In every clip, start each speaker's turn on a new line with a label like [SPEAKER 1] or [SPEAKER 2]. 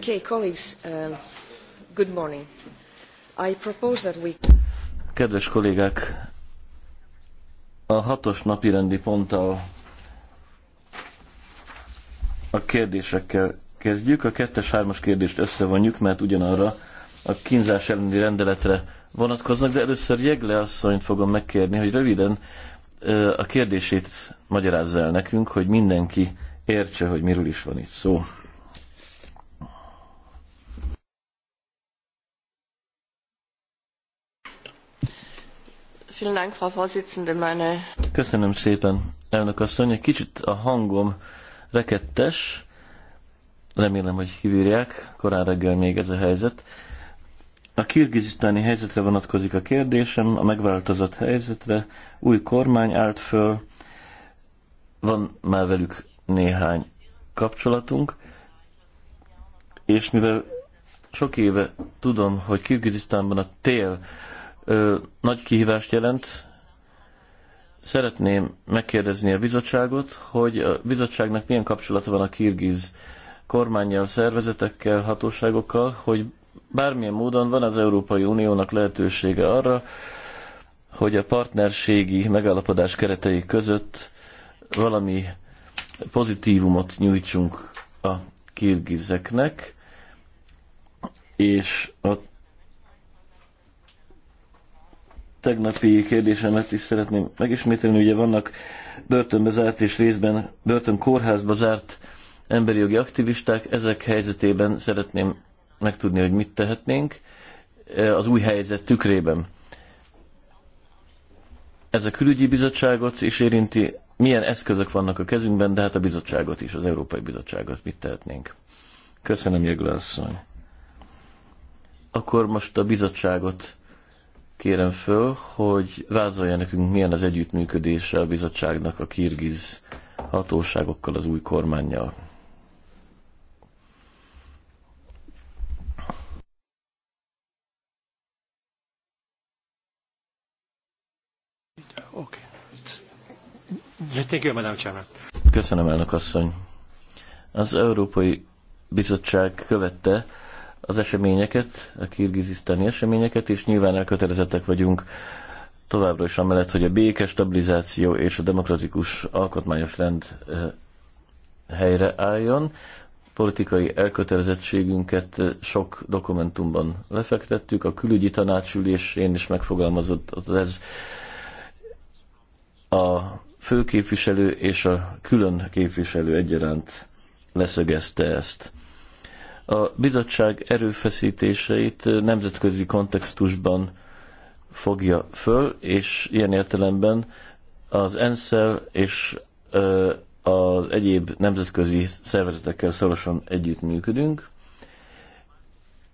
[SPEAKER 1] Okay, colleagues, um, good morning. I propose that we... Kedves kollégák, a hatos napi rendi ponttal a kérdésekkel kezdjük. A kettes, hármas kérdést összevonjuk, mert ugyanarra a kínzás elleni rendeletre vonatkoznak, de először Jegle asszonyt fogom megkérni, hogy röviden a kérdését magyarázza el nekünk, hogy mindenki értse, hogy miről is van itt szó. Köszönöm szépen, elnök asszony. Egy kicsit a hangom rekettes. Remélem, hogy kivírják. Korán reggel még ez a helyzet. A kirgizisztáni helyzetre vonatkozik a kérdésem, a megváltozott helyzetre. Új kormány állt föl, van már velük néhány kapcsolatunk, és mivel sok éve tudom, hogy Kirgizisztánban a tél ö, nagy kihívást jelent, szeretném megkérdezni a bizottságot, hogy a bizottságnak milyen kapcsolata van a kirgiz kormányjal, szervezetekkel, hatóságokkal, hogy bármilyen módon van az Európai Uniónak lehetősége arra, hogy a partnerségi megállapodás keretei között valami pozitívumot nyújtsunk a kirgizeknek, és a tegnapi kérdésemet is szeretném megismételni. Ugye vannak börtönbe zárt és részben börtön kórházba zárt emberi jogi aktivisták, ezek helyzetében szeretném megtudni, hogy mit tehetnénk e, az új helyzet tükrében. Ez a külügyi bizottságot is érinti, milyen eszközök vannak a kezünkben, de hát a bizottságot is, az Európai Bizottságot mit tehetnénk. Köszönöm, Jögle asszony. Akkor most a bizottságot kérem föl, hogy vázolja nekünk, milyen az együttműködése a bizottságnak a kirgiz hatóságokkal, az új kormányjal. Köszönöm, elnök asszony. Az Európai Bizottság követte az eseményeket, a kirgizisztáni eseményeket, és nyilván elkötelezettek vagyunk továbbra is amellett, hogy a béke, stabilizáció és a demokratikus alkotmányos rend eh, helyre álljon. Politikai elkötelezettségünket eh, sok dokumentumban lefektettük, a külügyi tanácsülésén is megfogalmazott ez a főképviselő és a külön képviselő egyaránt leszögezte ezt. A bizottság erőfeszítéseit nemzetközi kontextusban fogja föl, és ilyen értelemben az ensz és az egyéb nemzetközi szervezetekkel szorosan együttműködünk.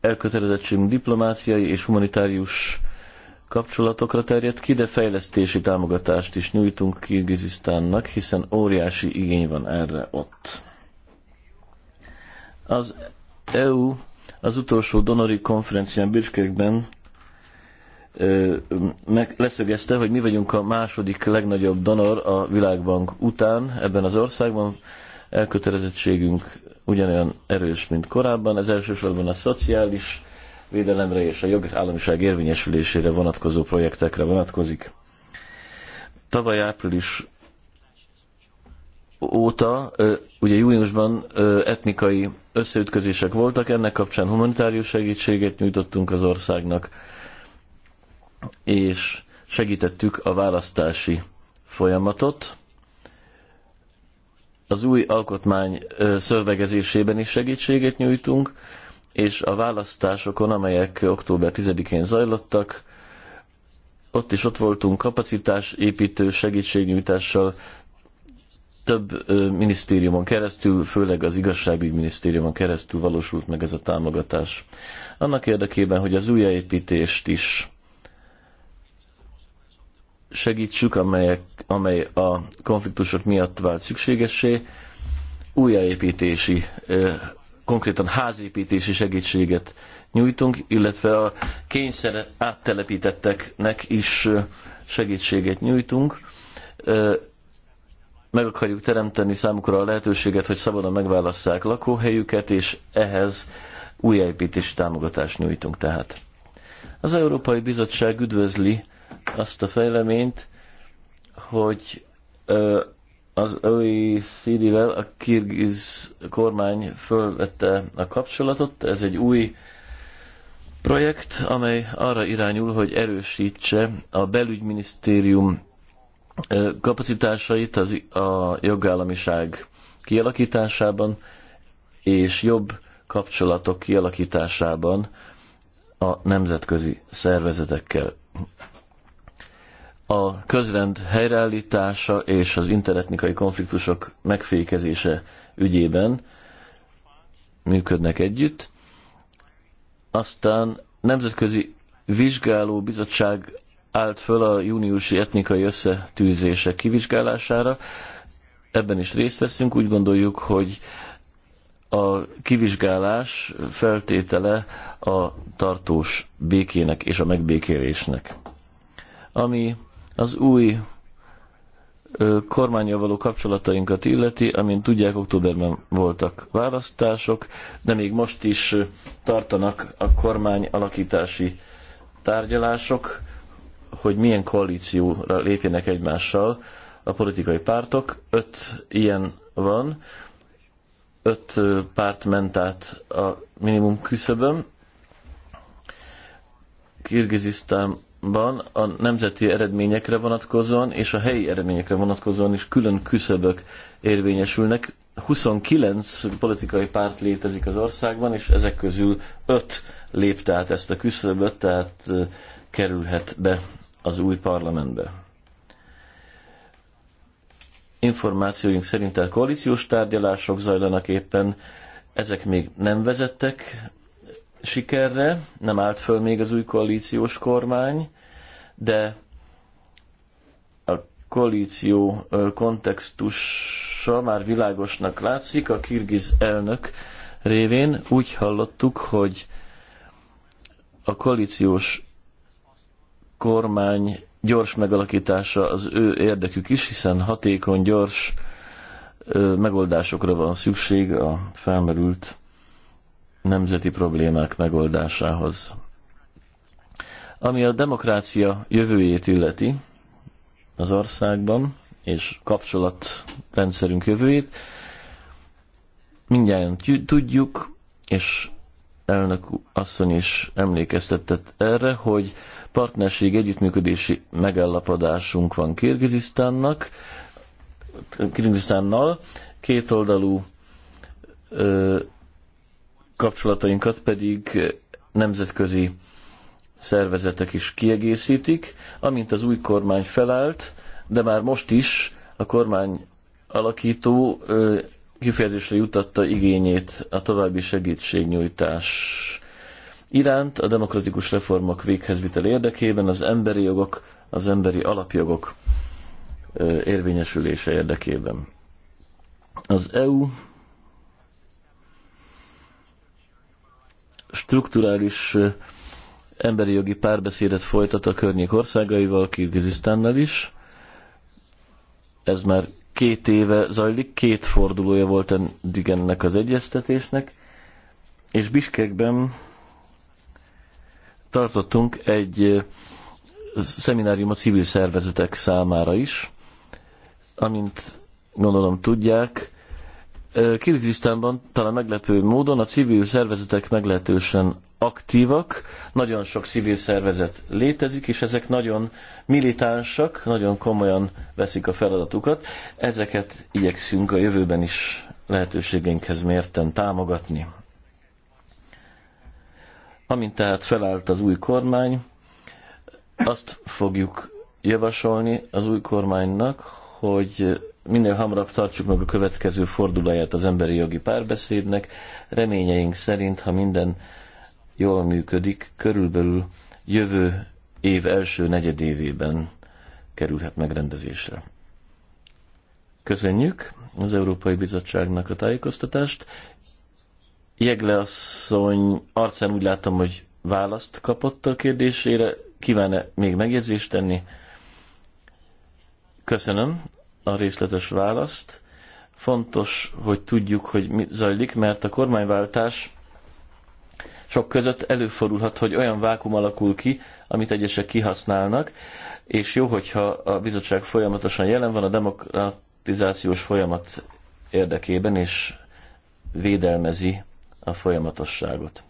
[SPEAKER 1] Elkötelezettségünk diplomáciai és humanitárius kapcsolatokra terjed ki, de fejlesztési támogatást is nyújtunk Kirgizisztánnak, hiszen óriási igény van erre ott. Az EU az utolsó donori konferencián Bicskékben meg leszögezte, hogy mi vagyunk a második legnagyobb donor a világbank után ebben az országban. Elkötelezettségünk ugyanolyan erős, mint korábban. Ez elsősorban a szociális védelemre és a jogállamiság érvényesülésére vonatkozó projektekre vonatkozik. Tavaly április óta, ugye júniusban etnikai összeütközések voltak, ennek kapcsán humanitárius segítséget nyújtottunk az országnak, és segítettük a választási folyamatot. Az új alkotmány szövegezésében is segítséget nyújtunk, és a választásokon, amelyek október 10-én zajlottak, ott is ott voltunk kapacitásépítő segítségnyújtással, több minisztériumon keresztül, főleg az minisztériumon keresztül valósult meg ez a támogatás. Annak érdekében, hogy az újjáépítést is segítsük, amelyek, amely a konfliktusok miatt vált szükségessé, újjáépítési konkrétan házépítési segítséget nyújtunk, illetve a kényszer áttelepítetteknek is segítséget nyújtunk. Meg akarjuk teremteni számukra a lehetőséget, hogy szabadon megválasszák lakóhelyüket, és ehhez újjáépítési támogatást nyújtunk tehát. Az Európai Bizottság üdvözli azt a fejleményt, hogy az OECD-vel a kirgiz kormány fölvette a kapcsolatot. Ez egy új projekt, amely arra irányul, hogy erősítse a belügyminisztérium kapacitásait az, a jogállamiság kialakításában és jobb kapcsolatok kialakításában a nemzetközi szervezetekkel a közrend helyreállítása és az interetnikai konfliktusok megfékezése ügyében működnek együtt. Aztán nemzetközi vizsgáló bizottság állt föl a júniusi etnikai összetűzések kivizsgálására. Ebben is részt veszünk, úgy gondoljuk, hogy a kivizsgálás feltétele a tartós békének és a megbékélésnek. Ami az új kormányjal való kapcsolatainkat illeti, amint tudják, októberben voltak választások, de még most is tartanak a kormány alakítási tárgyalások, hogy milyen koalícióra lépjenek egymással a politikai pártok. Öt ilyen van, öt párt ment át a minimum küszöbön. Kirgizisztán Ban a nemzeti eredményekre vonatkozóan és a helyi eredményekre vonatkozóan is külön küszöbök érvényesülnek. 29 politikai párt létezik az országban, és ezek közül 5 lépte át ezt a küszöböt, tehát kerülhet be az új parlamentbe. Információink szerint a koalíciós tárgyalások zajlanak éppen, ezek még nem vezettek sikerre, nem állt föl még az új koalíciós kormány, de a koalíció kontextusa már világosnak látszik, a kirgiz elnök révén úgy hallottuk, hogy a koalíciós kormány gyors megalakítása az ő érdekük is, hiszen hatékony, gyors megoldásokra van szükség a felmerült nemzeti problémák megoldásához. Ami a demokrácia jövőjét illeti az országban, és kapcsolatrendszerünk jövőjét, mindjárt tudjuk, és elnök asszony is emlékeztetett erre, hogy partnerség együttműködési megállapodásunk van Kirgizisztánnak, Kirgizisztánnal, kétoldalú kapcsolatainkat pedig nemzetközi szervezetek is kiegészítik. Amint az új kormány felállt, de már most is a kormány alakító kifejezésre jutatta igényét a további segítségnyújtás iránt a demokratikus reformok véghezvitel érdekében az emberi jogok, az emberi alapjogok érvényesülése érdekében. Az EU strukturális emberi jogi párbeszédet folytat a környék országaival, Kirgizisztánnal is. Ez már két éve zajlik, két fordulója volt eddig ennek az egyeztetésnek, és Biskekben tartottunk egy szeminárium a civil szervezetek számára is, amint gondolom tudják, Kirgizisztánban talán meglepő módon a civil szervezetek meglehetősen aktívak, nagyon sok civil szervezet létezik, és ezek nagyon militánsak, nagyon komolyan veszik a feladatukat. Ezeket igyekszünk a jövőben is lehetőségénkhez mérten támogatni. Amint tehát felállt az új kormány, azt fogjuk javasolni az új kormánynak, hogy minél hamarabb tartsuk meg a következő fordulóját az emberi jogi párbeszédnek. Reményeink szerint, ha minden jól működik, körülbelül jövő év első negyedévében kerülhet megrendezésre. Köszönjük az Európai Bizottságnak a tájékoztatást. Jegle asszony arcán úgy látom, hogy választ kapott a kérdésére. Kíván-e még megjegyzést tenni? Köszönöm a részletes választ. Fontos, hogy tudjuk, hogy mi zajlik, mert a kormányváltás sok között előfordulhat, hogy olyan vákum alakul ki, amit egyesek kihasználnak, és jó, hogyha a bizottság folyamatosan jelen van a demokratizációs folyamat érdekében, és védelmezi a folyamatosságot.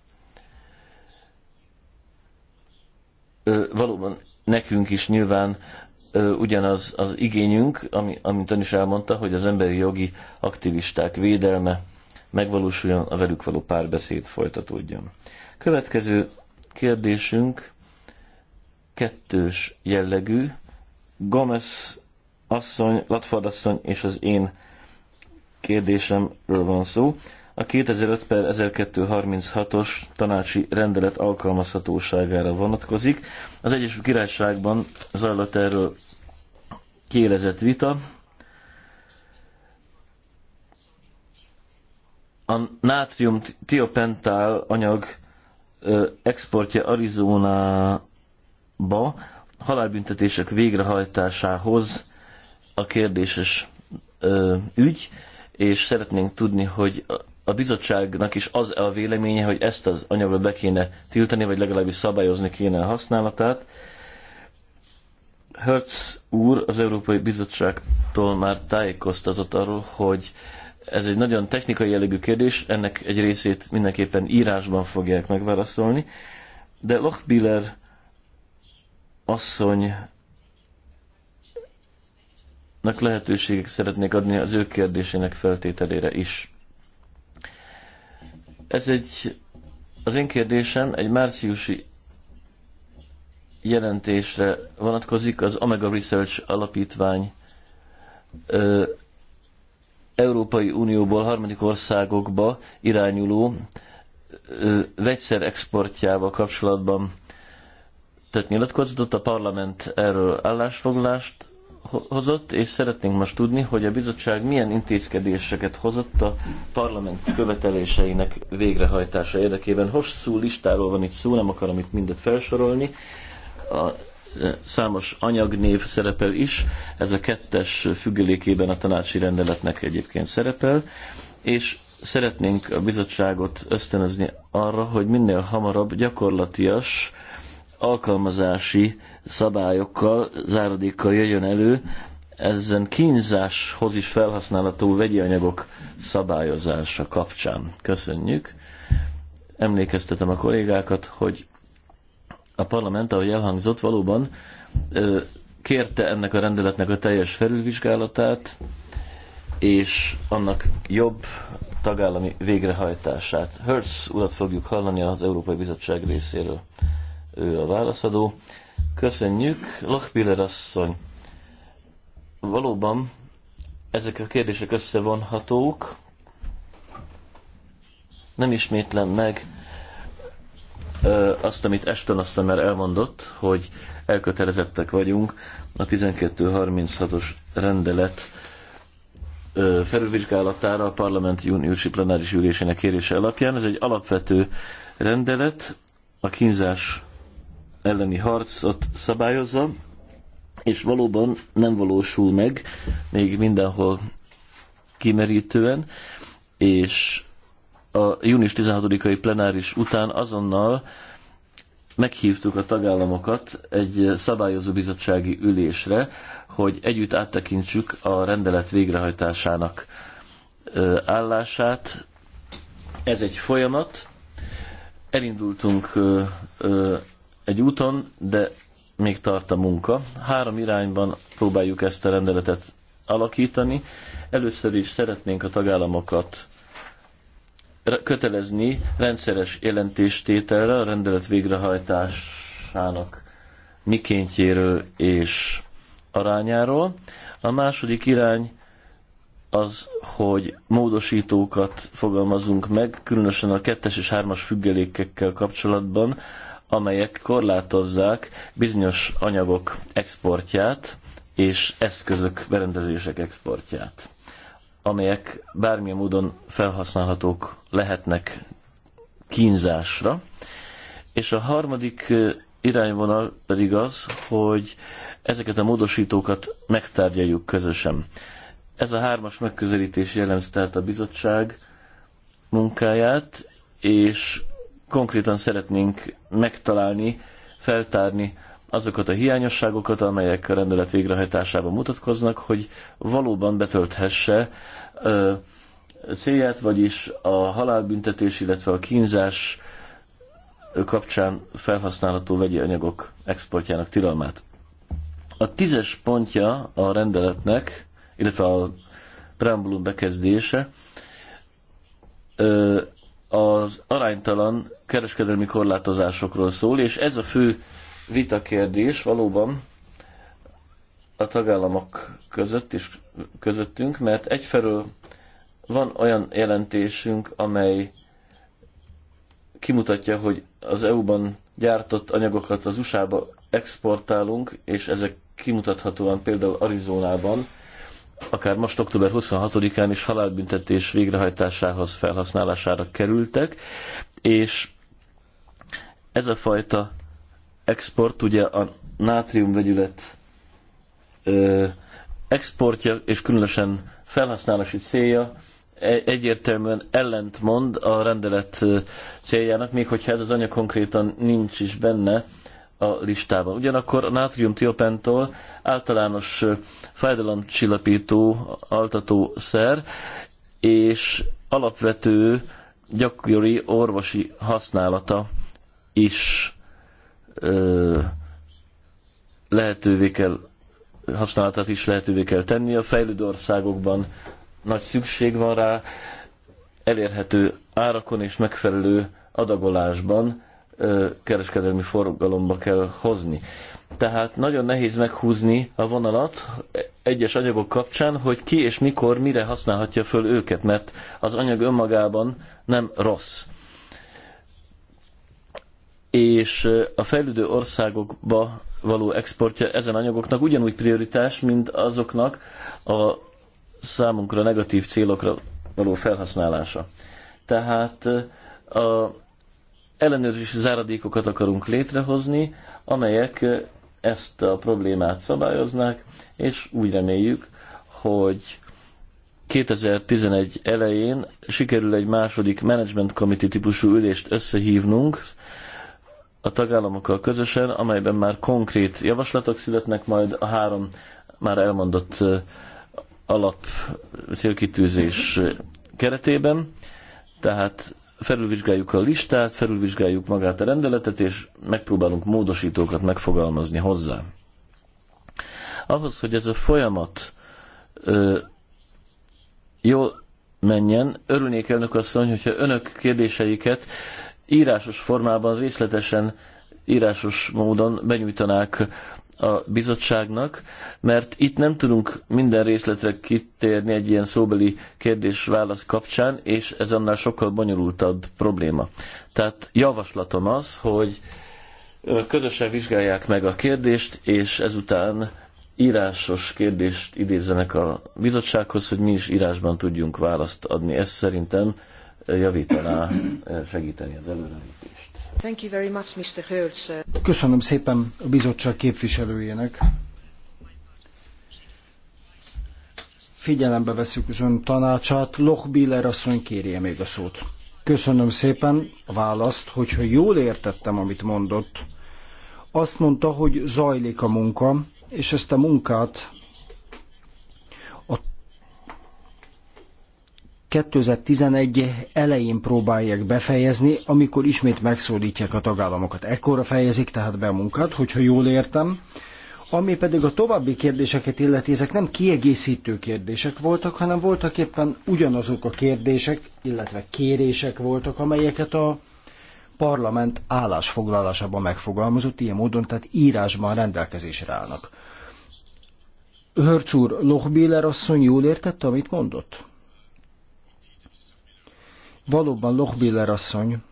[SPEAKER 1] Ö, valóban nekünk is nyilván ugyanaz az igényünk, ami, amint ön is elmondta, hogy az emberi jogi aktivisták védelme megvalósuljon, a velük való párbeszéd folytatódjon. Következő kérdésünk kettős jellegű. Gomez asszony, Latford asszony és az én kérdésemről van szó a 2005 per 1236-os tanácsi rendelet alkalmazhatóságára vonatkozik. Az Egyesült Királyságban zajlott erről kérezett vita. A nátrium tiopentál anyag exportja Arizonába halálbüntetések végrehajtásához a kérdéses ügy, és szeretnénk tudni, hogy a bizottságnak is az a véleménye, hogy ezt az anyagot be kéne tiltani, vagy legalábbis szabályozni kéne a használatát. Hertz úr az Európai Bizottságtól már tájékoztatott arról, hogy ez egy nagyon technikai jellegű kérdés, ennek egy részét mindenképpen írásban fogják megválaszolni, de Lochbiller asszonynak lehetőségek szeretnék adni az ő kérdésének feltételére is. Ez egy, az én kérdésem egy márciusi jelentésre vonatkozik az Omega Research Alapítvány ö, Európai Unióból harmadik országokba irányuló ö, vegyszer exportjával kapcsolatban tett nyilatkozatot, a parlament erről állásfoglalást hozott, és szeretnénk most tudni, hogy a bizottság milyen intézkedéseket hozott a parlament követeléseinek végrehajtása érdekében. Hosszú listáról van itt szó, nem akarom itt mindet felsorolni. A e, számos anyagnév szerepel is, ez a kettes függelékében a tanácsi rendeletnek egyébként szerepel, és szeretnénk a bizottságot ösztönözni arra, hogy minél hamarabb gyakorlatias alkalmazási szabályokkal, záradékkal jöjjön elő, ezen kínzáshoz is felhasználható vegyi anyagok szabályozása kapcsán. Köszönjük. Emlékeztetem a kollégákat, hogy a parlament, ahogy elhangzott, valóban kérte ennek a rendeletnek a teljes felülvizsgálatát, és annak jobb tagállami végrehajtását. Hertz urat fogjuk hallani az Európai Bizottság részéről. Ő a válaszadó. Köszönjük. Lachbiller asszony, valóban ezek a kérdések összevonhatók. Nem ismétlem meg ö, azt, amit Eston aztán már elmondott, hogy elkötelezettek vagyunk a 1236-os rendelet ö, felülvizsgálatára a parlament júniusi plenáris ülésének kérése alapján. Ez egy alapvető rendelet, a kínzás elleni harcot szabályozza, és valóban nem valósul meg, még mindenhol kimerítően, és a június 16-ai plenáris után azonnal meghívtuk a tagállamokat egy szabályozó bizottsági ülésre, hogy együtt áttekintsük a rendelet végrehajtásának állását. Ez egy folyamat. Elindultunk egy úton, de még tart a munka. Három irányban próbáljuk ezt a rendeletet alakítani. Először is szeretnénk a tagállamokat kötelezni rendszeres jelentéstételre a rendelet végrehajtásának mikéntjéről és arányáról. A második irány az, hogy módosítókat fogalmazunk meg, különösen a kettes és hármas függelékekkel kapcsolatban, amelyek korlátozzák bizonyos anyagok exportját és eszközök, berendezések exportját, amelyek bármilyen módon felhasználhatók lehetnek kínzásra. És a harmadik irányvonal pedig az, hogy ezeket a módosítókat megtárgyaljuk közösen. Ez a hármas megközelítés jellemzi tehát a bizottság munkáját, és konkrétan szeretnénk megtalálni, feltárni azokat a hiányosságokat, amelyek a rendelet végrehajtásában mutatkoznak, hogy valóban betölthesse ö, célját, vagyis a halálbüntetés, illetve a kínzás kapcsán felhasználható vegyi anyagok exportjának tilalmát. A tízes pontja a rendeletnek, illetve a preambulum bekezdése az aránytalan kereskedelmi korlátozásokról szól, és ez a fő vitakérdés valóban a tagállamok között is közöttünk, mert egyfelől van olyan jelentésünk, amely kimutatja, hogy az EU-ban gyártott anyagokat az USA-ba exportálunk, és ezek kimutathatóan például Arizonában, akár most október 26-án is halálbüntetés végrehajtásához felhasználására kerültek, és ez a fajta export, ugye a nátriumvegyület exportja és különösen felhasználási célja e, egyértelműen ellentmond a rendelet céljának, még hogyha ez az anyag konkrétan nincs is benne a listában. Ugyanakkor a nátriumtiopentol általános fájdalomcsillapító, altató szer, és alapvető gyakori orvosi használata is ö, lehetővé kell, használatát is lehetővé kell tenni. A fejlődő országokban nagy szükség van rá, elérhető árakon és megfelelő adagolásban ö, kereskedelmi forgalomba kell hozni. Tehát nagyon nehéz meghúzni a vonalat egyes anyagok kapcsán, hogy ki és mikor, mire használhatja föl őket, mert az anyag önmagában nem rossz és a fejlődő országokba való exportja ezen anyagoknak ugyanúgy prioritás, mint azoknak a számunkra negatív célokra való felhasználása. Tehát a ellenőrzési záradékokat akarunk létrehozni, amelyek ezt a problémát szabályoznák, és úgy reméljük, hogy 2011 elején sikerül egy második Management Committee típusú ülést összehívnunk, a tagállamokkal közösen, amelyben már konkrét javaslatok születnek, majd a három már elmondott alap célkitűzés keretében. Tehát felülvizsgáljuk a listát, felülvizsgáljuk magát a rendeletet, és megpróbálunk módosítókat megfogalmazni hozzá. Ahhoz, hogy ez a folyamat ö, jól menjen, örülnék elnök asszony, hogyha önök kérdéseiket írásos formában részletesen, írásos módon benyújtanák a bizottságnak, mert itt nem tudunk minden részletre kitérni egy ilyen szóbeli kérdés-válasz kapcsán, és ez annál sokkal bonyolultabb probléma. Tehát javaslatom az, hogy közösen vizsgálják meg a kérdést, és ezután írásos kérdést idézzenek a bizottsághoz, hogy mi is írásban tudjunk választ adni. Ez szerintem javítaná, segíteni az előrelépést. Thank you very much, Mr.
[SPEAKER 2] Köszönöm szépen a bizottság képviselőjének. Figyelembe veszük az ön tanácsát. Loch Biller asszony kérje még a szót. Köszönöm szépen a választ, hogyha jól értettem, amit mondott. Azt mondta, hogy zajlik a munka, és ezt a munkát 2011 elején próbálják befejezni, amikor ismét megszólítják a tagállamokat. Ekkora fejezik tehát be a munkát, hogyha jól értem. Ami pedig a további kérdéseket illeti, ezek nem kiegészítő kérdések voltak, hanem voltak éppen ugyanazok a kérdések, illetve kérések voltak, amelyeket a parlament állásfoglalásában megfogalmazott, ilyen módon, tehát írásban rendelkezésre állnak. Hörc úr, Lochbiller asszony jól értette, amit mondott? Valóban Lochbiller asszony,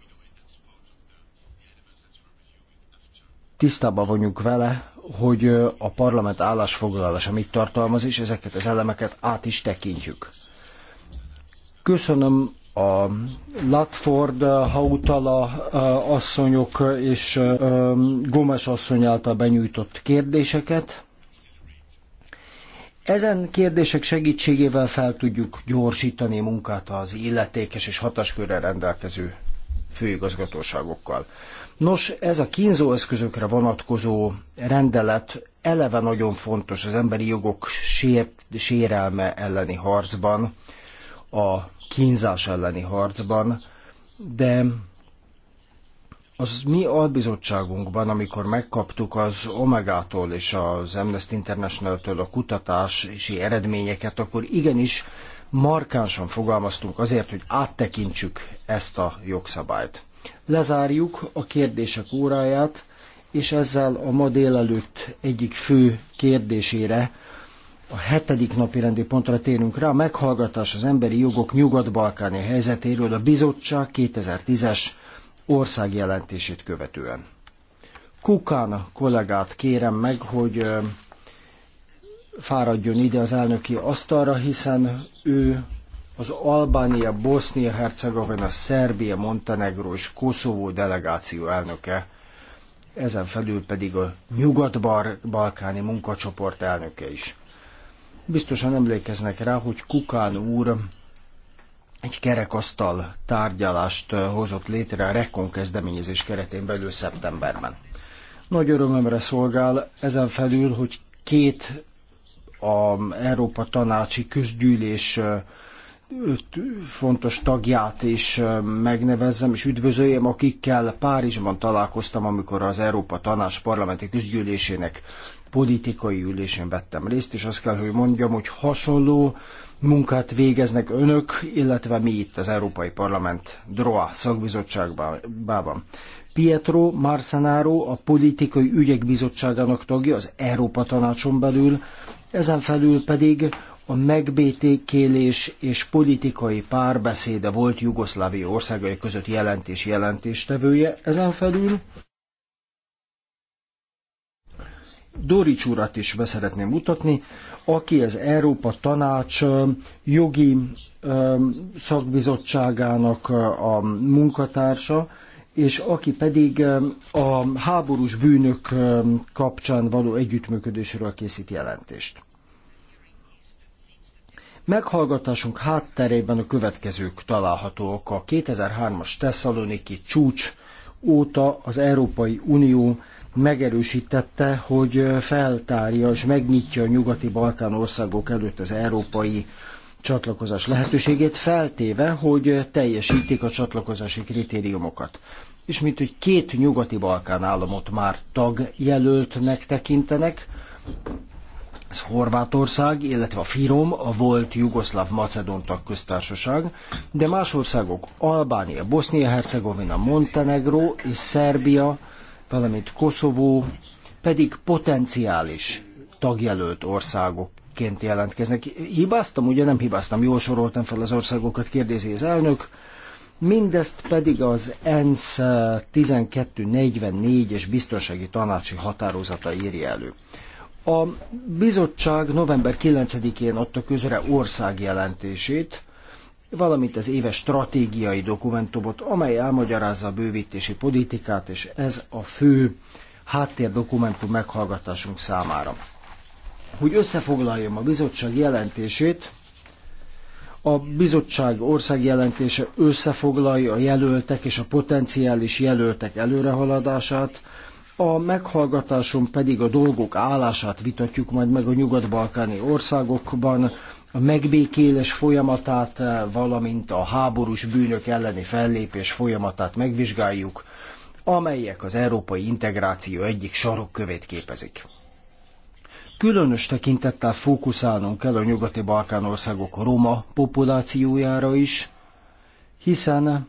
[SPEAKER 2] tisztában vagyunk vele, hogy a parlament állásfoglalása mit tartalmaz, és ezeket az elemeket át is tekintjük. Köszönöm a Latford, Hautala asszonyok és Gomes asszony által benyújtott kérdéseket. Ezen kérdések segítségével fel tudjuk gyorsítani a munkát az illetékes és hatáskörre rendelkező főigazgatóságokkal. Nos, ez a kínzóeszközökre vonatkozó rendelet eleve nagyon fontos az emberi jogok sért, sérelme elleni harcban, a kínzás elleni harcban, de az mi albizottságunkban, amikor megkaptuk az Omegától és az Amnesty International-től a kutatási eredményeket, akkor igenis markánsan fogalmaztunk azért, hogy áttekintsük ezt a jogszabályt. Lezárjuk a kérdések óráját, és ezzel a ma délelőtt egyik fő kérdésére, a hetedik napi rendi pontra térünk rá, a meghallgatás az emberi jogok nyugat-balkáni helyzetéről a bizottság 2010-es országjelentését követően. Kukán kollégát kérem meg, hogy fáradjon ide az elnöki asztalra, hiszen ő az Albánia, Bosznia, Hercegovina, Szerbia, Montenegro és Koszovó delegáció elnöke, ezen felül pedig a nyugat-balkáni munkacsoport elnöke is. Biztosan emlékeznek rá, hogy Kukán úr egy kerekasztal tárgyalást eh, hozott létre a Rekon kezdeményezés keretén belül szeptemberben. Nagy örömömre szolgál ezen felül, hogy két a Európa Tanácsi Közgyűlés eh, fontos tagját is eh, megnevezzem és üdvözöljem, akikkel Párizsban találkoztam, amikor az Európa Tanács Parlamenti Közgyűlésének politikai ülésén vettem részt, és azt kell, hogy mondjam, hogy hasonló munkát végeznek önök, illetve mi itt az Európai Parlament DROA szakbizottságában. Pietro Marcenaro a Politikai Ügyek Bizottságának tagja az Európa Tanácson belül, ezen felül pedig a megbétékélés és politikai párbeszéde volt Jugoszlávia országai között jelentés jelentéstevője. Ezen felül Dorics urat is beszeretném mutatni, aki az Európa Tanács jogi szakbizottságának a munkatársa, és aki pedig a háborús bűnök kapcsán való együttműködésről készít jelentést. Meghallgatásunk hátterében a következők találhatóak. A 2003-as Tesszaloniki csúcs óta az Európai Unió megerősítette, hogy feltárja és megnyitja a nyugati Balkán országok előtt az európai csatlakozás lehetőségét, feltéve, hogy teljesítik a csatlakozási kritériumokat. És mint hogy két nyugati Balkán államot már tagjelöltnek tekintenek, ez Horvátország, illetve a Firom, a volt Jugoszláv Macedon tagköztársaság, de más országok Albánia, Bosznia-Hercegovina, Montenegro és Szerbia valamint Koszovó pedig potenciális tagjelölt országokként jelentkeznek. Hibáztam, ugye nem hibáztam, jól soroltam fel az országokat, kérdezi az elnök. Mindezt pedig az ENSZ 1244-es biztonsági tanácsi határozata írja elő. A bizottság november 9-én adta közre országjelentését, valamint az éves stratégiai dokumentumot, amely elmagyarázza a bővítési politikát, és ez a fő háttérdokumentum meghallgatásunk számára. Hogy összefoglaljam a bizottság jelentését, a bizottság országjelentése összefoglalja a jelöltek és a potenciális jelöltek előrehaladását, a meghallgatáson pedig a dolgok állását vitatjuk majd meg a nyugat-balkáni országokban, a megbékélés folyamatát, eh, valamint a háborús bűnök elleni fellépés folyamatát megvizsgáljuk, amelyek az európai integráció egyik sarokkövét képezik. Különös tekintettel fókuszálnunk kell a nyugati Balkán országok roma populációjára is, hiszen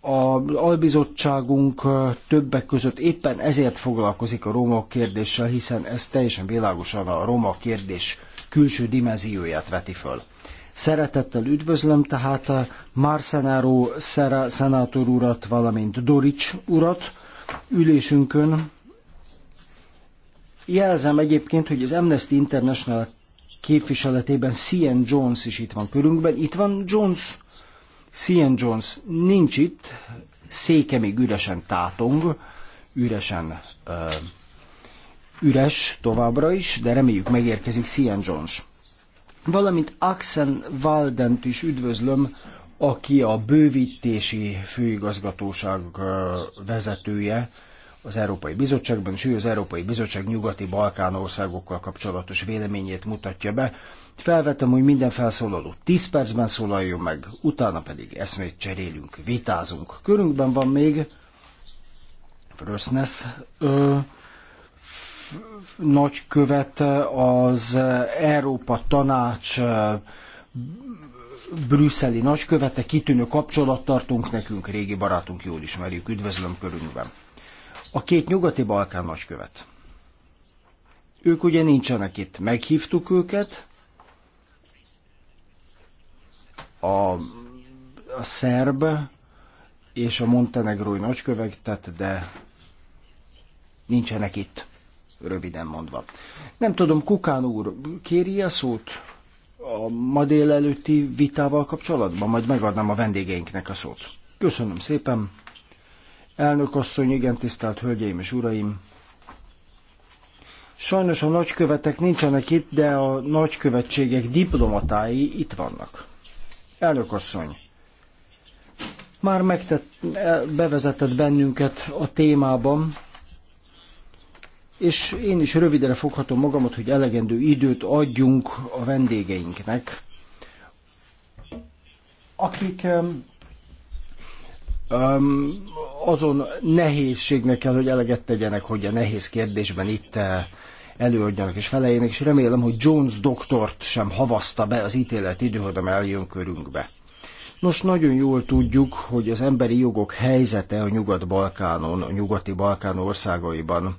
[SPEAKER 2] az albizottságunk többek között éppen ezért foglalkozik a roma kérdéssel, hiszen ez teljesen világosan a roma kérdés külső dimenzióját veti föl. Szeretettel üdvözlöm tehát Marcenaro Szera szenátor urat, valamint Dorics urat ülésünkön. Jelzem egyébként, hogy az Amnesty International képviseletében Cian Jones is itt van körünkben. Itt van Jones Sian Jones nincs itt, széke még üresen tátong, üresen ö, üres továbbra is, de reméljük megérkezik Sian Jones. Valamint Axen Waldent is üdvözlöm, aki a bővítési főigazgatóság vezetője, az Európai Bizottságban, és ő az Európai Bizottság nyugati Balkán országokkal kapcsolatos véleményét mutatja be. Felvetem, hogy minden felszólaló 10 percben szólaljon meg, utána pedig eszmét cserélünk, vitázunk. Körünkben van még Rösznesz nagykövet az Európa Tanács brüsszeli nagykövete, kitűnő kapcsolat nekünk, régi barátunk, jól ismerjük, üdvözlöm körünkben a két nyugati Balkán követ. Ők ugye nincsenek itt. Meghívtuk őket, a, a szerb és a montenegrói nagykövetet, de nincsenek itt, röviden mondva. Nem tudom, Kukán úr, kéri a szót a ma délelőtti vitával kapcsolatban? Majd megadnám a vendégeinknek a szót. Köszönöm szépen. Elnök asszony, igen, tisztelt hölgyeim és uraim! Sajnos a nagykövetek nincsenek itt, de a nagykövetségek diplomatái itt vannak. Elnök asszony, már megtett, e, bevezetett bennünket a témában, és én is rövidre foghatom magamat, hogy elegendő időt adjunk a vendégeinknek, akik azon nehézségnek kell, hogy eleget tegyenek, hogy a nehéz kérdésben itt eh, előadjanak és felejének, és remélem, hogy Jones doktort sem havaszta be az ítélet hogy eljön körünkbe. Nos, nagyon jól tudjuk, hogy az emberi jogok helyzete a Nyugat-Balkánon, a nyugati Balkán országaiban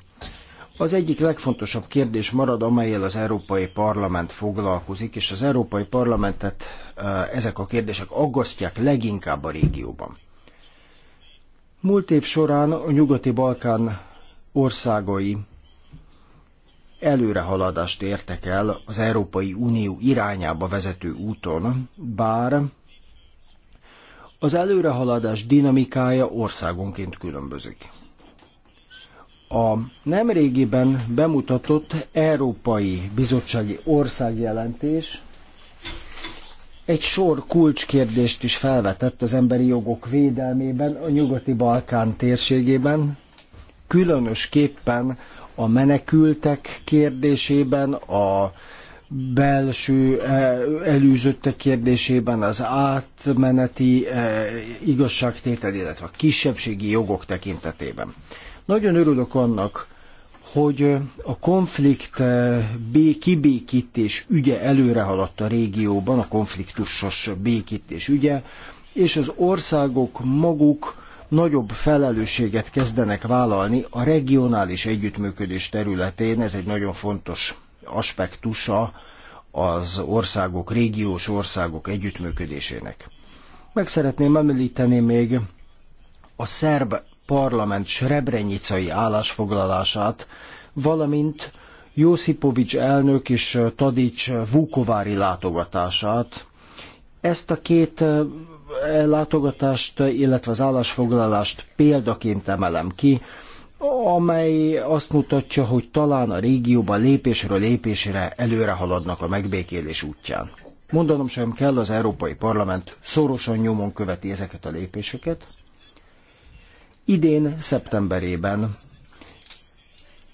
[SPEAKER 2] az egyik legfontosabb kérdés marad, amelyel az Európai Parlament foglalkozik, és az Európai Parlamentet eh, ezek a kérdések aggasztják leginkább a régióban. Múlt év során a Nyugati-Balkán országai előrehaladást értek el az Európai Unió irányába vezető úton, bár az előrehaladás dinamikája országonként különbözik. A nemrégiben bemutatott Európai Bizottsági Országjelentés egy sor kulcskérdést is felvetett az emberi jogok védelmében a nyugati Balkán térségében, különösképpen a menekültek kérdésében, a belső e, előzöttek kérdésében, az átmeneti e, igazságtétel, illetve a kisebbségi jogok tekintetében. Nagyon örülök annak, hogy a konflikt kibékítés ügye előre haladt a régióban, a konfliktusos békítés ügye, és az országok maguk nagyobb felelősséget kezdenek vállalni a regionális együttműködés területén, ez egy nagyon fontos aspektusa az országok, régiós országok együttműködésének. Meg szeretném említeni még a szerb Parlament srebrenyicai állásfoglalását, valamint Josipovics elnök és Tadics Vukovári látogatását. Ezt a két látogatást, illetve az állásfoglalást példaként emelem ki, amely azt mutatja, hogy talán a régióban lépésről lépésre előre haladnak a megbékélés útján. Mondanom sem kell, az Európai Parlament szorosan nyomon követi ezeket a lépéseket, Idén, szeptemberében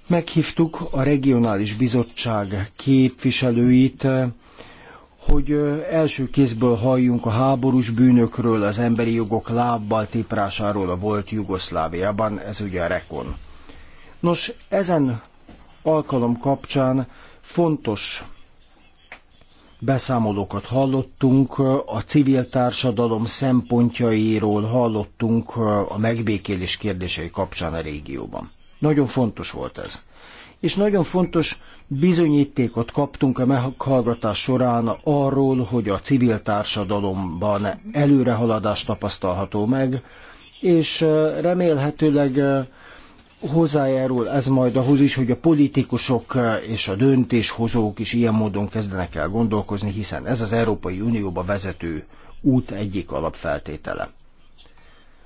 [SPEAKER 2] meghívtuk a regionális bizottság képviselőit, hogy első kézből halljunk a háborús bűnökről, az emberi jogok lábbal tiprásáról a volt Jugoszláviában, ez ugye a rekon. Nos, ezen alkalom kapcsán fontos beszámolókat hallottunk, a civil társadalom szempontjairól hallottunk a megbékélés kérdései kapcsán a régióban. Nagyon fontos volt ez. És nagyon fontos bizonyítékot kaptunk a meghallgatás során arról, hogy a civil társadalomban előrehaladást tapasztalható meg, és eh, remélhetőleg eh, hozzájárul ez majd ahhoz is, hogy a politikusok eh, és a döntéshozók is ilyen módon kezdenek el gondolkozni, hiszen ez az Európai Unióba vezető út egyik alapfeltétele.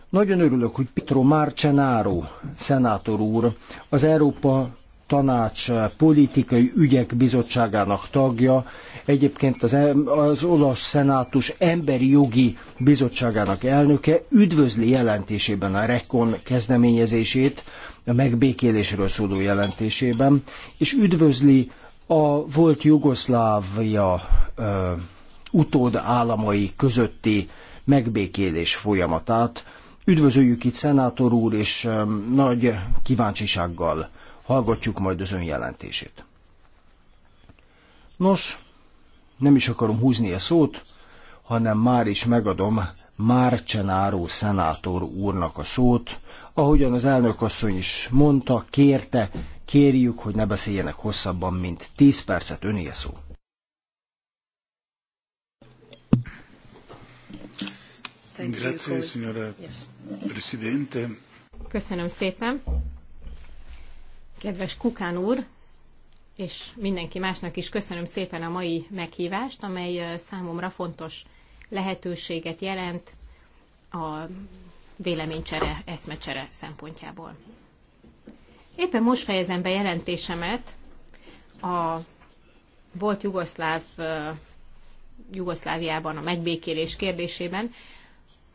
[SPEAKER 2] Nagyon örülök, hogy Pietro Marcenaro, szenátor úr, az Európa Tanács eh, Politikai Ügyek Bizottságának tagja, egyébként az, az olasz szenátus Emberi Jogi Bizottságának elnöke üdvözli jelentésében a REKON kezdeményezését, a megbékélésről szóló jelentésében, és üdvözli a volt Jugoszlávia ö, eh, utód államai közötti megbékélés folyamatát. Üdvözöljük itt szenátor úr, és ö, eh, nagy kíváncsisággal Hallgatjuk majd az ön jelentését. Nos, nem is akarom húzni a szót, hanem már is megadom Márcsenáró szenátor úrnak a szót. Ahogyan az asszony is mondta, kérte, kérjük, hogy ne beszéljenek hosszabban, mint 10 percet a szó.
[SPEAKER 3] Grazie, signora Presidente. Köszönöm szépen. Kedves Kukán úr, és mindenki másnak is köszönöm szépen a mai meghívást, amely számomra fontos lehetőséget jelent a véleménycsere, eszmecsere szempontjából. Éppen most fejezem be jelentésemet a volt Jugoszláv Jugoszláviában a megbékélés kérdésében,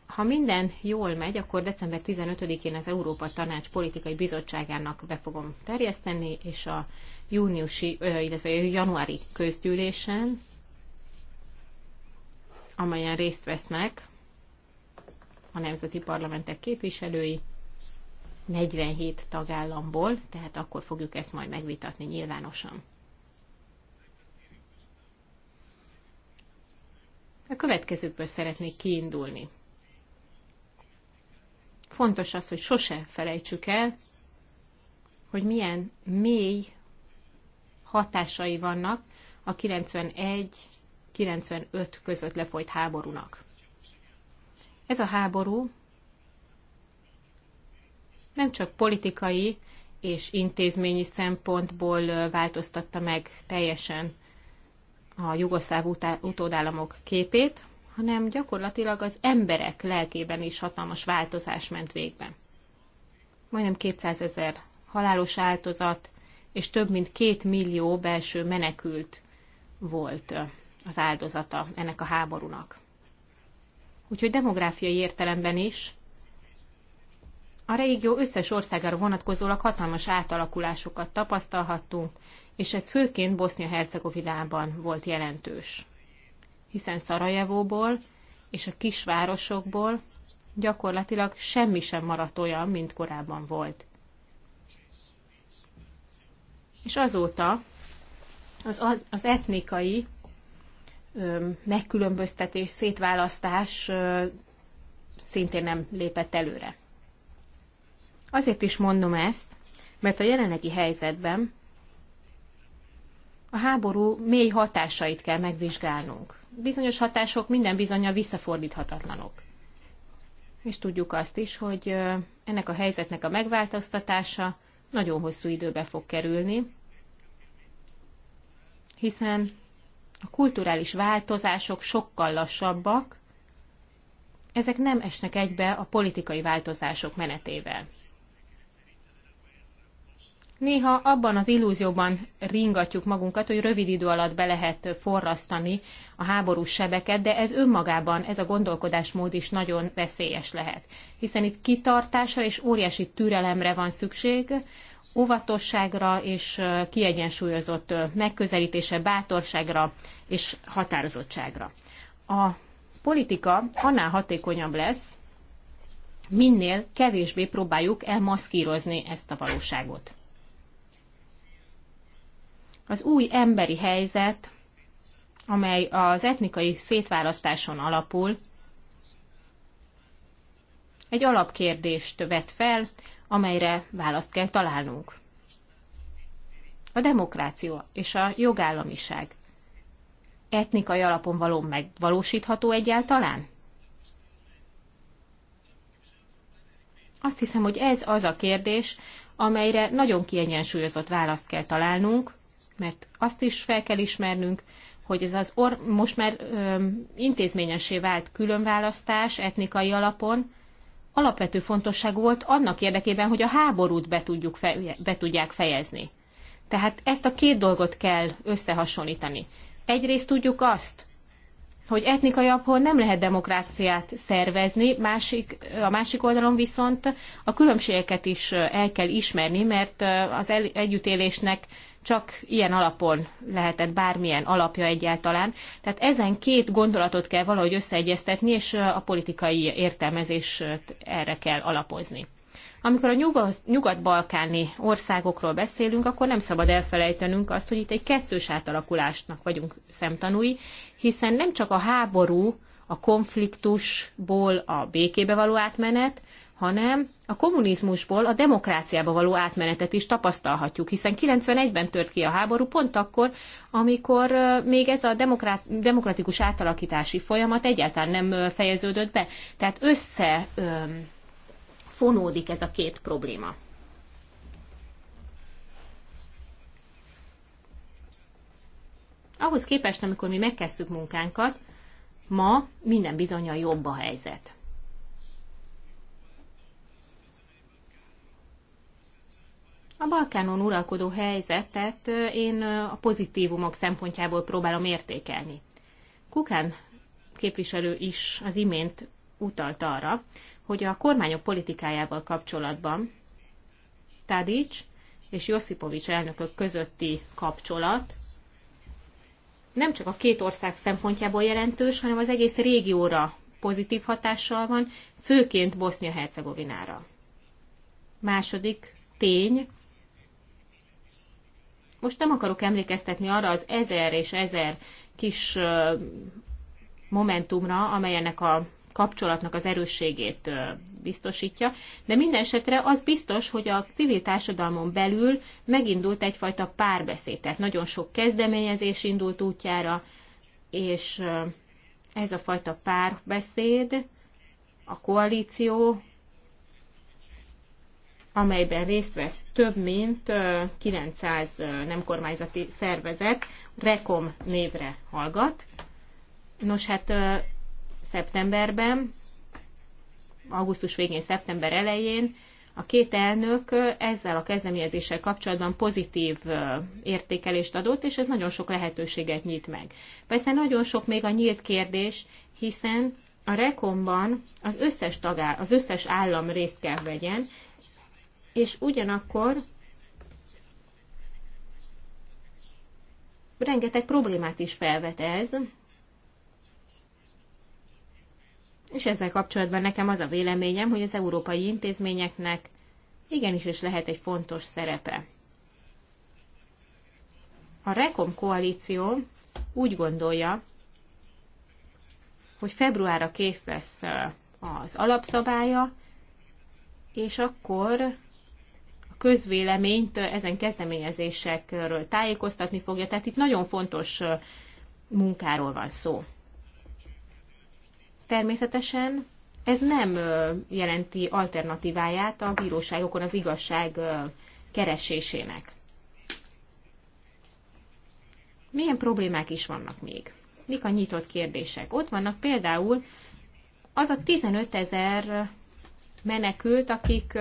[SPEAKER 3] ha minden jól megy, akkor december 15-én az Európa Tanács Politikai Bizottságának be fogom terjeszteni, és a júniusi, illetve januári közgyűlésen, amelyen részt vesznek a nemzeti parlamentek képviselői, 47 tagállamból, tehát akkor fogjuk ezt majd megvitatni nyilvánosan. A következőkből szeretnék kiindulni. Fontos az, hogy sose felejtsük el, hogy milyen mély hatásai vannak a 91-95 között lefolyt háborúnak. Ez a háború nem csak politikai és intézményi szempontból változtatta meg teljesen a jugoszláv utódállamok képét, hanem gyakorlatilag az emberek lelkében is hatalmas változás ment végbe. Majdnem 200 ezer halálos áltozat, és több mint két millió belső menekült volt az áldozata ennek a háborúnak. Úgyhogy demográfiai értelemben is a régió összes országára vonatkozólag hatalmas átalakulásokat tapasztalhattunk, és ez főként Bosznia-Hercegovinában volt jelentős hiszen Szarajevóból és a kisvárosokból gyakorlatilag semmi sem maradt olyan, mint korábban volt. És azóta az, az etnikai ö, megkülönböztetés, szétválasztás ö, szintén nem lépett előre. Azért is mondom ezt, mert a jelenlegi helyzetben a háború mély hatásait kell megvizsgálnunk bizonyos hatások minden bizonyal visszafordíthatatlanok. És tudjuk azt is, hogy ennek a helyzetnek a megváltoztatása nagyon hosszú időbe fog kerülni, hiszen a kulturális változások sokkal lassabbak, ezek nem esnek egybe a politikai változások menetével. Néha abban az illúzióban ringatjuk magunkat, hogy rövid idő alatt be lehet forrasztani a háborús sebeket, de ez önmagában, ez a gondolkodásmód is nagyon veszélyes lehet. Hiszen itt kitartásra és óriási türelemre van szükség, óvatosságra és kiegyensúlyozott megközelítése, bátorságra és határozottságra. A politika annál hatékonyabb lesz, minél kevésbé próbáljuk elmaszkírozni ezt a valóságot az új emberi helyzet, amely az etnikai szétválasztáson alapul, egy alapkérdést vet fel, amelyre választ kell találnunk. A demokrácia és a jogállamiság etnikai alapon való megvalósítható egyáltalán? Azt hiszem, hogy ez az a kérdés, amelyre nagyon kiegyensúlyozott választ kell találnunk, mert azt is fel kell ismernünk, hogy ez az or- most már ö, intézményesé vált különválasztás etnikai alapon alapvető fontosság volt annak érdekében, hogy a háborút be, tudjuk fe- be tudják fejezni. Tehát ezt a két dolgot kell összehasonlítani. Egyrészt tudjuk azt, hogy etnikai alapon nem lehet demokráciát szervezni, másik, a másik oldalon viszont a különbségeket is el kell ismerni, mert az el, együttélésnek csak ilyen alapon lehetett bármilyen alapja egyáltalán. Tehát ezen két gondolatot kell valahogy összeegyeztetni, és a politikai értelmezést erre kell alapozni. Amikor a nyugat-balkáni országokról beszélünk, akkor nem szabad elfelejtenünk azt, hogy itt egy kettős átalakulásnak vagyunk szemtanúi, hiszen nem csak a háború, a konfliktusból a békébe való átmenet, hanem a kommunizmusból a demokráciába való átmenetet is tapasztalhatjuk, hiszen 91-ben tört ki a háború, pont akkor, amikor még ez a demokratikus átalakítási folyamat egyáltalán nem fejeződött be. Tehát összefonódik ez a két probléma. Ahhoz képest, amikor mi megkezdtük munkánkat, ma minden a jobb a helyzet. A Balkánon uralkodó helyzetet én a pozitívumok szempontjából próbálom értékelni. Kukán képviselő is az imént utalt arra, hogy a kormányok politikájával kapcsolatban Tadic és Josipovics elnökök közötti kapcsolat nem csak a két ország szempontjából jelentős, hanem az egész régióra pozitív hatással van, főként Bosznia-Hercegovinára. Második tény, most nem akarok emlékeztetni arra az ezer és ezer kis momentumra, amely ennek a kapcsolatnak az erősségét biztosítja, de minden esetre az biztos, hogy a civil társadalmon belül megindult egyfajta párbeszéd, tehát nagyon sok kezdeményezés indult útjára, és ez a fajta párbeszéd a koalíció amelyben részt vesz több mint 900 nem kormányzati szervezet, Rekom névre hallgat. Nos hát szeptemberben, augusztus végén, szeptember elején a két elnök ezzel a kezdeményezéssel kapcsolatban pozitív értékelést adott, és ez nagyon sok lehetőséget nyit meg. Persze nagyon sok még a nyílt kérdés, hiszen a Rekomban az összes tagá, az összes állam részt kell vegyen, és ugyanakkor rengeteg problémát is felvet ez, és ezzel kapcsolatban nekem az a véleményem, hogy az európai intézményeknek igenis is lehet egy fontos szerepe. A Rekom koalíció úgy gondolja, hogy februárra kész lesz az alapszabálya, és akkor közvéleményt ezen kezdeményezésekről tájékoztatni fogja. Tehát itt nagyon fontos munkáról van szó. Természetesen ez nem jelenti alternatíváját a bíróságokon az igazság keresésének. Milyen problémák is vannak még? Mik a nyitott kérdések? Ott vannak például az a 15 ezer menekült, akik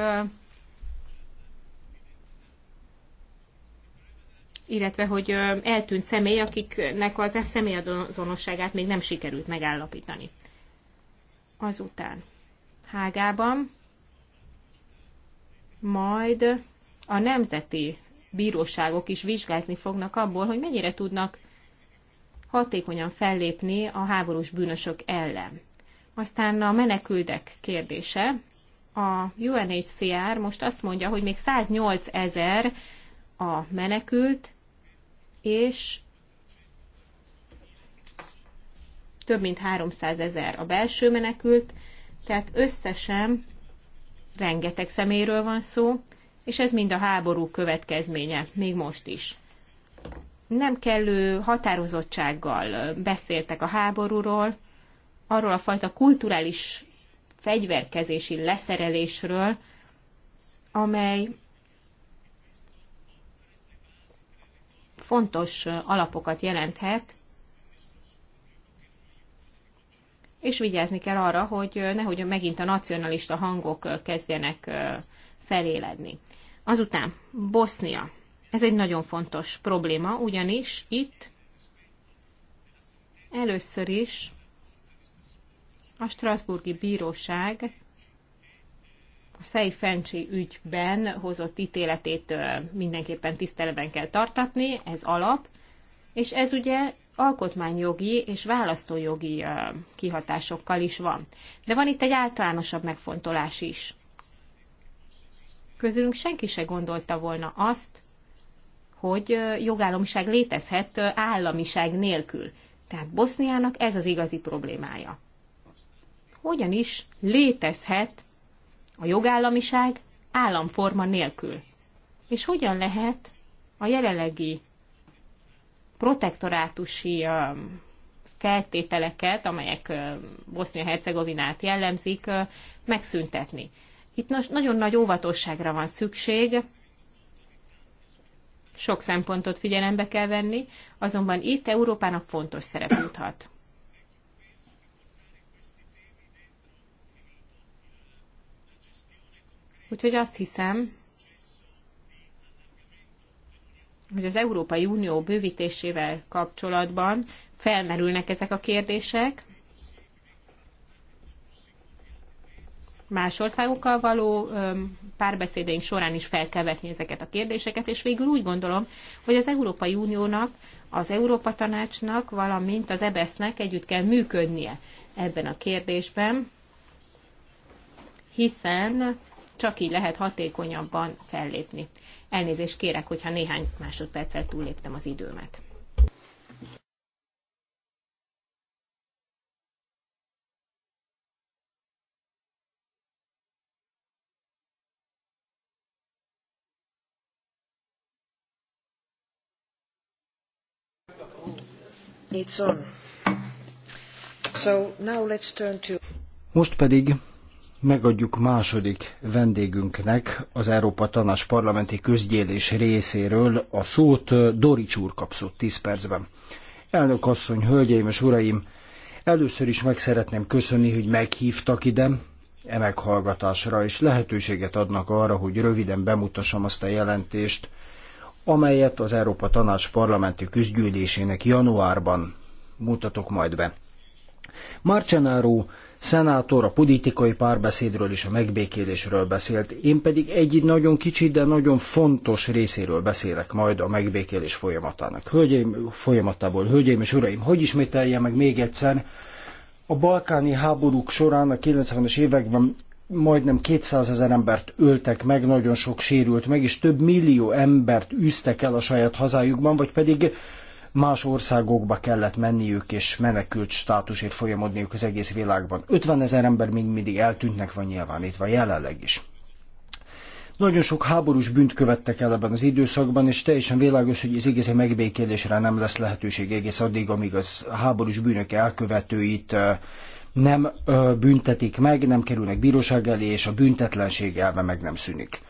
[SPEAKER 3] illetve hogy eltűnt személy, akiknek az személyazonosságát még nem sikerült megállapítani. Azután Hágában, majd a nemzeti bíróságok is vizsgálni fognak abból, hogy mennyire tudnak hatékonyan fellépni a háborús bűnösök ellen. Aztán a menekültek kérdése. A UNHCR most azt mondja, hogy még 108 ezer a menekült, és több mint 300 ezer a belső menekült, tehát összesen rengeteg szeméről van szó, és ez mind a háború következménye, még most is. Nem kellő határozottsággal beszéltek a háborúról, arról a fajta kulturális fegyverkezési leszerelésről, amely fontos alapokat jelenthet, és vigyázni kell arra, hogy nehogy megint a nacionalista hangok kezdjenek feléledni. Azután Bosznia. Ez egy nagyon fontos probléma, ugyanis itt először is a Strasburgi Bíróság Szei Fencsi ügyben hozott ítéletét mindenképpen tiszteletben kell tartatni, ez alap, és ez ugye alkotmányjogi és választójogi kihatásokkal is van. De van itt egy általánosabb megfontolás is. Közülünk senki se gondolta volna azt, hogy jogállamiság létezhet államiság nélkül. Tehát Boszniának ez az igazi problémája. Hogyan is létezhet a jogállamiság államforma nélkül. És hogyan lehet a jelenlegi protektorátusi um, feltételeket, amelyek um, Bosznia-Hercegovinát jellemzik, uh, megszüntetni. Itt most nagyon nagy óvatosságra van szükség, sok szempontot figyelembe kell venni, azonban itt Európának fontos szerep juthat. Úgyhogy azt hiszem, hogy az Európai Unió bővítésével kapcsolatban felmerülnek ezek a kérdések, más országokkal való párbeszédeink során is fel kell vetni ezeket a kérdéseket, és végül úgy gondolom, hogy az Európai Uniónak, az Európa Tanácsnak, valamint az EBESZ-nek együtt kell működnie ebben a kérdésben, hiszen csak így lehet hatékonyabban fellépni. Elnézést kérek, hogyha néhány másodperccel túléptem az időmet.
[SPEAKER 2] It's on. So now let's turn to... Most pedig megadjuk második vendégünknek az Európa Tanács parlamenti közgyűlés részéről a szót Dorics úr kap szót 10 percben. Elnök asszony, hölgyeim és uraim, először is meg szeretném köszönni, hogy meghívtak ide e meghallgatásra, és lehetőséget adnak arra, hogy röviden bemutassam azt a jelentést, amelyet az Európa Tanács parlamenti közgyűlésének januárban mutatok majd be. Marcenaro szenátor a politikai párbeszédről és a megbékélésről beszélt, én pedig egy nagyon kicsi, de nagyon fontos részéről beszélek majd a megbékélés folyamatának. Hölgyeim, folyamatából, hölgyeim és uraim, hogy ismételjem meg még egyszer, a balkáni háborúk során a 90-es években majdnem 200 ezer embert öltek meg, nagyon sok sérült meg, és több millió embert üztek el a saját hazájukban, vagy pedig más országokba kellett menniük és menekült státusért folyamodniuk az egész világban. 50 ezer ember még mindig eltűntnek van nyilvánítva jelenleg is. Nagyon sok háborús bűnt követtek el ebben az időszakban, és teljesen világos, hogy az igazi megbékélésre nem lesz lehetőség egész addig, amíg az háborús bűnök elkövetőit nem büntetik meg, nem kerülnek bíróság elé, és a büntetlenség elve meg nem szűnik.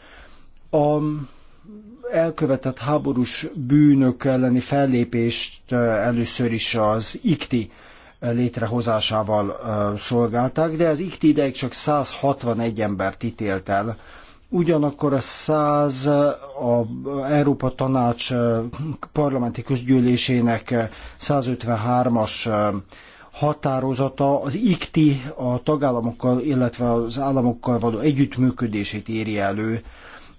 [SPEAKER 2] A elkövetett háborús bűnök elleni fellépést először is az IKTI létrehozásával szolgálták, de az IKTI ideig csak 161 embert ítélt el. Ugyanakkor a 100 a Európa Tanács parlamenti közgyűlésének 153-as határozata az IKTI a tagállamokkal, illetve az államokkal való együttműködését írja elő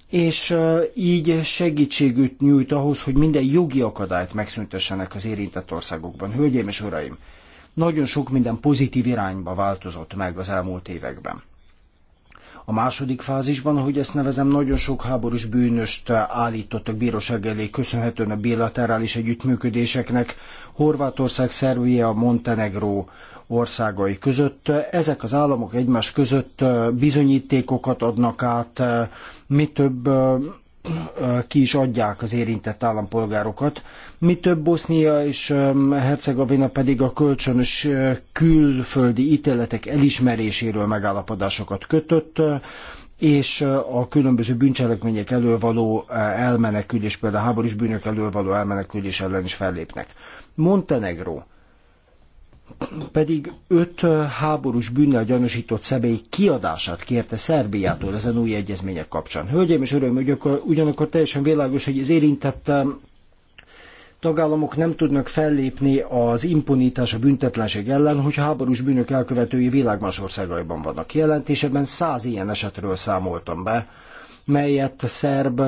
[SPEAKER 2] és így segítségüt nyújt ahhoz, hogy minden jogi akadályt megszüntessenek az érintett országokban. Hölgyeim és uraim, nagyon sok minden pozitív irányba változott meg az elmúlt években. A második fázisban, ahogy ezt nevezem, nagyon sok háborús bűnöst állítottak bíróság elé, köszönhetően a bilaterális együttműködéseknek Horvátország, Szerbia, Montenegró országai között. Ezek az államok egymás között bizonyítékokat adnak át, mi több ki is adják az érintett állampolgárokat. Mi több Bosznia és Hercegovina pedig a kölcsönös külföldi ítéletek elismeréséről megállapodásokat kötött, és a különböző bűncselekmények elől való elmenekülés, például háborús bűnök elől való elmenekülés ellen is fellépnek. Montenegro pedig öt háborús bűnnel gyanúsított személy kiadását kérte Szerbiától ezen új egyezmények kapcsán. Hölgyeim és Uraim, ugyanakkor, ugyanakkor teljesen világos, hogy az érintett tagállamok nem tudnak fellépni az impunitás, a büntetlenség ellen, hogy háborús bűnök elkövetői világ más országaiban vannak. Jelentésében száz ilyen esetről számoltam be, melyet szerb,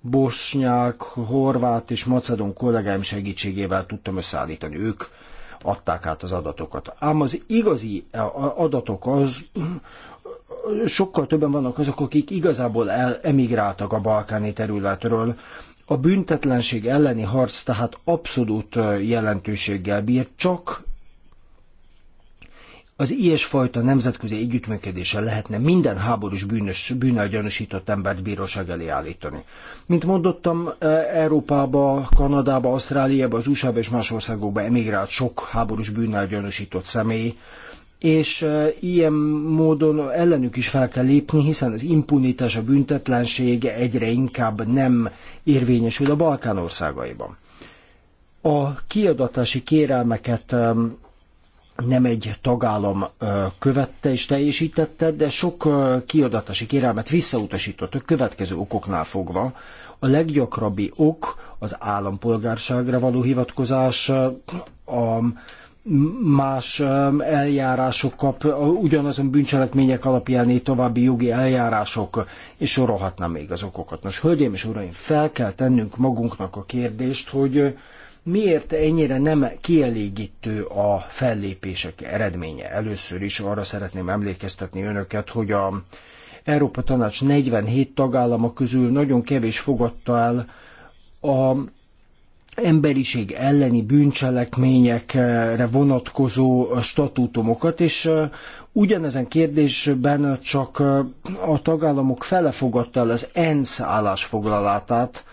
[SPEAKER 2] bosnyák, horvát és macedon kollégáim segítségével tudtam összeállítani. Ők adták át az adatokat. Ám az igazi e, adatok az sokkal többen vannak azok, akik igazából el, emigráltak a balkáni területről. A büntetlenség elleni harc tehát abszolút jelentőséggel bír, csak az ilyesfajta nemzetközi együttműködéssel lehetne minden háborús bűnös, bűnnel gyanúsított embert bíróság elé állítani. Mint mondottam, e, Európába, Kanadába, Ausztráliába, az USA-ba és más országokba emigrált sok háborús bűnnel gyanúsított személy, és e, ilyen módon ellenük is fel kell lépni, hiszen az impunitás, a büntetlenség egyre inkább nem érvényesül a Balkán országaiban. A kiadatási kérelmeket nem egy tagállam követte és teljesítette, de sok kiadatási kérelmet a következő okoknál fogva. A leggyakrabbi ok az állampolgárságra való hivatkozás, a más eljárások kap, ugyanazon bűncselekmények alapján további jogi eljárások, és sorolhatnám még az okokat. Nos, hölgyeim és uraim, fel kell tennünk magunknak a kérdést, hogy Miért ennyire nem kielégítő a fellépések eredménye? Először is arra szeretném emlékeztetni önöket, hogy a Európa Tanács 47 tagállama közül nagyon kevés fogadta el a emberiség elleni bűncselekményekre vonatkozó statútumokat, és ugyanezen kérdésben csak a tagállamok fele fogadta el az ENSZ állásfoglalátát,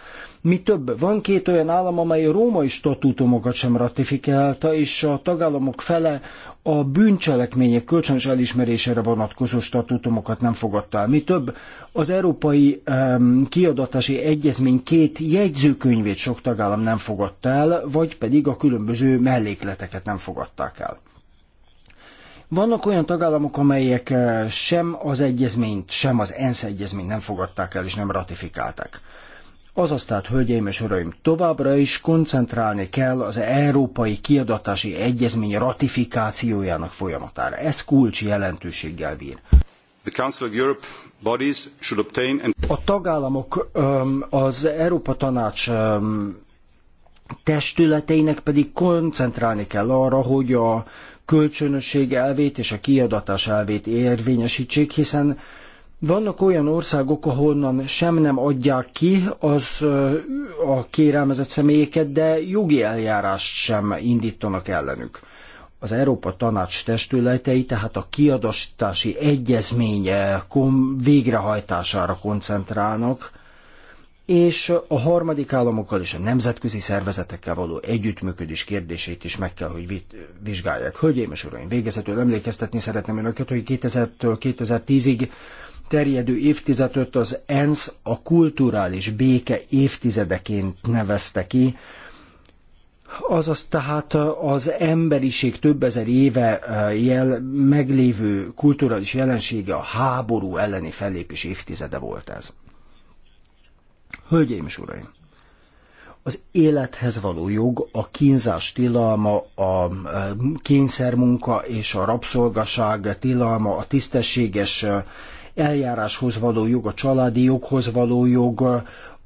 [SPEAKER 2] mi több, van két olyan állam, amely római statútumokat sem ratifikálta, és a tagállamok fele a bűncselekmények kölcsönös elismerésére vonatkozó statútumokat nem fogadta el. Mi több, az Európai um, Kiadatási Egyezmény két jegyzőkönyvét sok tagállam nem fogadta el, vagy pedig a különböző mellékleteket nem fogadták el. Vannak olyan tagállamok, amelyek eh, sem az egyezményt, sem az ENSZ egyezményt nem fogadták el és nem ratifikálták. Azaz tehát, hölgyeim és uraim, továbbra is koncentrálni kell az Európai Kiadatási Egyezmény ratifikációjának folyamatára. Ez kulcsi jelentőséggel bír. A tagállamok az Európa Tanács testületeinek pedig koncentrálni kell arra, hogy a kölcsönösség elvét és a kiadatás elvét érvényesítsék, hiszen vannak olyan országok, ahonnan sem nem adják ki az a kérelmezett személyeket, de jogi eljárást sem indítanak ellenük. Az Európa Tanács testületei tehát a kiadastási egyezmény végrehajtására koncentrálnak, és a harmadik államokkal és a nemzetközi szervezetekkel való együttműködés kérdését is meg kell, hogy vizsgálják. Hölgyeim és uraim, végezetül emlékeztetni szeretném önöket, hogy 2000-től 2010-ig terjedő évtizedöt az ENSZ a kulturális béke évtizedeként nevezte ki, Azaz tehát az emberiség több ezer éve e, jel, meglévő kulturális jelensége a háború elleni fellépés évtizede volt ez. Hölgyeim és uraim! Az élethez való jog, a kínzás tilalma, a e, kényszermunka és a rabszolgaság tilalma, a tisztességes e, eljáráshoz való jog, a családi joghoz való jog,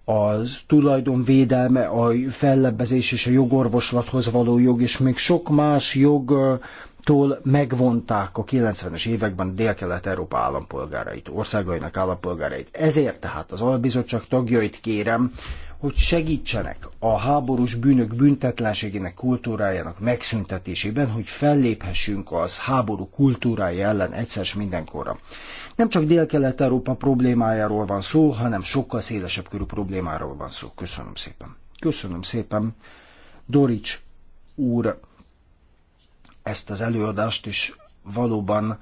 [SPEAKER 2] a tulajdonvédelme, a fellebbezés és a jogorvoslathoz való jog, és még sok más jogtól megvonták a 90-es években Dél-Kelet-Európa állampolgárait, országainak állampolgárait. Ezért tehát az albizottság tagjait kérem, hogy segítsenek a háborús bűnök büntetlenségének kultúrájának megszüntetésében, hogy felléphessünk az háború kultúrája ellen egyszer mindenkorra. Nem csak Dél-Kelet-Európa problémájáról van szó, hanem sokkal szélesebb körű problémáról van szó. Köszönöm szépen. Köszönöm szépen, Dorics úr, ezt az előadást, is valóban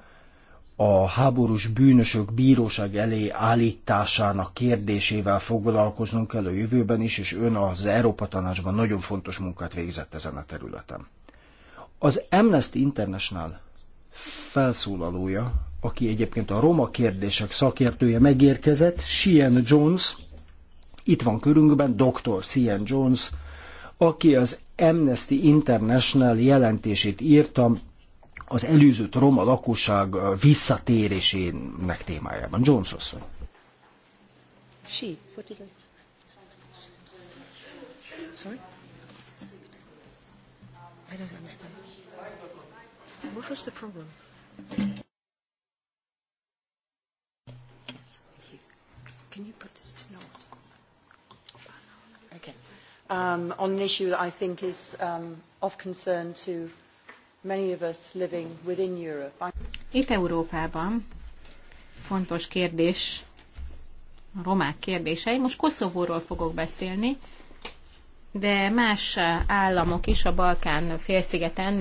[SPEAKER 2] a háborús bűnösök bíróság elé állításának kérdésével foglalkoznunk kell a jövőben is, és ön az Európa Tanácsban nagyon fontos munkát végzett ezen a területen. Az Amnesty International felszólalója, aki egyébként a roma kérdések szakértője megérkezett, Sian Jones, itt van körünkben Dr. Sian Jones, aki az Amnesty International jelentését írta az előzött roma lakosság visszatérésének témájában. Jones asszony.
[SPEAKER 3] Sorry? I don't understand. What was the problem?
[SPEAKER 2] um, on an issue that I think is um, of concern to many of us living within
[SPEAKER 3] Europe. Itt Európában fontos kérdés a romák Én Most Koszovóról fogok beszélni, de más államok is a Balkán félszigeten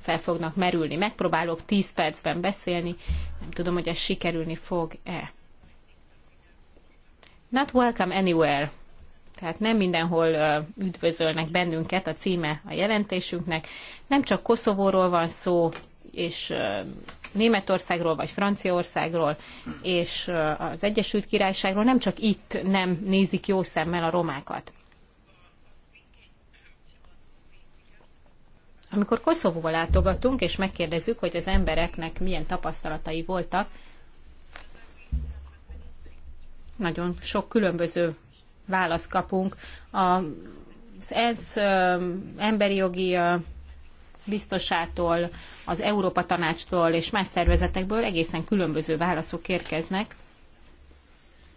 [SPEAKER 3] fel fognak merülni. Megpróbálok 10 percben beszélni, nem tudom, hogy ez sikerülni fog-e. Not welcome anywhere tehát nem mindenhol üdvözölnek bennünket, a címe a jelentésünknek. Nem csak Koszovóról van szó, és Németországról vagy Franciaországról és az Egyesült Királyságról, nem csak itt nem nézik jó szemmel a romákat. Amikor Koszovóval látogatunk, és megkérdezzük, hogy az embereknek milyen tapasztalatai voltak, nagyon sok különböző választ kapunk. Az ENSZ emberi jogi biztosától, az Európa Tanácstól és más szervezetekből egészen különböző válaszok érkeznek.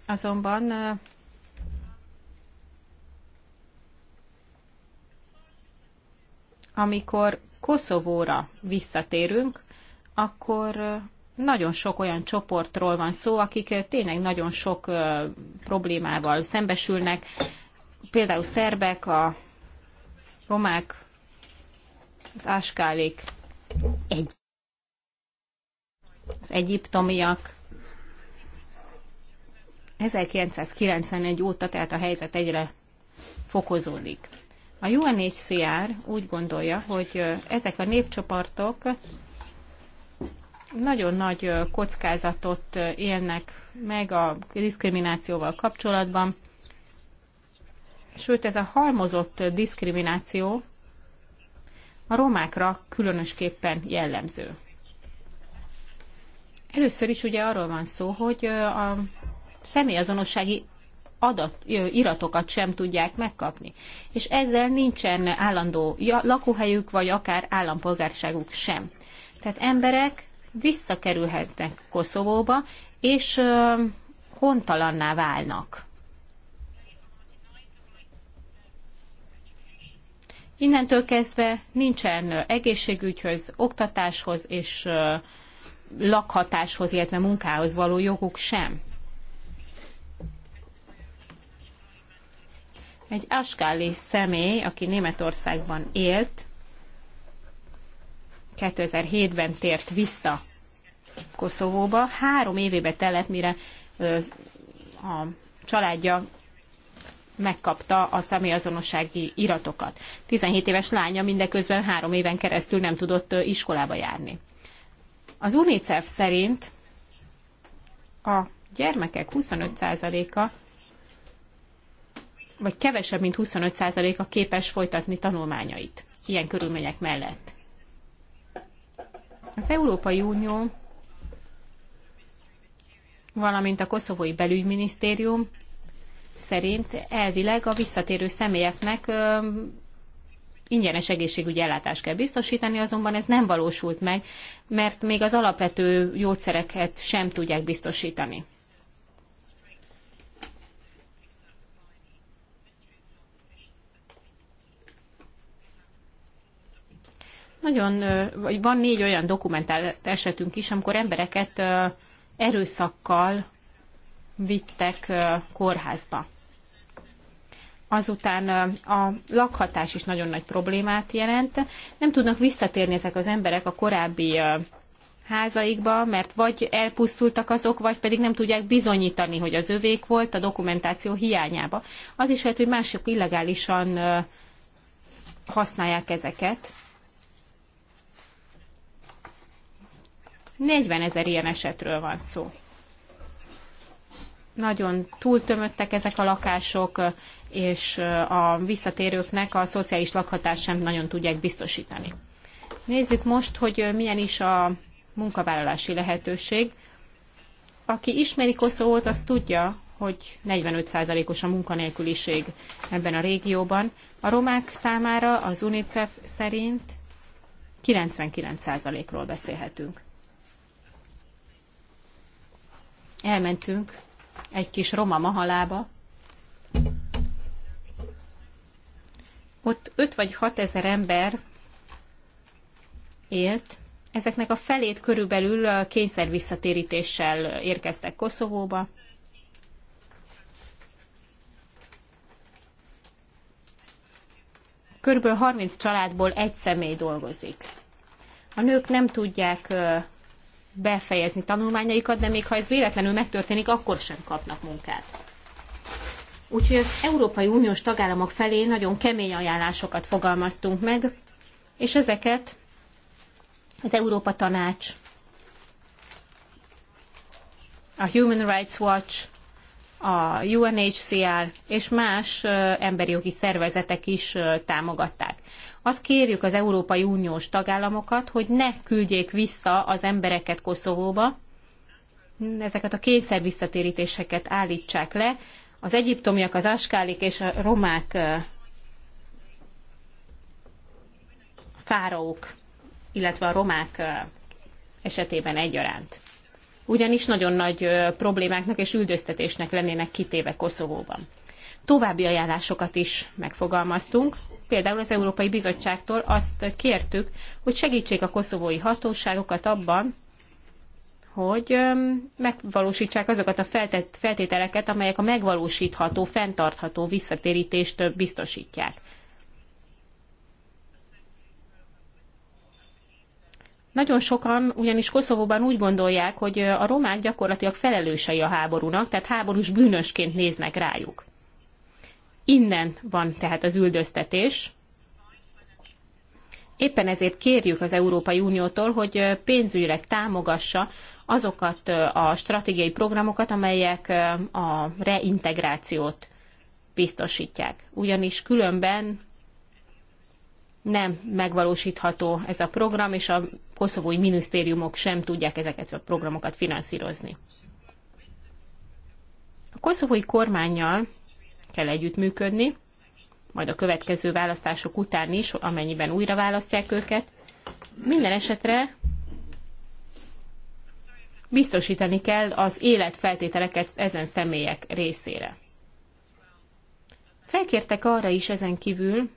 [SPEAKER 3] Azonban amikor Koszovóra visszatérünk, akkor nagyon sok olyan csoportról van szó, akik eh, tényleg nagyon sok eh, problémával szembesülnek, például szerbek, a romák, az áskálék, egy, az egyiptomiak. 1991 óta tehát a helyzet egyre fokozódik. A UNHCR úgy gondolja, hogy eh, ezek a népcsoportok nagyon nagy kockázatot élnek meg a diszkriminációval kapcsolatban. Sőt, ez a halmozott diszkrimináció a romákra különösképpen jellemző. Először is ugye arról van szó, hogy a személyazonossági adat, iratokat sem tudják megkapni. És ezzel nincsen állandó lakóhelyük, vagy akár állampolgárságuk sem. Tehát emberek visszakerülhetnek Koszovóba, és hontalanná válnak. Innentől kezdve nincsen egészségügyhöz, oktatáshoz és lakhatáshoz, illetve munkához való joguk sem. Egy askáli személy, aki Németországban élt, 2007-ben tért vissza Koszovóba. Három évébe telett, mire a családja megkapta a személyazonossági iratokat. 17 éves lánya mindeközben három éven keresztül nem tudott iskolába járni. Az UNICEF szerint a gyermekek 25%-a vagy kevesebb, mint 25%-a képes folytatni tanulmányait ilyen körülmények mellett. Az Európai Unió valamint a koszovói belügyminisztérium szerint elvileg a visszatérő személyeknek ingyenes egészségügyi ellátást kell biztosítani, azonban ez nem valósult meg, mert még az alapvető gyógyszereket sem tudják biztosítani. Nagyon, vagy van négy olyan dokumentált esetünk is, amikor embereket erőszakkal vittek kórházba. Azután a lakhatás is nagyon nagy problémát jelent. Nem tudnak visszatérni ezek az emberek a korábbi házaikba, mert vagy elpusztultak azok, vagy pedig nem tudják bizonyítani, hogy az övék volt a dokumentáció hiányába. Az is lehet, hogy mások illegálisan használják ezeket, 40 ezer ilyen esetről van szó. Nagyon túltömöttek ezek a lakások, és a visszatérőknek a szociális lakhatást sem nagyon tudják biztosítani. Nézzük most, hogy milyen is a munkavállalási lehetőség. Aki ismeri Koszovót, az tudja, hogy 45%-os a munkanélküliség ebben a régióban. A romák számára az UNICEF szerint 99%-ról beszélhetünk. elmentünk egy kis roma mahalába. Ott 5 vagy 6 ezer ember élt, ezeknek a felét körülbelül kényszer visszatérítéssel érkeztek Koszovóba. Körülbelül 30 családból egy személy dolgozik. A nők nem tudják befejezni tanulmányaikat, de még ha ez véletlenül megtörténik, akkor sem kapnak munkát. Úgyhogy az Európai Uniós tagállamok felé nagyon kemény ajánlásokat fogalmaztunk meg, és ezeket az Európa Tanács, a Human Rights Watch a UNHCR és más emberi jogi szervezetek is támogatták. Azt kérjük az Európai Uniós tagállamokat, hogy ne küldjék vissza az embereket Koszovóba, ezeket a kényszer visszatérítéseket állítsák le. Az egyiptomiak, az askálik és a romák fáraók, illetve a romák esetében egyaránt ugyanis nagyon nagy problémáknak és üldöztetésnek lennének kitéve Koszovóban. További ajánlásokat is megfogalmaztunk, például az Európai Bizottságtól azt kértük, hogy segítsék a koszovói hatóságokat abban, hogy megvalósítsák azokat a feltételeket, amelyek a megvalósítható, fenntartható visszatérítést biztosítják. Nagyon sokan ugyanis Koszovóban úgy gondolják, hogy a romák gyakorlatilag felelősei a háborúnak, tehát háborús bűnösként néznek rájuk. Innen van tehát az üldöztetés. Éppen ezért kérjük az Európai Uniótól, hogy pénzügyileg támogassa azokat a stratégiai programokat, amelyek a reintegrációt biztosítják. Ugyanis különben nem megvalósítható ez a program, és a koszovói minisztériumok sem tudják ezeket a programokat finanszírozni. A koszovói kormányjal kell együttműködni, majd a következő választások után is, amennyiben újra választják őket. Minden esetre biztosítani kell az életfeltételeket ezen személyek részére. Felkértek arra is ezen kívül,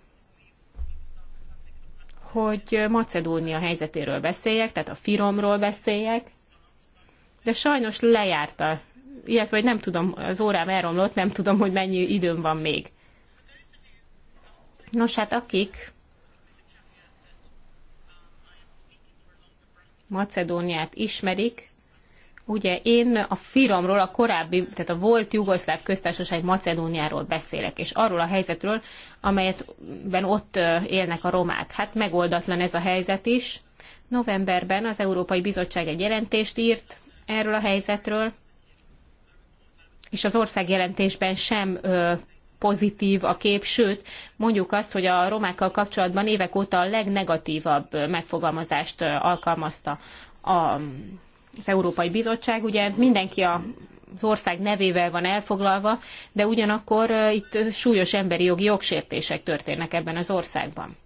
[SPEAKER 3] hogy Macedónia helyzetéről beszéljek, tehát a Firomról beszéljek, de sajnos lejárta, illetve hogy nem tudom, az órám elromlott, nem tudom, hogy mennyi időm van még. Nos, hát akik Macedóniát ismerik, Ugye én a firamról, a korábbi, tehát a volt Jugoszláv köztársaság Macedóniáról beszélek, és arról a helyzetről, amelyetben ott élnek a romák. Hát megoldatlan ez a helyzet is. Novemberben az Európai Bizottság egy jelentést írt erről a helyzetről, és az ország jelentésben sem ö, pozitív a kép, sőt, mondjuk azt, hogy a romákkal kapcsolatban évek óta a legnegatívabb megfogalmazást alkalmazta a az Európai Bizottság, ugye mindenki a az ország nevével van elfoglalva, de ugyanakkor itt súlyos emberi jogi jogsértések történnek ebben az országban.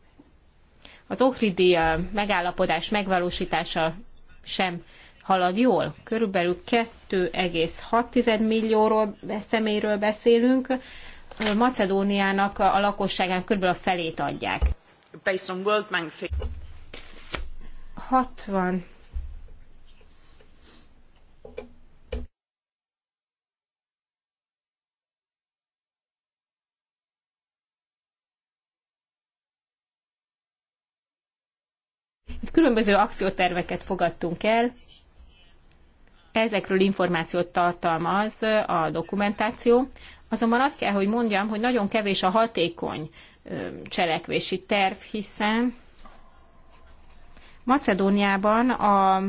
[SPEAKER 3] Az Ohridi megállapodás megvalósítása sem halad jól. Körülbelül 2,6 millióról személyről beszélünk. Macedóniának a lakosságán körülbelül a felét adják. Based on World Bank 60 Különböző akcióterveket fogadtunk el, ezekről információt tartalmaz a dokumentáció, azonban azt kell, hogy mondjam, hogy nagyon kevés a hatékony cselekvési terv, hiszen Macedóniában a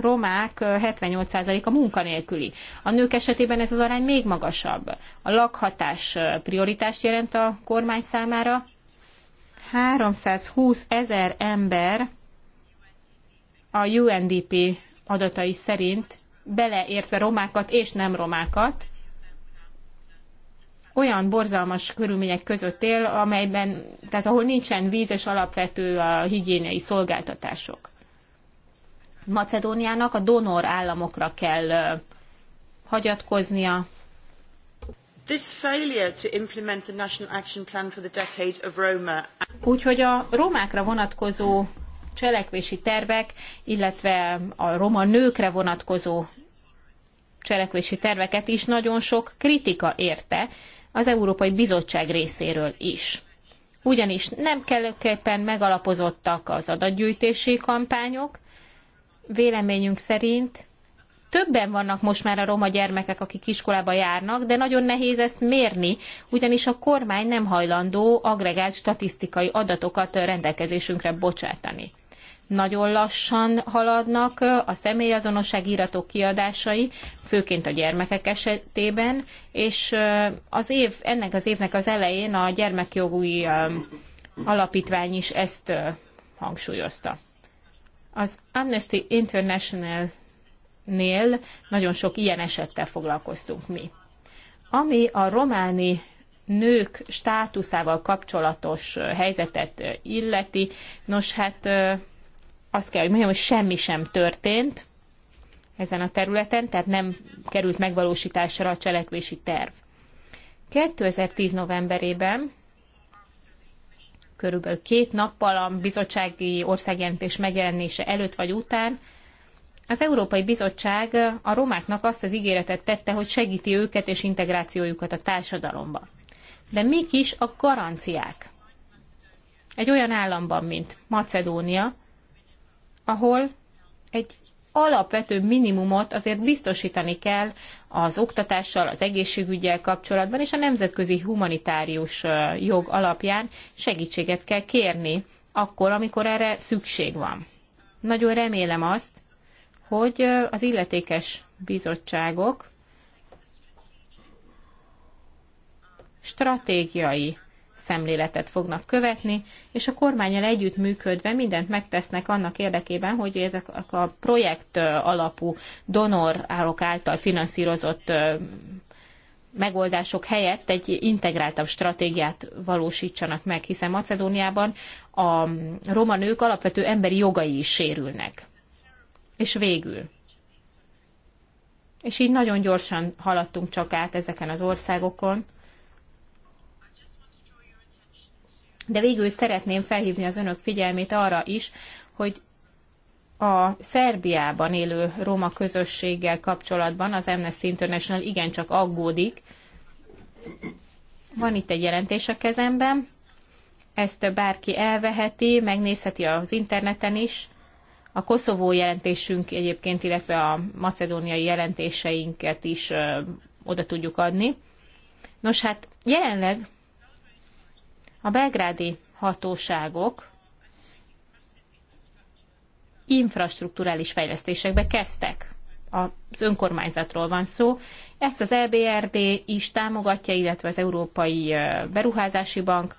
[SPEAKER 3] romák 78%-a munkanélküli. A nők esetében ez az arány még magasabb. A lakhatás prioritást jelent a kormány számára. 320 ezer ember a UNDP adatai szerint, beleértve romákat és nem romákat, olyan borzalmas körülmények között él, amelyben, tehát ahol nincsen víz és alapvető a higiéniai szolgáltatások. Macedóniának a donor államokra kell hagyatkoznia. Úgyhogy a romákra vonatkozó cselekvési tervek, illetve a roma nőkre vonatkozó cselekvési terveket is nagyon sok kritika érte az Európai Bizottság részéről is. Ugyanis nem kellőképpen megalapozottak az adatgyűjtési kampányok, véleményünk szerint Többen vannak most már a roma gyermekek, akik iskolába járnak, de nagyon nehéz ezt mérni, ugyanis a kormány nem hajlandó agregált statisztikai adatokat rendelkezésünkre bocsátani. Nagyon lassan haladnak a személyazonosság iratok kiadásai, főként a gyermekek esetében, és az év, ennek az évnek az elején a gyermekjogi alapítvány is ezt hangsúlyozta. Az Amnesty International nél nagyon sok ilyen esettel foglalkoztunk mi. Ami a románi nők státuszával kapcsolatos helyzetet illeti, nos hát azt kell, hogy mondjam, hogy semmi sem történt ezen a területen, tehát nem került megvalósításra a cselekvési terv. 2010 novemberében körülbelül két nappal a bizottsági országjelentés megjelenése előtt vagy után az Európai Bizottság a romáknak azt az ígéretet tette, hogy segíti őket és integrációjukat a társadalomba. De mik is a garanciák? Egy olyan államban, mint Macedónia, ahol egy alapvető minimumot azért biztosítani kell az oktatással, az egészségügyel kapcsolatban, és a nemzetközi humanitárius jog alapján segítséget kell kérni akkor, amikor erre szükség van. Nagyon remélem azt, hogy az illetékes bizottságok stratégiai szemléletet fognak követni, és a kormányjal együttműködve mindent megtesznek annak érdekében, hogy ezek a projekt alapú donorálok által finanszírozott megoldások helyett egy integráltabb stratégiát valósítsanak meg, hiszen Macedóniában a roma nők alapvető emberi jogai is sérülnek és végül. És így nagyon gyorsan haladtunk csak át ezeken az országokon. De végül szeretném felhívni az önök figyelmét arra is, hogy a Szerbiában élő roma közösséggel kapcsolatban az Amnesty International igencsak aggódik. Van itt egy jelentés a kezemben, ezt bárki elveheti, megnézheti az interneten is. A Koszovó jelentésünk egyébként, illetve a macedóniai jelentéseinket is ö, oda tudjuk adni. Nos hát jelenleg a belgrádi hatóságok infrastruktúrális fejlesztésekbe kezdtek. Az önkormányzatról van szó. Ezt az EBRD is támogatja, illetve az Európai Beruházási Bank,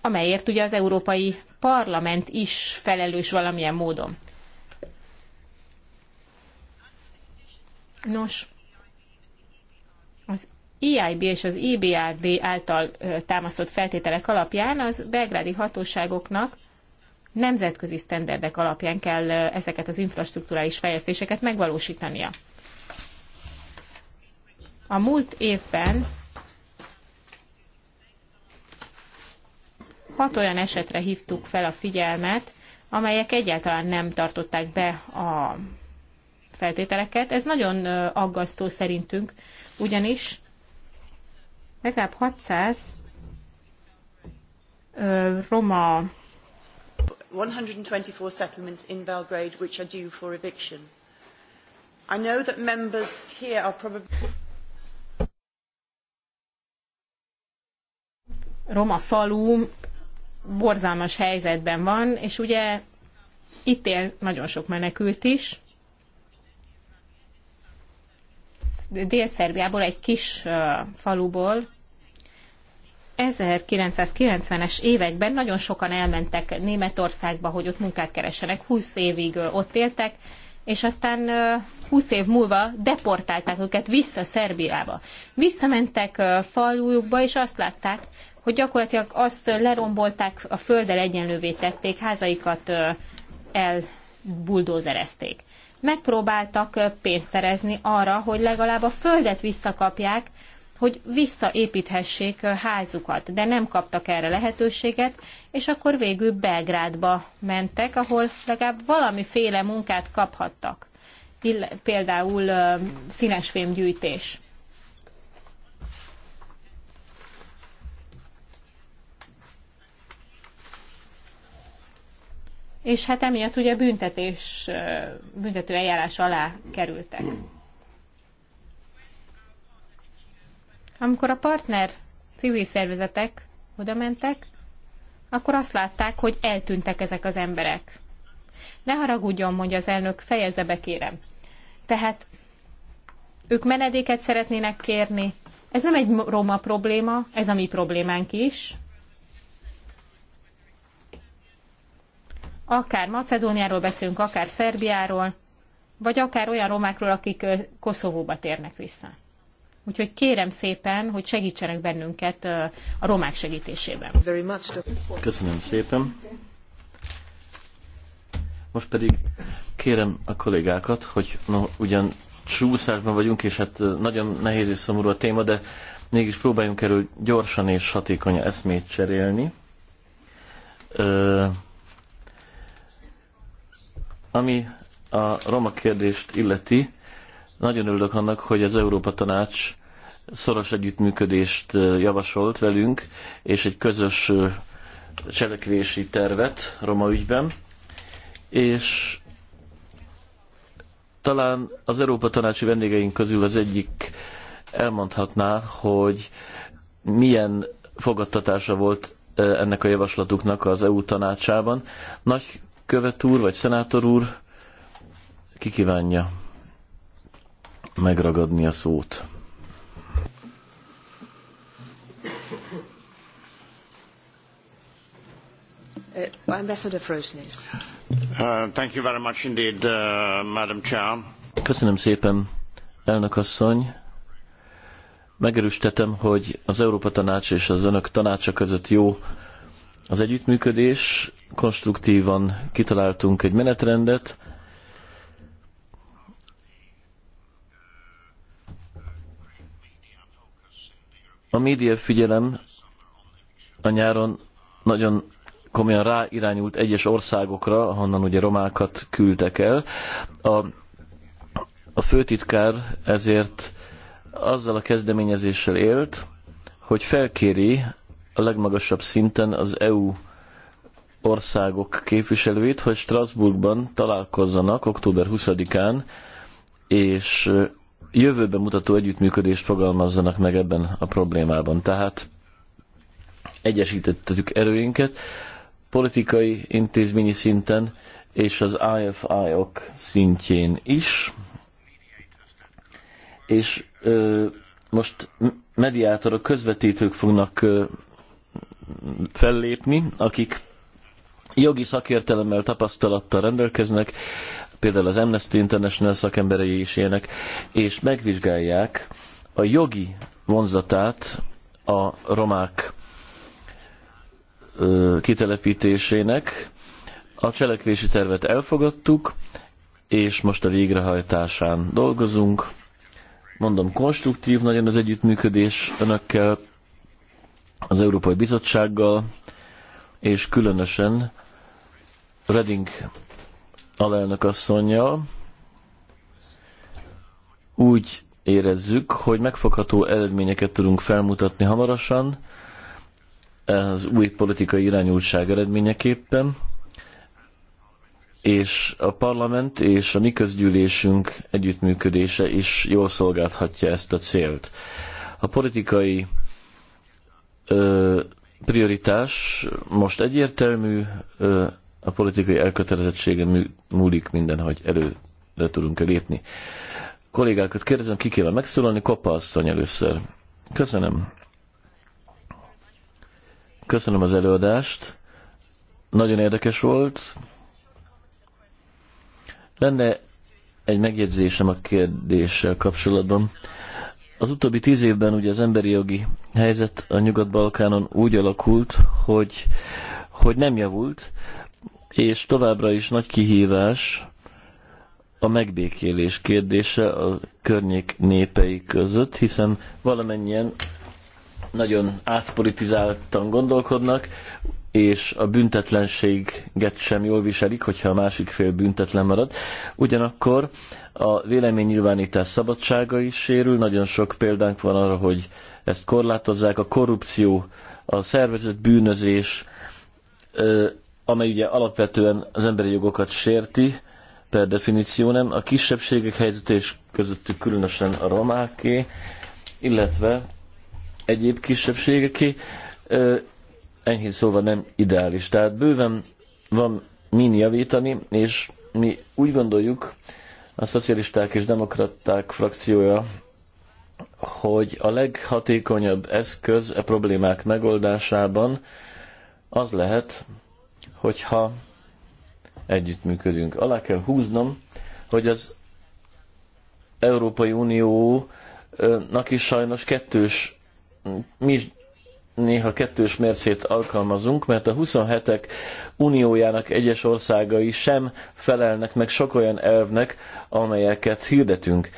[SPEAKER 3] amelyért ugye az Európai parlament is felelős valamilyen módon. Nos, az EIB és az EBRD által támasztott feltételek alapján az belgrádi hatóságoknak nemzetközi sztenderdek alapján kell ezeket az infrastruktúrális fejlesztéseket megvalósítania. A múlt évben hat olyan esetre hívtuk fel a figyelmet, amelyek egyáltalán nem tartották be a feltételeket. Ez nagyon aggasztó szerintünk, ugyanis legalább 600 roma 124 settlements in Belgrade which are due for eviction. I know that members here are probably Roma falu borzalmas helyzetben van, és ugye itt él nagyon sok menekült is. Dél-Szerbiából, egy kis faluból, 1990-es években nagyon sokan elmentek Németországba, hogy ott munkát keresenek, 20 évig ott éltek, és aztán 20 év múlva deportálták őket vissza Szerbiába. Visszamentek falujukba, és azt látták, hogy gyakorlatilag azt lerombolták, a földdel egyenlővé tették, házaikat elbuldózerezték. Megpróbáltak pénzt szerezni arra, hogy legalább a földet visszakapják, hogy visszaépíthessék házukat, de nem kaptak erre lehetőséget, és akkor végül Belgrádba mentek, ahol legalább valamiféle munkát kaphattak. Például színesfémgyűjtés. és hát emiatt ugye büntetés, büntető eljárás alá kerültek. Amikor a partner civil szervezetek oda mentek, akkor azt látták, hogy eltűntek ezek az emberek. Ne haragudjon, mondja az elnök, fejezze be, kérem. Tehát ők menedéket szeretnének kérni. Ez nem egy roma probléma, ez a mi problémánk is. akár Macedóniáról beszélünk, akár Szerbiáról, vagy akár olyan romákról, akik Koszovóba térnek vissza. Úgyhogy kérem szépen, hogy segítsenek bennünket a romák segítésében.
[SPEAKER 1] Köszönöm szépen. Most pedig kérem a kollégákat, hogy no, ugyan csúszásban vagyunk, és hát nagyon nehéz és szomorú a téma, de mégis próbáljunk erről gyorsan és hatékonyan eszmét cserélni. Ö- ami a roma kérdést illeti, nagyon örülök annak, hogy az Európa Tanács szoros együttműködést javasolt velünk, és egy közös cselekvési tervet roma ügyben, és talán az Európa Tanácsi vendégeink közül az egyik elmondhatná, hogy milyen fogadtatása volt ennek a javaslatuknak az EU tanácsában. Nagy követ úr, vagy szenátor úr, ki kívánja megragadni a szót? Uh, Ambassador Frosnes.
[SPEAKER 2] Uh, thank you very much indeed, uh, Madam Chair.
[SPEAKER 1] Köszönöm szépen, elnök asszony. Megerősítettem, hogy az Európa Tanács és az önök tanácsa között jó az együttműködés, konstruktívan kitaláltunk egy menetrendet, A média figyelem a nyáron nagyon komolyan ráirányult egyes országokra, ahonnan ugye romákat küldtek el. A, a főtitkár ezért azzal a kezdeményezéssel élt, hogy felkéri a legmagasabb szinten az EU országok képviselőit, hogy Strasbourgban találkozzanak október 20-án, és jövőben mutató együttműködést fogalmazzanak meg ebben a problémában. Tehát egyesítettük erőinket politikai intézményi szinten és az IFI-ok szintjén is, és ö, most mediátorok, közvetítők fognak fellépni, akik jogi szakértelemmel, tapasztalattal rendelkeznek, például az Amnesty International szakemberei is ilyenek, és megvizsgálják a jogi vonzatát a romák kitelepítésének. A cselekvési tervet elfogadtuk, és most a végrehajtásán dolgozunk. Mondom, konstruktív nagyon az együttműködés önökkel, az Európai Bizottsággal, és különösen Reding alelnök asszonyjal. Úgy érezzük, hogy megfogható eredményeket tudunk felmutatni hamarosan, az új politikai irányultság eredményeképpen, és a parlament és a mi közgyűlésünk együttműködése is jól szolgálhatja ezt a célt. A politikai prioritás most egyértelmű, ö, a politikai elkötelezettségen múlik minden, hogy előre tudunk -e lépni. Kollégákat kérdezem, ki kéne megszólalni? Kopa asszony először. Köszönöm. Köszönöm az előadást. Nagyon érdekes volt. Lenne egy megjegyzésem a kérdéssel kapcsolatban. Az utóbbi tíz évben ugye az emberi jogi helyzet a Nyugat-Balkánon úgy alakult, hogy, hogy nem javult, és továbbra is nagy kihívás a megbékélés kérdése a környék népei között, hiszen valamennyien nagyon átpolitizáltan gondolkodnak, és a büntetlenséget sem jól viselik, hogyha a másik fél büntetlen marad. Ugyanakkor a véleménynyilvánítás szabadsága is sérül, nagyon sok példánk van arra, hogy ezt korlátozzák, a korrupció, a szervezett bűnözés, amely ugye alapvetően az emberi jogokat sérti, per definíció nem, a kisebbségek helyzete és közöttük különösen a romáké, illetve egyéb kisebbségeké, enyhén szóval nem ideális. Tehát bőven van min javítani, és mi úgy gondoljuk, a szocialisták és demokraták frakciója, hogy a leghatékonyabb eszköz e problémák megoldásában az lehet, hogyha együttműködünk. Alá kell húznom, hogy az Európai Uniónak is sajnos kettős, mi is néha kettős mércét alkalmazunk, mert a 27-ek uniójának egyes országai sem felelnek meg sok olyan elvnek, amelyeket hirdetünk.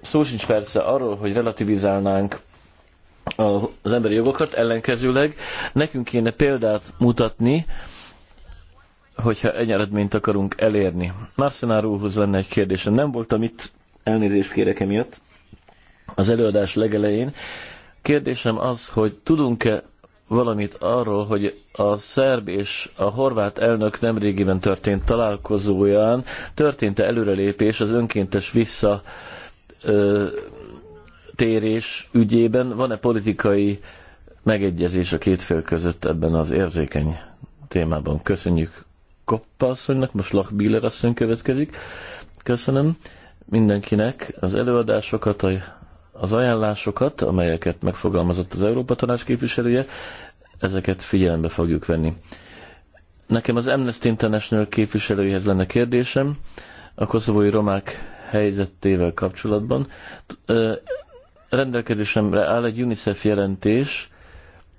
[SPEAKER 1] Szó sincs persze arról, hogy relativizálnánk az emberi jogokat, ellenkezőleg nekünk kéne példát mutatni, hogyha egy eredményt akarunk elérni. Marcenár úrhoz lenne egy kérdésem. Nem voltam itt, elnézést kérek emiatt, az előadás legelején. Uh, Kérdésem az, hogy tudunk-e valamit arról, hogy a szerb és a horvát elnök nemrégiben történt találkozóján történt-e előrelépés az önkéntes visszatérés? ügyében? Van-e politikai megegyezés a két fél között ebben az érzékeny témában? Köszönjük Koppa asszonynak, most Bieler asszony következik. Köszönöm mindenkinek az előadásokat, a az ajánlásokat, amelyeket megfogalmazott az Európa Tanács képviselője, ezeket figyelembe fogjuk venni. Nekem az Amnesty International képviselőihez lenne kérdésem a koszovói romák helyzetével kapcsolatban. Rendelkezésemre áll egy UNICEF jelentés,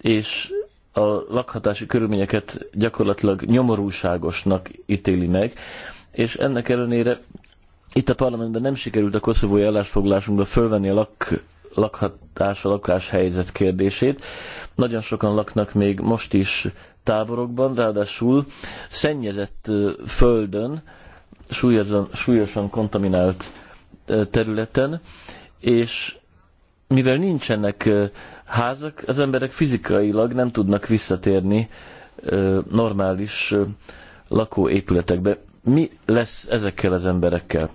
[SPEAKER 1] és a lakhatási körülményeket gyakorlatilag nyomorúságosnak ítéli meg, és ennek ellenére itt a parlamentben nem sikerült a koszovói állásfoglalásunkba fölvenni a lak, lakhatás, a helyzet kérdését. Nagyon sokan laknak még most is táborokban, ráadásul szennyezett földön, súlyosan, súlyosan kontaminált területen, és mivel nincsenek házak, az emberek fizikailag nem tudnak visszatérni normális lakóépületekbe mi lesz ezekkel az emberekkel?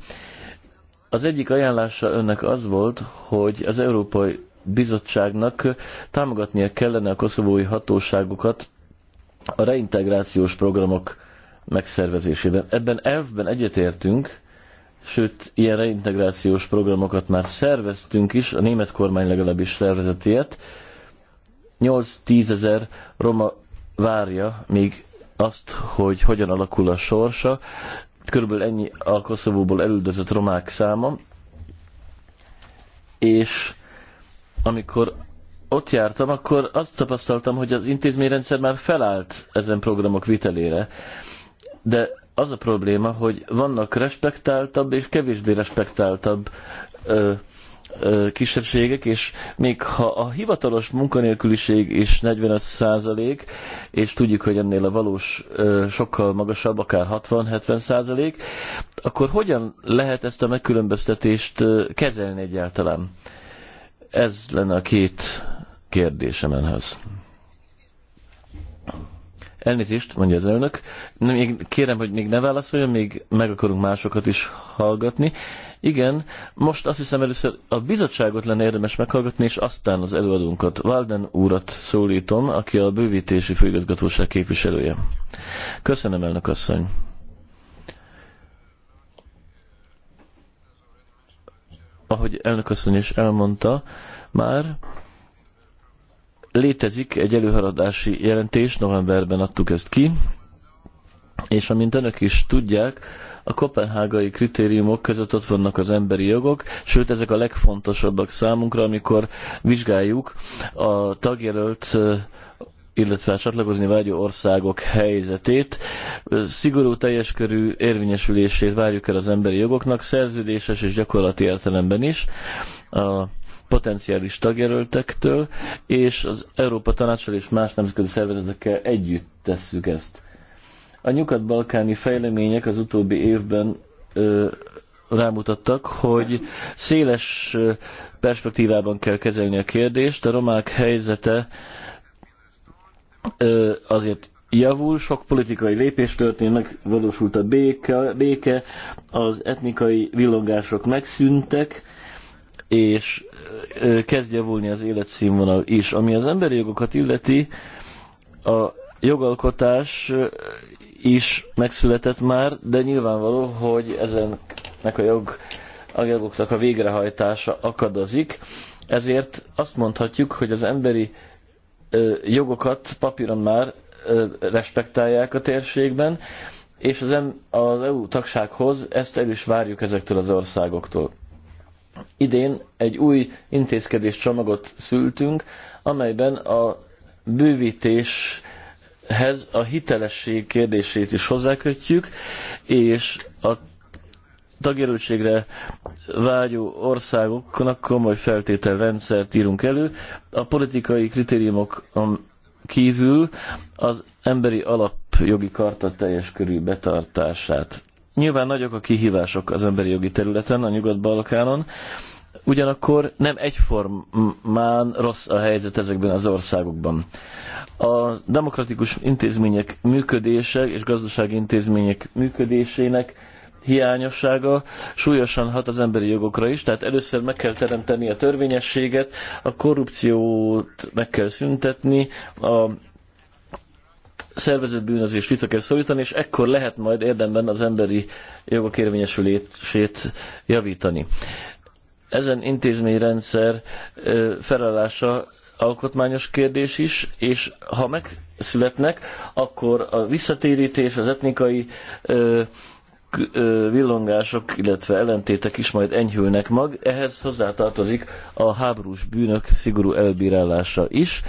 [SPEAKER 1] Az egyik ajánlása önnek az volt, hogy az Európai Bizottságnak támogatnia kellene a koszovói hatóságokat a reintegrációs programok megszervezésében. Ebben elvben egyetértünk, sőt, ilyen reintegrációs programokat már szerveztünk is, a német kormány legalábbis szervezett ilyet. 8-10 ezer roma várja, még azt, hogy hogyan alakul a sorsa. Körülbelül ennyi a Koszovóból elüldözött romák száma, és amikor ott jártam, akkor azt tapasztaltam, hogy az intézményrendszer már felállt ezen programok vitelére, de az a probléma, hogy vannak respektáltabb és kevésbé respektáltabb ö, kisebbségek, és még ha a hivatalos munkanélküliség is 45 százalék, és tudjuk, hogy ennél a valós sokkal magasabb, akár 60-70 százalék, akkor hogyan lehet ezt a megkülönböztetést kezelni egyáltalán? Ez lenne a két kérdésem önhöz. Elnézést, mondja az elnök. Még kérem, hogy még ne válaszoljon, még meg akarunk másokat is hallgatni. Igen, most azt hiszem először a bizottságot lenne érdemes meghallgatni, és aztán az előadónkat, Walden úrat szólítom, aki a bővítési főigazgatóság képviselője. Köszönöm, elnök asszony. Ahogy elnök asszony is elmondta, már Létezik egy előhaladási jelentés, novemberben adtuk ezt ki, és amint önök is tudják, a kopenhágai kritériumok között ott vannak az emberi jogok, sőt ezek a legfontosabbak számunkra, amikor vizsgáljuk a tagjelölt illetve a csatlakozni vágyó országok helyzetét. Szigorú teljes körű érvényesülését várjuk el az emberi jogoknak, szerződéses és gyakorlati értelemben is. A potenciális tagjelöltektől, és az Európa Tanácssal és más nemzetközi szervezetekkel együtt tesszük ezt. A nyugat-balkáni fejlemények az utóbbi évben ö, rámutattak, hogy széles perspektívában kell kezelni a kérdést. A romák helyzete ö, azért javul, sok politikai lépés történt, megvalósult a béke, béke az etnikai villongások megszűntek, és kezd javulni az életszínvonal is. Ami az emberi jogokat illeti, a jogalkotás is megszületett már, de nyilvánvaló, hogy ezennek a jog a jogoknak a végrehajtása akadozik, ezért azt mondhatjuk, hogy az emberi ö, jogokat papíron már ö, respektálják a térségben, és az, az EU tagsághoz ezt el is várjuk ezektől az országoktól idén egy új intézkedés csomagot szültünk, amelyben a bővítéshez a hitelesség kérdését is hozzákötjük, és a tagjelöltségre vágyó országoknak komoly feltételrendszert írunk elő. A politikai kritériumok kívül az emberi alapjogi karta teljes körű betartását Nyilván nagyok a kihívások az emberi jogi területen, a Nyugat-Balkánon, ugyanakkor nem egyformán rossz a helyzet ezekben az országokban. A demokratikus intézmények működése és gazdasági intézmények működésének hiányossága súlyosan hat az emberi jogokra is, tehát először meg kell teremteni a törvényességet, a korrupciót meg kell szüntetni, a szervezett bűnözést vissza kell szorítani, és ekkor lehet majd érdemben az emberi jogok érvényesülését javítani. Ezen intézményrendszer felállása alkotmányos kérdés is, és ha megszületnek, akkor a visszatérítés, az etnikai ö, ö, villongások, illetve ellentétek is majd enyhülnek mag. Ehhez hozzátartozik a háborús bűnök szigorú elbírálása is,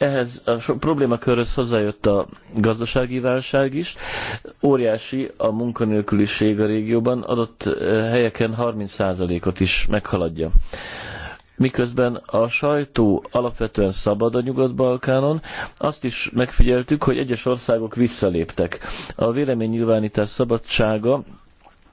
[SPEAKER 1] ehhez a problémakörhöz hozzájött a gazdasági válság is. Óriási a munkanélküliség a régióban, adott eh, helyeken 30%-ot is meghaladja. Miközben a sajtó alapvetően szabad a Nyugat-Balkánon, azt is megfigyeltük, hogy egyes országok visszaléptek. A véleménynyilvánítás szabadsága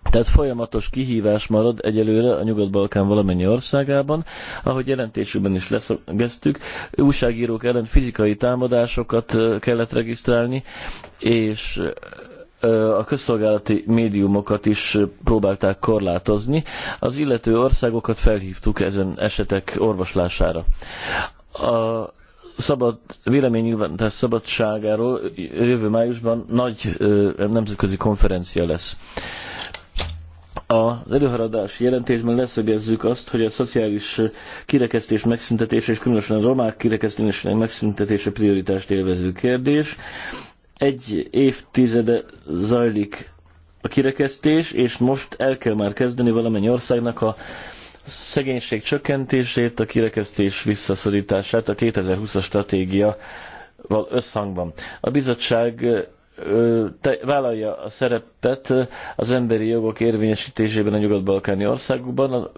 [SPEAKER 1] tehát folyamatos kihívás marad egyelőre a Nyugat-Balkán valamennyi országában. Ahogy jelentésükben is leszögeztük, újságírók ellen fizikai támadásokat kellett regisztrálni, és a közszolgálati médiumokat is próbálták korlátozni. Az illető országokat felhívtuk ezen esetek orvoslására. A szabad, véleménynyilvántás szabadságáról jövő májusban nagy nemzetközi konferencia lesz az előharadási jelentésben leszögezzük azt, hogy a szociális kirekesztés megszüntetése és különösen a romák kirekesztésének megszüntetése prioritást élvező kérdés. Egy évtizede zajlik a kirekesztés, és most el kell már kezdeni valamennyi országnak a szegénység csökkentését, a kirekesztés visszaszorítását a 2020-as stratégia összhangban. A bizottság te, vállalja a szerepet az emberi jogok érvényesítésében a nyugat-balkáni országokban, a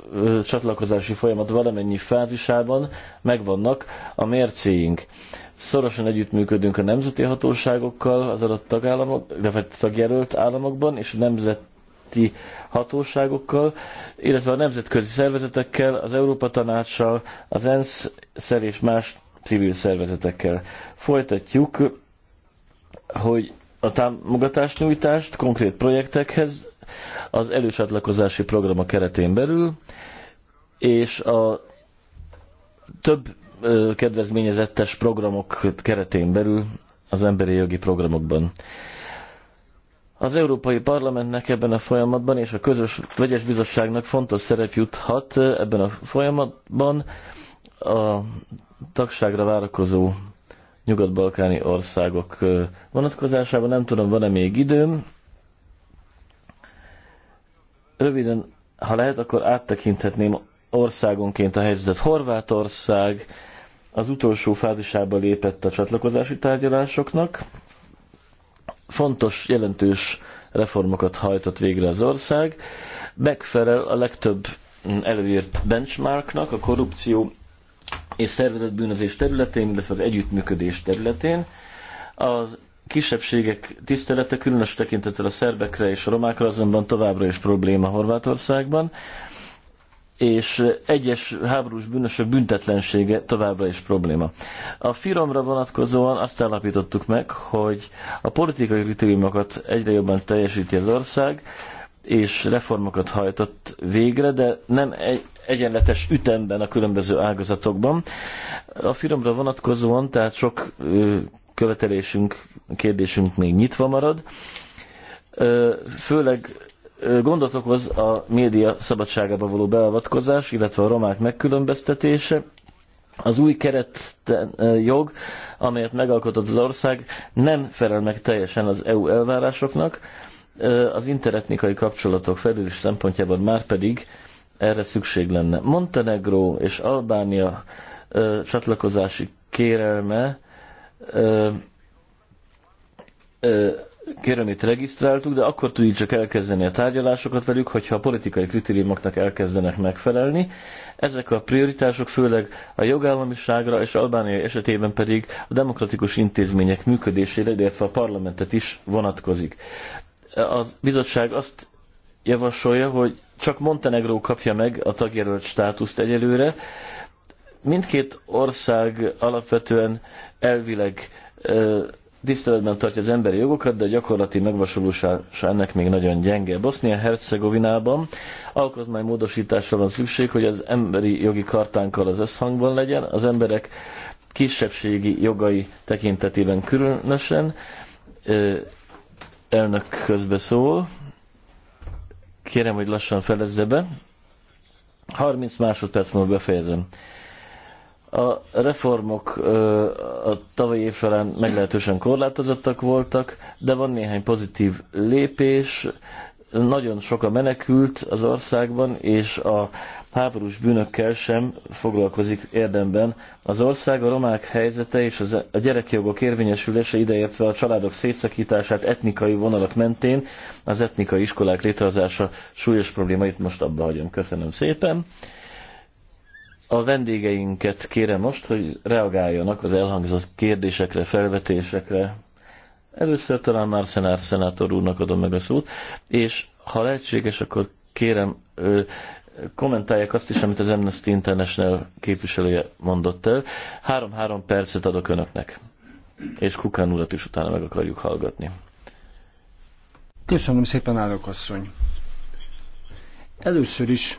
[SPEAKER 1] csatlakozási folyamat valamennyi fázisában megvannak a mércéink. Szorosan együttműködünk a nemzeti hatóságokkal az adott tagállamok, de vagy tagjelölt államokban, és a nemzeti hatóságokkal, illetve a nemzetközi szervezetekkel, az Európa Tanácssal, az ENSZ-szel és más civil szervezetekkel. Folytatjuk hogy a nyújtást konkrét projektekhez az elősatlakozási programa keretén belül, és a több kedvezményezettes programok keretén belül az emberi jogi programokban. Az Európai Parlamentnek ebben a folyamatban és a közös vegyes bizottságnak fontos szerep juthat ebben a folyamatban a tagságra várakozó nyugat-balkáni országok vonatkozásában. Nem tudom, van-e még időm. Röviden, ha lehet, akkor áttekinthetném országonként a helyzetet. Horvátország az utolsó fázisába lépett a csatlakozási tárgyalásoknak. Fontos, jelentős reformokat hajtott végre az ország. Megfelel a legtöbb előírt benchmarknak, a korrupció és szervezett bűnözés területén, illetve az együttműködés területén. A kisebbségek tisztelete különös tekintettel a szerbekre és a romákra azonban továbbra is probléma Horvátországban, és egyes háborús bűnösök büntetlensége továbbra is probléma. A firomra vonatkozóan azt állapítottuk meg, hogy a politikai kritériumokat egyre jobban teljesíti az ország, és reformokat hajtott végre, de nem egy, egyenletes ütemben a különböző ágazatokban. A filmre vonatkozóan, tehát sok követelésünk, kérdésünk még nyitva marad. Főleg gondot okoz a média szabadságába való beavatkozás, illetve a romák megkülönböztetése. Az új keret jog, amelyet megalkotott az ország, nem felel meg teljesen az EU elvárásoknak, az interetnikai kapcsolatok felülés szempontjában már pedig erre szükség lenne. Montenegro és Albánia ö, csatlakozási kérelme ö, ö, itt regisztráltuk, de akkor tudjuk csak elkezdeni a tárgyalásokat velük, hogyha a politikai kritériumoknak elkezdenek megfelelni. Ezek a prioritások főleg a jogállamiságra és Albánia esetében pedig a demokratikus intézmények működésére, illetve a parlamentet is vonatkozik. A bizottság azt javasolja, hogy csak Montenegró kapja meg a tagjelölt státuszt egyelőre. Mindkét ország alapvetően elvileg tiszteletben tartja az emberi jogokat, de a gyakorlati megvasolása ennek még nagyon gyenge. Bosznia-Hercegovinában alkotmánymódosításra van szükség, hogy az emberi jogi kartánkkal az összhangban legyen, az emberek kisebbségi jogai tekintetében különösen. Elnök közbeszól. Kérem, hogy lassan felezze be. 30 másodperc múlva befejezem. A reformok a tavalyi év során meglehetősen korlátozottak voltak, de van néhány pozitív lépés. Nagyon sok a menekült az országban, és a háborús bűnökkel sem foglalkozik érdemben. Az ország a romák helyzete és az, e- a gyerekjogok érvényesülése ideértve a családok szétszakítását etnikai vonalak mentén, az etnikai iskolák létrehozása súlyos probléma, itt most abba hagyom. Köszönöm szépen. A vendégeinket kérem most, hogy reagáljanak az elhangzott kérdésekre, felvetésekre. Először talán már szenát szenátor úrnak adom meg a szót, és ha lehetséges, akkor kérem kommentálják azt is, amit az Amnesty International képviselője mondott el. Három-három percet adok önöknek, és Kukán urat is utána meg akarjuk hallgatni.
[SPEAKER 2] Köszönöm szépen, Árok asszony. Először is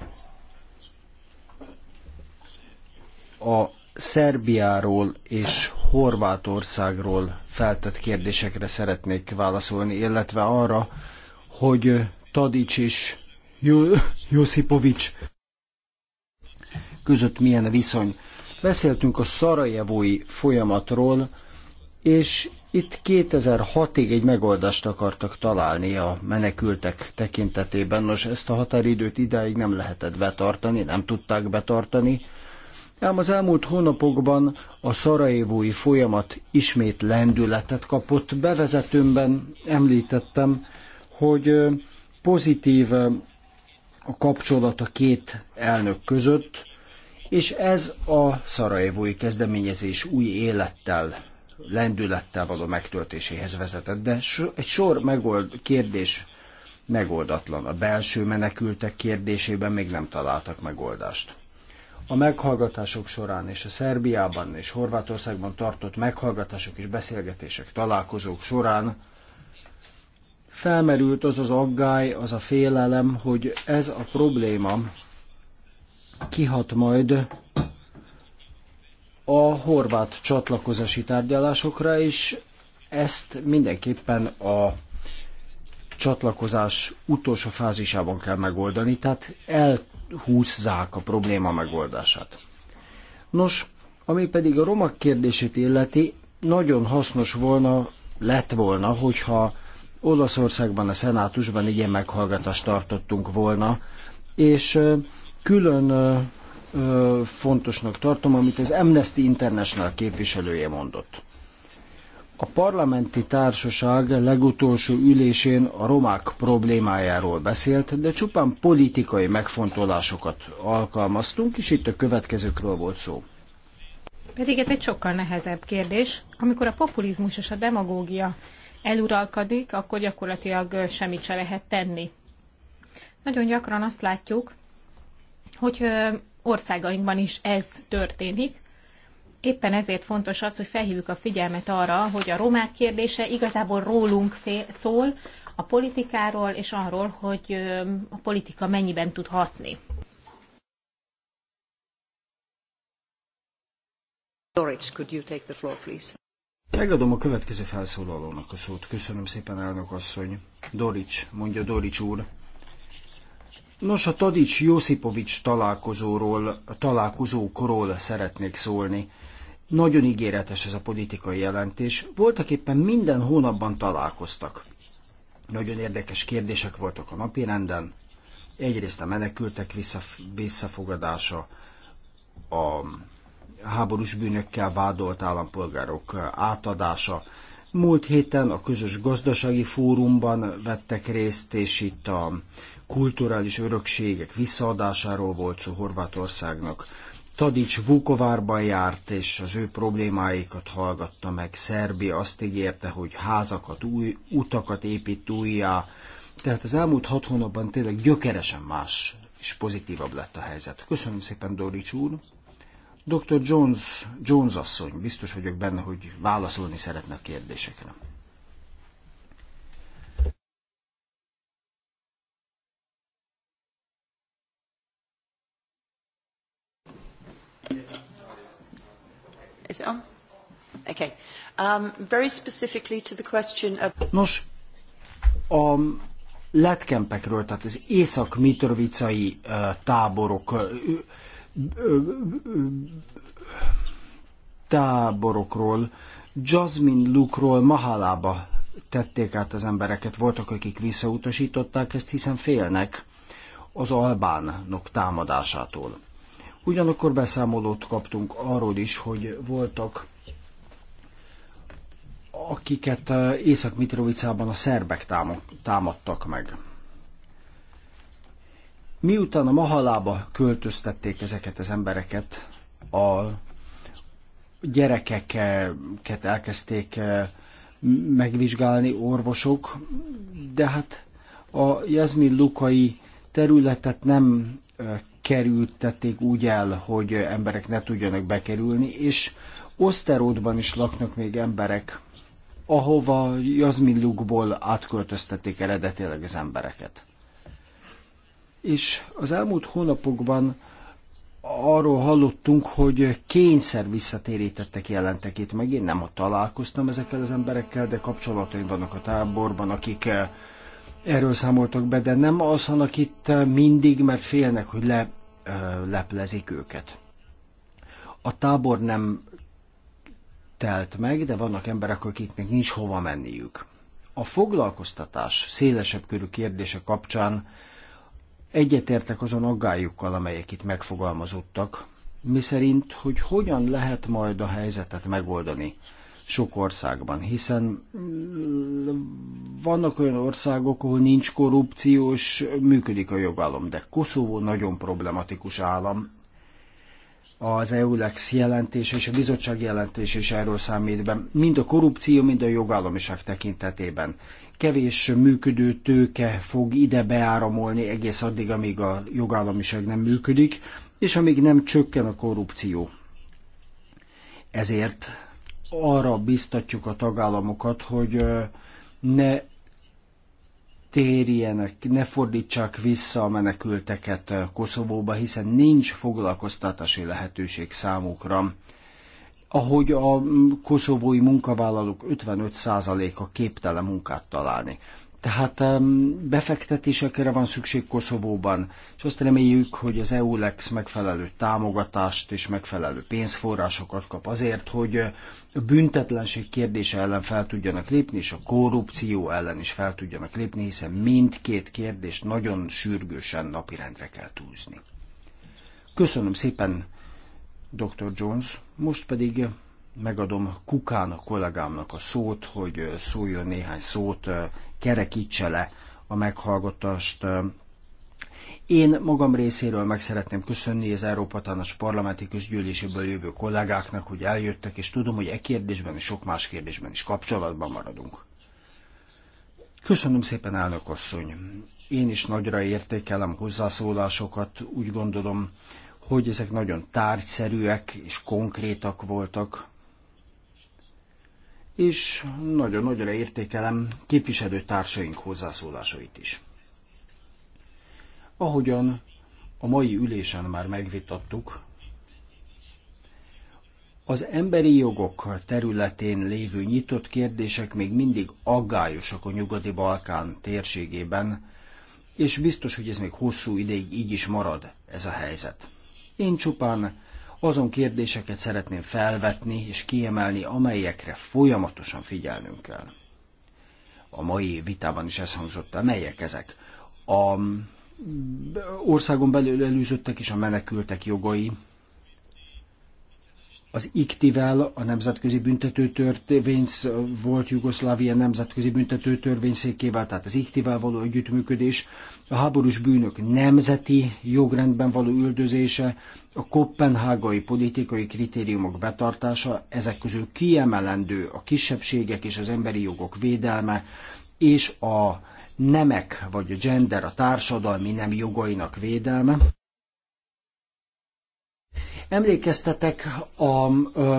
[SPEAKER 2] a Szerbiáról és Horvátországról feltett kérdésekre szeretnék válaszolni, illetve arra, hogy Tadics és Josipovics között milyen a viszony. Beszéltünk a szarajevói folyamatról, és itt 2006-ig egy megoldást akartak találni a menekültek tekintetében. Nos, ezt a határidőt idáig nem lehetett betartani, nem tudták betartani. Ám az elmúlt hónapokban a szarajevói folyamat ismét lendületet kapott. Bevezetőmben említettem, hogy pozitív a kapcsolat a két elnök között, és ez a szarajevói kezdeményezés új élettel, lendülettel való megtöltéséhez vezetett. De egy sor megold, kérdés megoldatlan. A belső menekültek kérdésében még nem találtak megoldást. A meghallgatások során és a Szerbiában és Horvátországban tartott meghallgatások és beszélgetések, találkozók során Felmerült az az aggály, az a félelem, hogy ez a probléma kihat majd a horvát csatlakozási tárgyalásokra, és ezt mindenképpen a csatlakozás utolsó fázisában kell megoldani, tehát elhúzzák a probléma megoldását. Nos, ami pedig a romak kérdését illeti, nagyon hasznos volna, lett volna, hogyha Olaszországban, a szenátusban egy ilyen meghallgatást tartottunk volna, és külön fontosnak tartom, amit az Amnesty International képviselője mondott. A parlamenti társaság legutolsó ülésén a romák problémájáról beszélt, de csupán politikai megfontolásokat alkalmaztunk, és itt a következőkről volt szó.
[SPEAKER 3] Pedig ez egy sokkal nehezebb kérdés, amikor a populizmus és a demagógia eluralkodik, akkor gyakorlatilag semmit se lehet tenni. Nagyon gyakran azt látjuk, hogy országainkban is ez történik. Éppen ezért fontos az, hogy felhívjuk a figyelmet arra, hogy a romák kérdése igazából rólunk szól, a politikáról és arról, hogy a politika mennyiben tud hatni. Doric, could you take the floor, please?
[SPEAKER 2] Megadom a következő felszólalónak a szót. Köszönöm szépen, elnök asszony. Dorics, mondja Dorics úr. Nos, a Tadics Josipovics találkozóról, találkozókról szeretnék szólni. Nagyon ígéretes ez a politikai jelentés. Voltak éppen minden hónapban találkoztak. Nagyon érdekes kérdések voltak a napirenden. Egyrészt a menekültek visszafogadása, a háborús bűnökkel vádolt állampolgárok átadása. Múlt héten a közös gazdasági fórumban vettek részt, és itt a kulturális örökségek visszaadásáról volt szó Horvátországnak. Tadics Vukovárban járt, és az ő problémáikat hallgatta meg. Szerbi azt ígérte, hogy házakat, új utakat épít újjá. Tehát az elmúlt hat hónapban tényleg gyökeresen más és pozitívabb lett a helyzet. Köszönöm szépen, Dorics úr! Dr. Jones, Jones asszony, biztos vagyok benne, hogy válaszolni szeretne a kérdésekre. Um, Nos, a letkempekről, tehát az észak-mitrovicai táborok táborokról, Jasmine Luke-ról Mahalába tették át az embereket. Voltak, akik visszautasították ezt, hiszen félnek az albánok támadásától. Ugyanakkor beszámolót kaptunk arról is, hogy voltak akiket eh, Észak-Mitrovicában a szerbek támadtak meg. Miután a Mahalába költöztették ezeket az embereket, a gyerekeket elkezdték eh, megvizsgálni orvosok, de hát a Jazmin Lukai területet nem eh, kerültették úgy el, hogy emberek ne tudjanak bekerülni, és Oszterótban is laknak még emberek, ahova Jazmin Lukból átköltöztették eredetileg az embereket és az elmúlt hónapokban arról hallottunk, hogy kényszer visszatérítettek jelentekét meg. Én nem találkoztam ezekkel az emberekkel, de kapcsolataim vannak a táborban, akik eh, erről számoltak be, de nem alszanak itt eh, mindig, mert félnek, hogy le, eh, leplezik őket. A tábor nem telt meg, de vannak emberek, akiknek nincs hova menniük. A foglalkoztatás szélesebb körű kérdése kapcsán Egyetértek azon aggályukkal, amelyek itt megfogalmazottak, miszerint, hogy hogyan lehet majd a helyzetet megoldani sok országban, hiszen mm, vannak olyan országok, ahol nincs korrupciós, működik a jogállam, de Koszovó nagyon problematikus állam. Az EULEX jelentés és a bizottság jelentés is erről számít be, mind a korrupció, mind a jogállamiság tekintetében kevés működő tőke fog ide beáramolni egész addig, amíg a jogállamiság nem működik, és amíg nem csökken a korrupció. Ezért arra biztatjuk a tagállamokat, hogy ne térjenek, ne fordítsák vissza a menekülteket Koszovóba, hiszen nincs foglalkoztatási lehetőség számukra ahogy a koszovói munkavállalók 55%-a képtelen munkát találni. Tehát befektetésekre van szükség Koszovóban, és azt reméljük, hogy az EULEX megfelelő támogatást és megfelelő pénzforrásokat kap azért, hogy a büntetlenség kérdése ellen fel tudjanak lépni, és a korrupció ellen is fel tudjanak lépni, hiszen mindkét kérdést nagyon sürgősen napirendre kell tűzni. Köszönöm szépen Dr. Jones. Most pedig megadom Kukán a kollégámnak a szót, hogy szóljon néhány szót, kerekítse le a meghallgatást. Én magam részéről meg szeretném köszönni az Európa Tanács parlamenti közgyűléséből jövő kollégáknak, hogy eljöttek, és tudom, hogy e kérdésben és sok más kérdésben is kapcsolatban maradunk. Köszönöm szépen, elnök asszony. Én is nagyra értékelem hozzászólásokat, úgy gondolom, hogy ezek nagyon tárgyszerűek és konkrétak voltak, és nagyon nagyra értékelem képviselő társaink hozzászólásait is. Ahogyan a mai ülésen már megvitattuk, az emberi jogok területén lévő nyitott kérdések még mindig aggályosak a Nyugati-Balkán térségében, és biztos, hogy ez még hosszú ideig így is marad ez a helyzet. Én csupán azon kérdéseket szeretném felvetni és kiemelni, amelyekre folyamatosan figyelnünk kell. A mai vitában is ez hangzott el. Melyek ezek? A mm, országon belül előzöttek és a menekültek jogai, az ikti a Nemzetközi büntetőtörvény volt Jugoszlávia Nemzetközi Büntetőtörvényszékével, tehát az ikti való együttműködés, a háborús bűnök nemzeti jogrendben való üldözése, a kopenhágai politikai kritériumok betartása, ezek közül kiemelendő a kisebbségek és az emberi jogok védelme, és a nemek vagy a gender, a társadalmi nem jogainak védelme Emlékeztetek a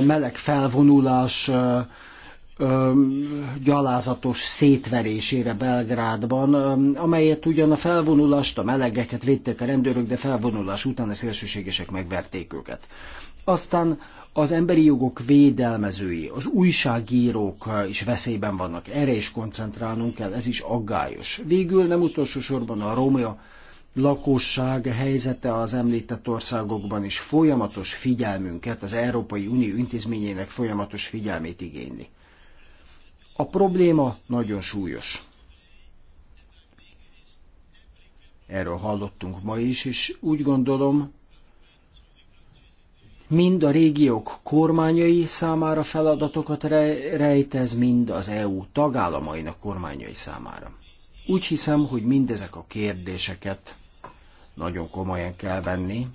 [SPEAKER 2] meleg felvonulás gyalázatos szétverésére Belgrádban, amelyet ugyan a felvonulást, a melegeket védték a rendőrök, de felvonulás után a szélsőségesek megverték őket. Aztán az emberi jogok védelmezői, az újságírók is veszélyben vannak, erre is koncentrálnunk kell, ez is aggályos. Végül nem utolsó sorban a Rómia lakosság helyzete az említett országokban is folyamatos figyelmünket, az Európai Unió intézményének folyamatos figyelmét igényli. A probléma nagyon súlyos. Erről hallottunk ma is, és úgy gondolom, mind a régiók kormányai számára feladatokat rejtez, mind az EU tagállamainak kormányai számára. Úgy hiszem, hogy mindezek a kérdéseket nagyon komolyan kell venni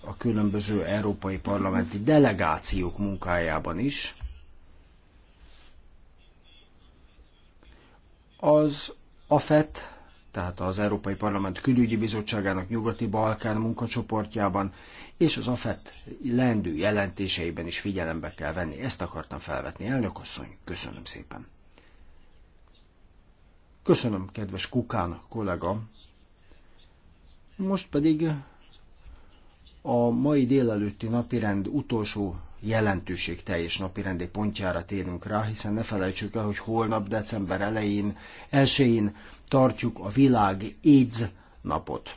[SPEAKER 2] a különböző európai parlamenti delegációk munkájában is. Az AFET, tehát az Európai Parlament Külügyi Bizottságának Nyugati-Balkán munkacsoportjában és az AFET lendő jelentéseiben is figyelembe kell venni. Ezt akartam felvetni. Elnök asszony, köszönöm szépen. Köszönöm, kedves Kukán kollega, most pedig a mai délelőtti napirend utolsó jelentőség teljes napirendi pontjára térünk rá, hiszen ne felejtsük el, hogy holnap december elején, elsőjén tartjuk a világ AIDS napot.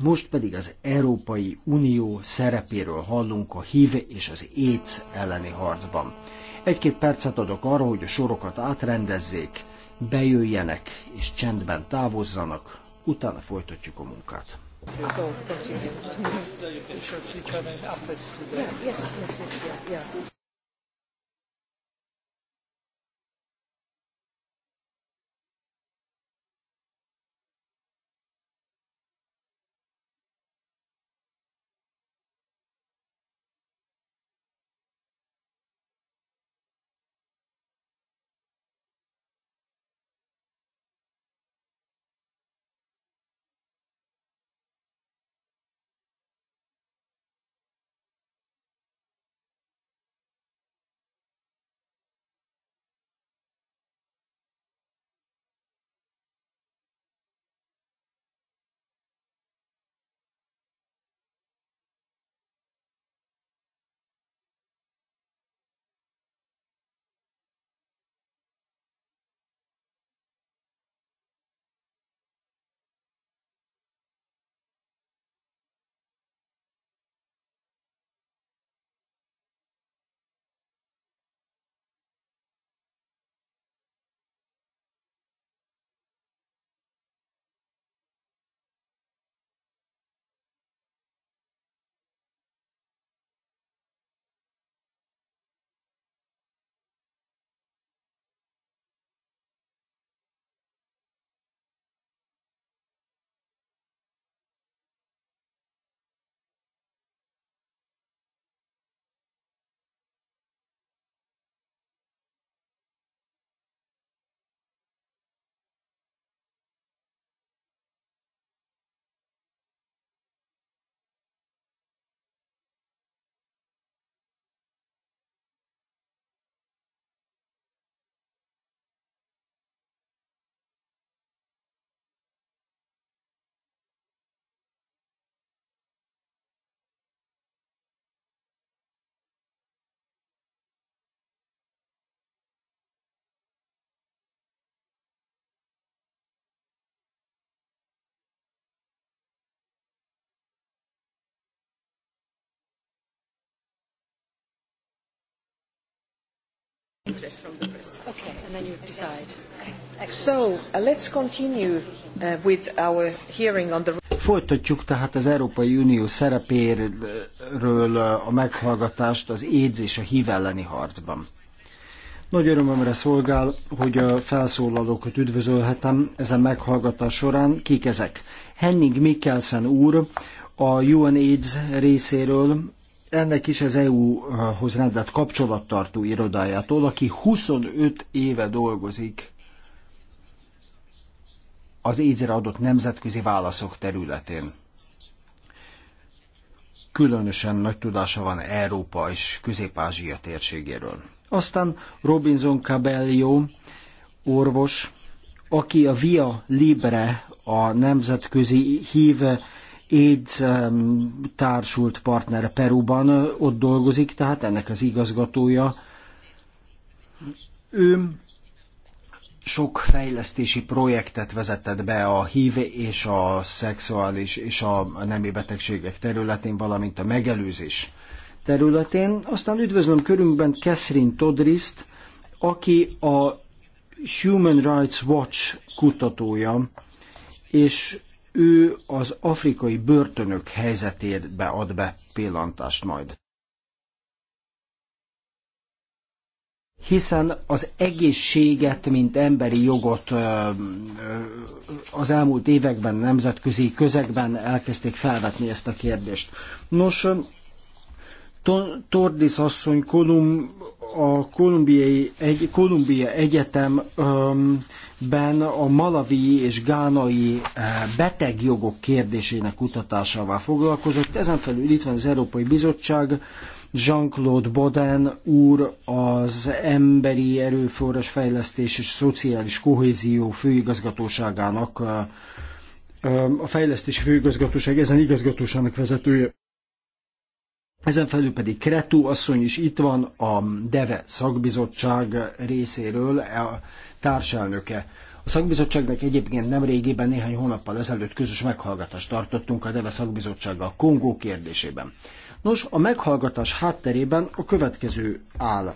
[SPEAKER 2] Most pedig az Európai Unió szerepéről hallunk a HIV és az AIDS elleni harcban. Egy-két percet adok arra, hogy a sorokat átrendezzék, bejöjjenek és csendben távozzanak, utána folytatjuk a munkát.
[SPEAKER 3] interest from the press. Okay, and then you decide.
[SPEAKER 2] Okay.
[SPEAKER 1] So, uh, let's continue uh, with our hearing on the...
[SPEAKER 2] Folytatjuk tehát az Európai Unió szerepéről uh, a meghallgatást az AIDS és a HIV elleni harcban. Nagy örömömre szolgál, hogy a felszólalókat üdvözölhetem ezen meghallgatás során. Kik ezek? Henning Mikkelsen úr, a UNAIDS részéről, ennek is az EU-hoz rendelt kapcsolattartó irodájától, aki 25 éve dolgozik az égyzere adott nemzetközi válaszok területén. Különösen nagy tudása van Európa és Közép-Ázsia térségéről. Aztán Robinson Cabello, orvos, aki a Via Libre, a nemzetközi híve AIDS társult partnere Perúban ott dolgozik, tehát ennek az igazgatója. Ő sok fejlesztési projektet vezetett be a HIV és a szexuális és a nemi betegségek területén, valamint a megelőzés területén. Aztán üdvözlöm körünkben Catherine Todriszt, aki a Human Rights Watch kutatója, és ő az afrikai börtönök helyzetébe ad be pillantást majd. hiszen az egészséget, mint emberi jogot az elmúlt években nemzetközi közegben elkezdték felvetni ezt a kérdést. Nos, Tordis asszony a Kolumbiai, egy, Kolumbia Egyetem um, ben a malavi és gánai eh, betegjogok kérdésének kutatásával foglalkozott. Ezen felül itt van az Európai Bizottság, Jean-Claude Baudin úr az Emberi Erőforrás Fejlesztés és Szociális Kohézió főigazgatóságának eh, a fejlesztési főigazgatóság ezen igazgatóságnak vezetője ezen felül pedig Kretú asszony is itt van, a DEVE szakbizottság részéről, a társelnöke. A szakbizottságnak egyébként nem régiben, néhány hónappal ezelőtt közös meghallgatást tartottunk a DEVE szakbizottsággal Kongó kérdésében. Nos, a meghallgatás hátterében a következő áll.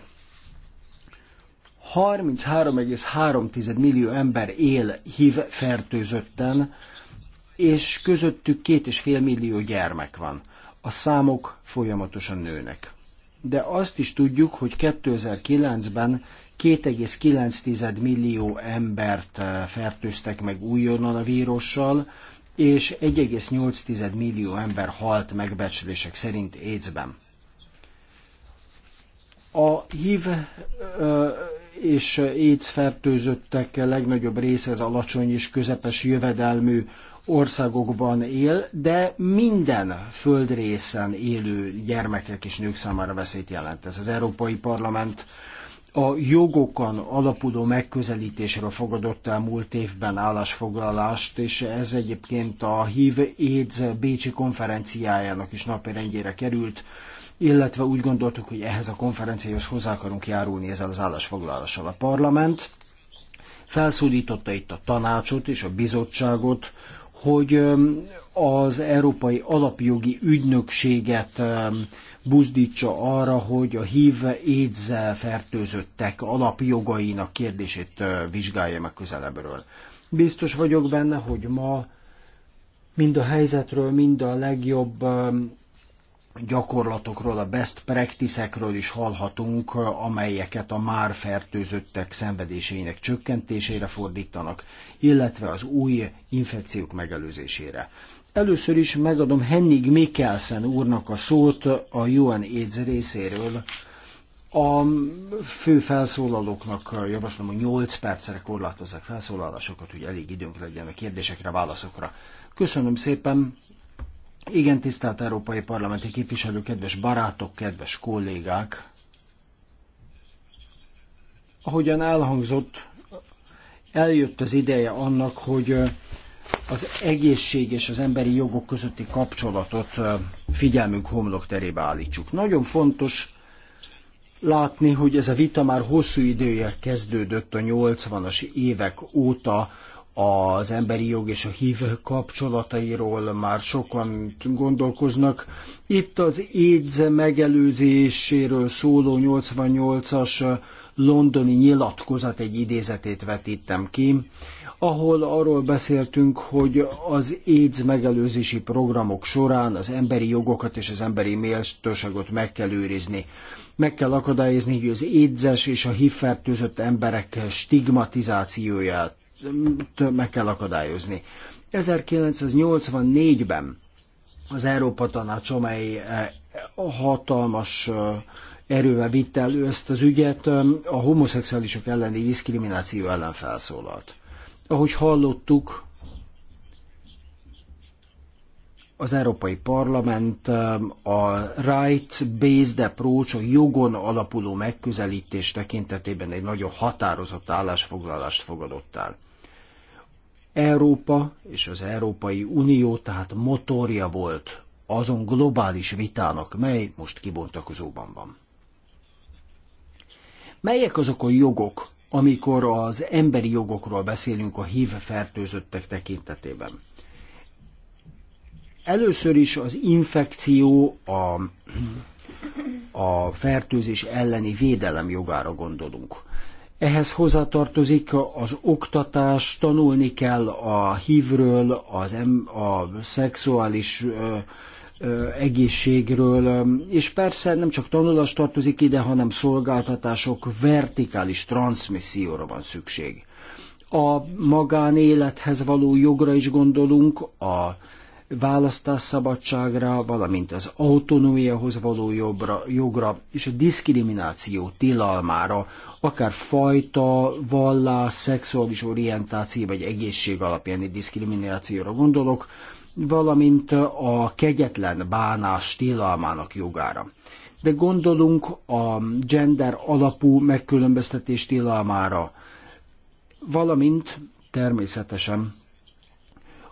[SPEAKER 2] 33,3 millió ember él HIV fertőzötten, és közöttük 2,5 millió gyermek van a számok folyamatosan nőnek. De azt is tudjuk, hogy 2009-ben 2,9 millió embert eh, fertőztek meg újonnan a vírussal, és 1,8 millió ember halt megbecsülések szerint AIDS-ben. A HIV eh, és AIDS fertőzöttek legnagyobb része az alacsony és közepes jövedelmű országokban él, de minden földrészen élő gyermekek és nők számára veszélyt jelent. Ez az Európai Parlament a jogokon alapuló megközelítésről fogadott el múlt évben állásfoglalást, és ez egyébként a HIV AIDS Bécsi konferenciájának is napirendjére került, illetve úgy gondoltuk, hogy ehhez a konferenciához hozzá akarunk járulni ezzel az állásfoglalással a parlament. Felszólította itt a tanácsot és a bizottságot, hogy az Európai Alapjogi Ügynökséget buzdítsa arra, hogy a HIV édzel fertőzöttek alapjogainak kérdését vizsgálja meg közelebbről. Biztos vagyok benne, hogy ma mind a helyzetről, mind a legjobb gyakorlatokról, a best practice-ekről is hallhatunk, amelyeket a már fertőzöttek szenvedéseinek csökkentésére fordítanak, illetve az új infekciók megelőzésére. Először is megadom Henning Mikkelsen úrnak a szót a UN AIDS részéről. A fő felszólalóknak javaslom, hogy 8 percre korlátozzák felszólalásokat, hogy elég időnk legyen a kérdésekre, válaszokra. Köszönöm szépen, igen, tisztelt Európai Parlamenti képviselő, kedves barátok, kedves kollégák! Ahogyan elhangzott, eljött az ideje annak, hogy az egészség és az emberi jogok közötti kapcsolatot figyelmünk homlok terébe állítsuk. Nagyon fontos látni, hogy ez a vita már hosszú idője kezdődött a 80-as évek óta, az emberi jog és a hív kapcsolatairól már sokan gondolkoznak. Itt az AIDS megelőzéséről szóló 88-as londoni nyilatkozat egy idézetét vetítem ki, ahol arról beszéltünk, hogy az AIDS megelőzési programok során az emberi jogokat és az emberi méltóságot meg kell őrizni. Meg kell akadályozni, hogy az édzes és a HIV fertőzött emberek stigmatizációját meg kell akadályozni. 1984-ben az Európa Tanács, amely eh, hatalmas eh, erővel vitte elő ezt az ügyet, eh, a homoszexuálisok elleni diszkrimináció ellen felszólalt. Ahogy hallottuk, az Európai Parlament a rights-based approach, a jogon alapuló megközelítés tekintetében egy nagyon határozott állásfoglalást fogadott el. Európa és az Európai Unió tehát motorja volt azon globális vitának, mely most kibontakozóban van. Melyek azok a jogok, amikor az emberi jogokról beszélünk a hív fertőzöttek tekintetében? Először is az infekció, a, a fertőzés elleni védelem jogára gondolunk. Ehhez hozzátartozik az oktatás, tanulni kell a hívről, az em, a szexuális ö, ö, egészségről, és persze nem csak tanulás tartozik ide, hanem szolgáltatások vertikális transmisszióra van szükség. A magánélethez való jogra is gondolunk, a választás szabadságra, valamint az autonómiahoz való jobbra, jogra és a diszkrimináció tilalmára, akár fajta, vallás, szexuális orientáció vagy egészség alapjáni diszkriminációra gondolok, valamint a kegyetlen bánás tilalmának jogára. De gondolunk a gender alapú megkülönböztetés tilalmára, valamint természetesen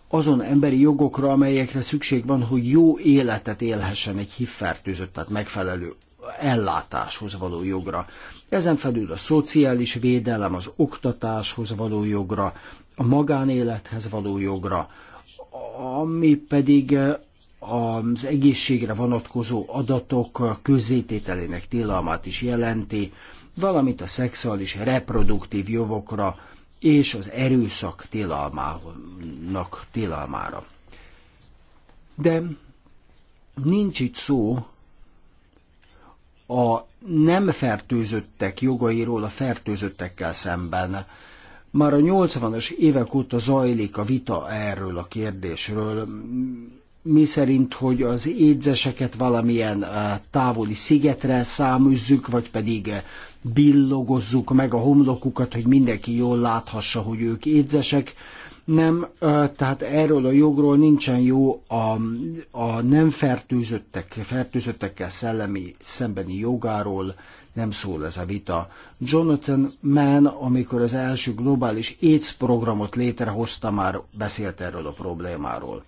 [SPEAKER 2] azon emberi jogokra, amelyekre szükség van, hogy jó életet élhessen egy hívfertőzött, tehát megfelelő ellátáshoz való jogra. Ezen felül a szociális védelem, az oktatáshoz való jogra, a magánélethez való jogra, ami pedig eh, az egészségre vonatkozó adatok közzétételének tilalmát is jelenti, valamint a szexuális reproduktív jogokra és az erőszak tilalmának tilalmára. De nincs itt szó a nem fertőzöttek jogairól a fertőzöttekkel szemben. Már a 80-as évek óta zajlik a vita erről a kérdésről, mi szerint, hogy az édzeseket valamilyen eh, távoli szigetre száműzzük, vagy pedig eh, billogozzuk meg a homlokukat, hogy mindenki jól láthassa, hogy ők édzesek. Nem, tehát erről a jogról nincsen jó a, a nem fertőzöttek, fertőzöttekkel szellemi szembeni jogáról, nem szól ez a vita. Jonathan Mann, amikor az első globális AIDS programot létrehozta, már beszélt erről a problémáról.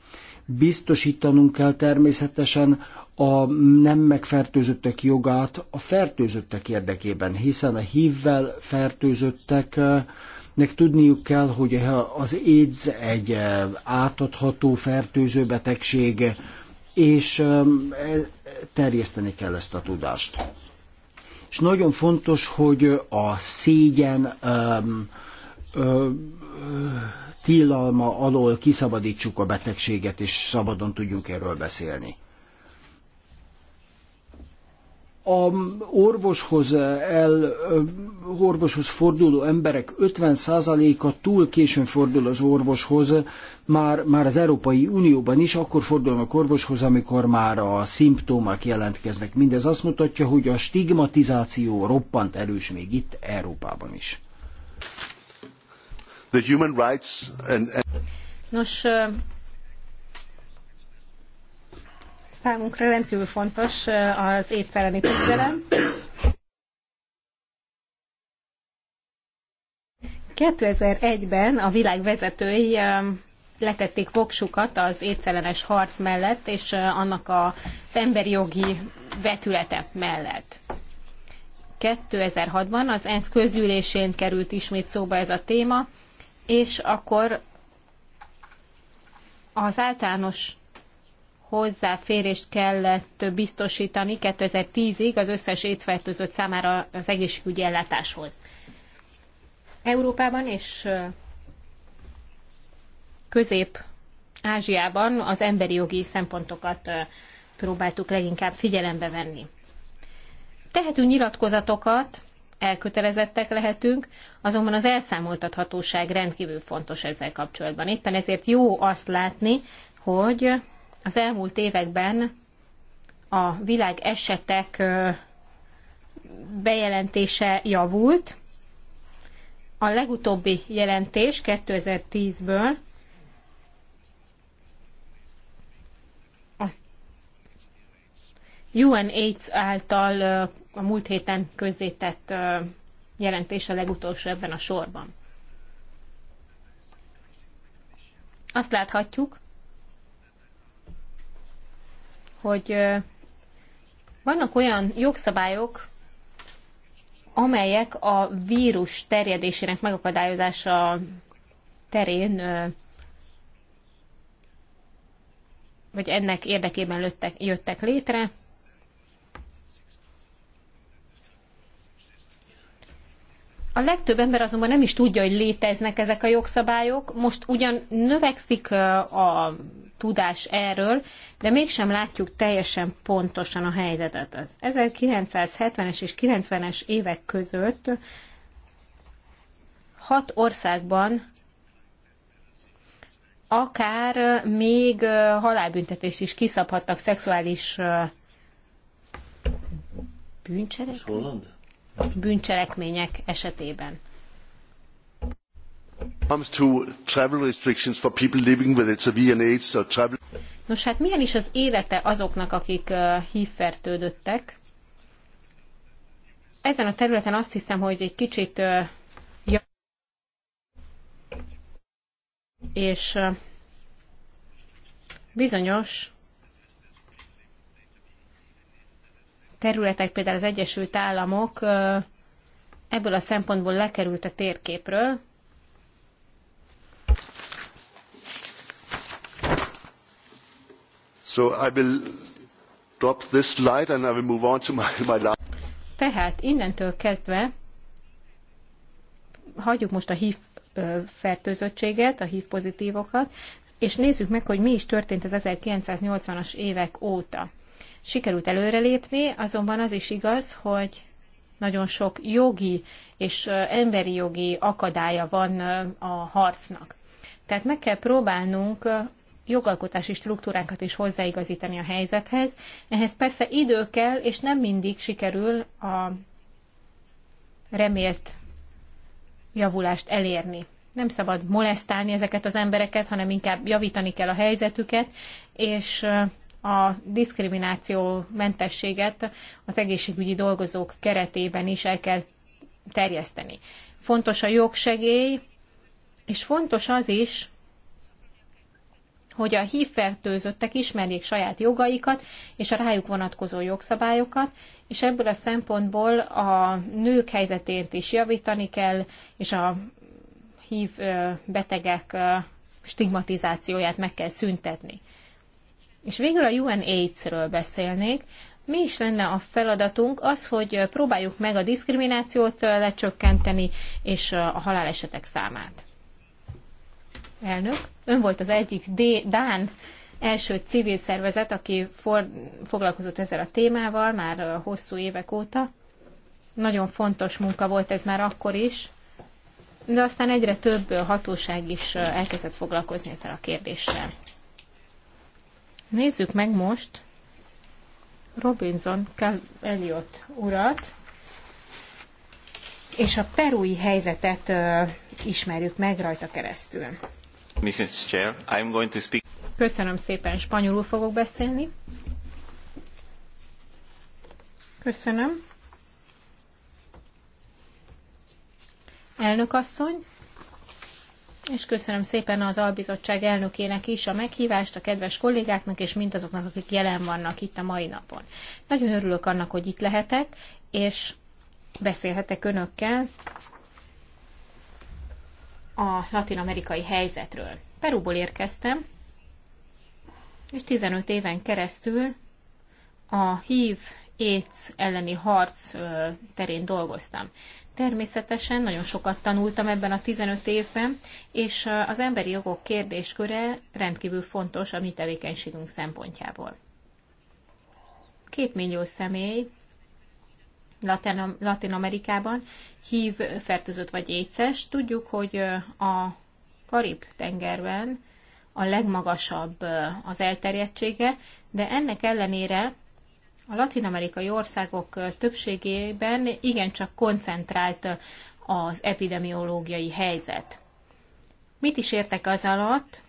[SPEAKER 2] Biztosítanunk kell természetesen a nem megfertőzöttek jogát a fertőzöttek érdekében, hiszen a hívvel fertőzötteknek tudniuk kell, hogy az AIDS egy eh, átadható fertőző betegség, és eh, e, terjeszteni kell ezt a tudást. És nagyon fontos, hogy a szégyen tilalma alól kiszabadítsuk a betegséget, és szabadon tudjunk erről beszélni. A orvoshoz, el, orvoshoz forduló emberek 50%-a túl későn fordul az orvoshoz, már, már az Európai Unióban is akkor fordulnak orvoshoz, amikor már a szimptomák jelentkeznek. Mindez azt mutatja, hogy a stigmatizáció roppant erős még itt Európában is.
[SPEAKER 3] Nos, számunkra rendkvül fontos az étszereni küzdelem. 2001-ben a világ vezetői letették voksukat az étszelenes harc mellett, és annak az emberi jogi vetülete mellett. 2006-ban az ENSZ közülésén került ismét szóba ez a téma, és akkor az általános hozzáférést kellett biztosítani 2010-ig az összes étfertőzött számára az egészségügyi ellátáshoz. Európában és Közép-Ázsiában az emberi jogi szempontokat próbáltuk leginkább figyelembe venni. Tehetünk nyilatkozatokat elkötelezettek lehetünk, azonban az elszámoltathatóság rendkívül fontos ezzel kapcsolatban. Éppen ezért jó azt látni, hogy az elmúlt években a világ esetek bejelentése javult. A legutóbbi jelentés 2010-ből az UNAIDS által a múlt héten közzétett jelentés a legutolsó ebben a sorban. Azt láthatjuk, hogy vannak olyan jogszabályok, amelyek a vírus terjedésének megakadályozása terén, vagy ennek érdekében löttek, jöttek létre. A legtöbb ember azonban nem is tudja, hogy léteznek ezek a jogszabályok. Most ugyan növekszik a tudás erről, de mégsem látjuk teljesen pontosan a helyzetet. Az 1970-es és 90-es évek között hat országban akár még halálbüntetés is kiszabhattak szexuális bűncselekmények. Holland? bűncselekmények esetében. Nos hát milyen is az élete azoknak, akik uh, hívfertődöttek? Ezen a területen azt hiszem, hogy egy kicsit uh, és uh, bizonyos területek, például az Egyesült Államok ebből a szempontból lekerült a térképről. So I will drop this slide and I will move on to my, my last. Tehát innentől kezdve hagyjuk most a HIV fertőzöttséget, a HIV pozitívokat, és nézzük meg, hogy mi is történt az 1980-as évek óta. Sikerült előrelépni, azonban az is igaz, hogy nagyon sok jogi és emberi jogi akadálya van a harcnak. Tehát meg kell próbálnunk jogalkotási struktúránkat is hozzáigazítani a helyzethez. Ehhez persze idő kell, és nem mindig sikerül a remélt javulást elérni. Nem szabad molesztálni ezeket az embereket, hanem inkább javítani kell a helyzetüket, és a diszkrimináció mentességet az egészségügyi dolgozók keretében is el kell terjeszteni. Fontos a jogsegély, és fontos az is, hogy a hívfertőzöttek ismerjék saját jogaikat és a rájuk vonatkozó jogszabályokat, és ebből a szempontból a nők helyzetét is javítani kell, és a hív betegek stigmatizációját meg kell szüntetni. És végül a UNAIDS-ről beszélnék. Mi is lenne a feladatunk az, hogy próbáljuk meg a diszkriminációt lecsökkenteni, és a halálesetek számát. Elnök, ön volt az egyik D- Dán első civil szervezet, aki for- foglalkozott ezzel a témával már hosszú évek óta. Nagyon fontos munka volt ez már akkor is, de aztán egyre több hatóság is elkezdett foglalkozni ezzel a kérdéssel. Nézzük meg most Robinson Elliot urat, és a perui helyzetet uh, ismerjük meg rajta keresztül.
[SPEAKER 1] Mrs. Chair, I'm going to speak.
[SPEAKER 3] Köszönöm szépen, spanyolul fogok beszélni. Köszönöm. Elnök asszony, és köszönöm szépen az albizottság elnökének is a meghívást, a kedves kollégáknak, és mindazoknak, akik jelen vannak itt a mai napon. Nagyon örülök annak, hogy itt lehetek, és beszélhetek önökkel a latin-amerikai helyzetről. Perúból érkeztem, és 15 éven keresztül a hív AIDS elleni harc terén dolgoztam. Természetesen nagyon sokat tanultam ebben a 15 évben, és az emberi jogok kérdésköre rendkívül fontos a mi tevékenységünk szempontjából. Két millió személy Latin, Latin Amerikában hív fertőzött vagy éces. Tudjuk, hogy a Karib tengerben a legmagasabb az elterjedtsége, de ennek ellenére a latin-amerikai országok többségében igencsak koncentrált az epidemiológiai helyzet. Mit is értek az alatt?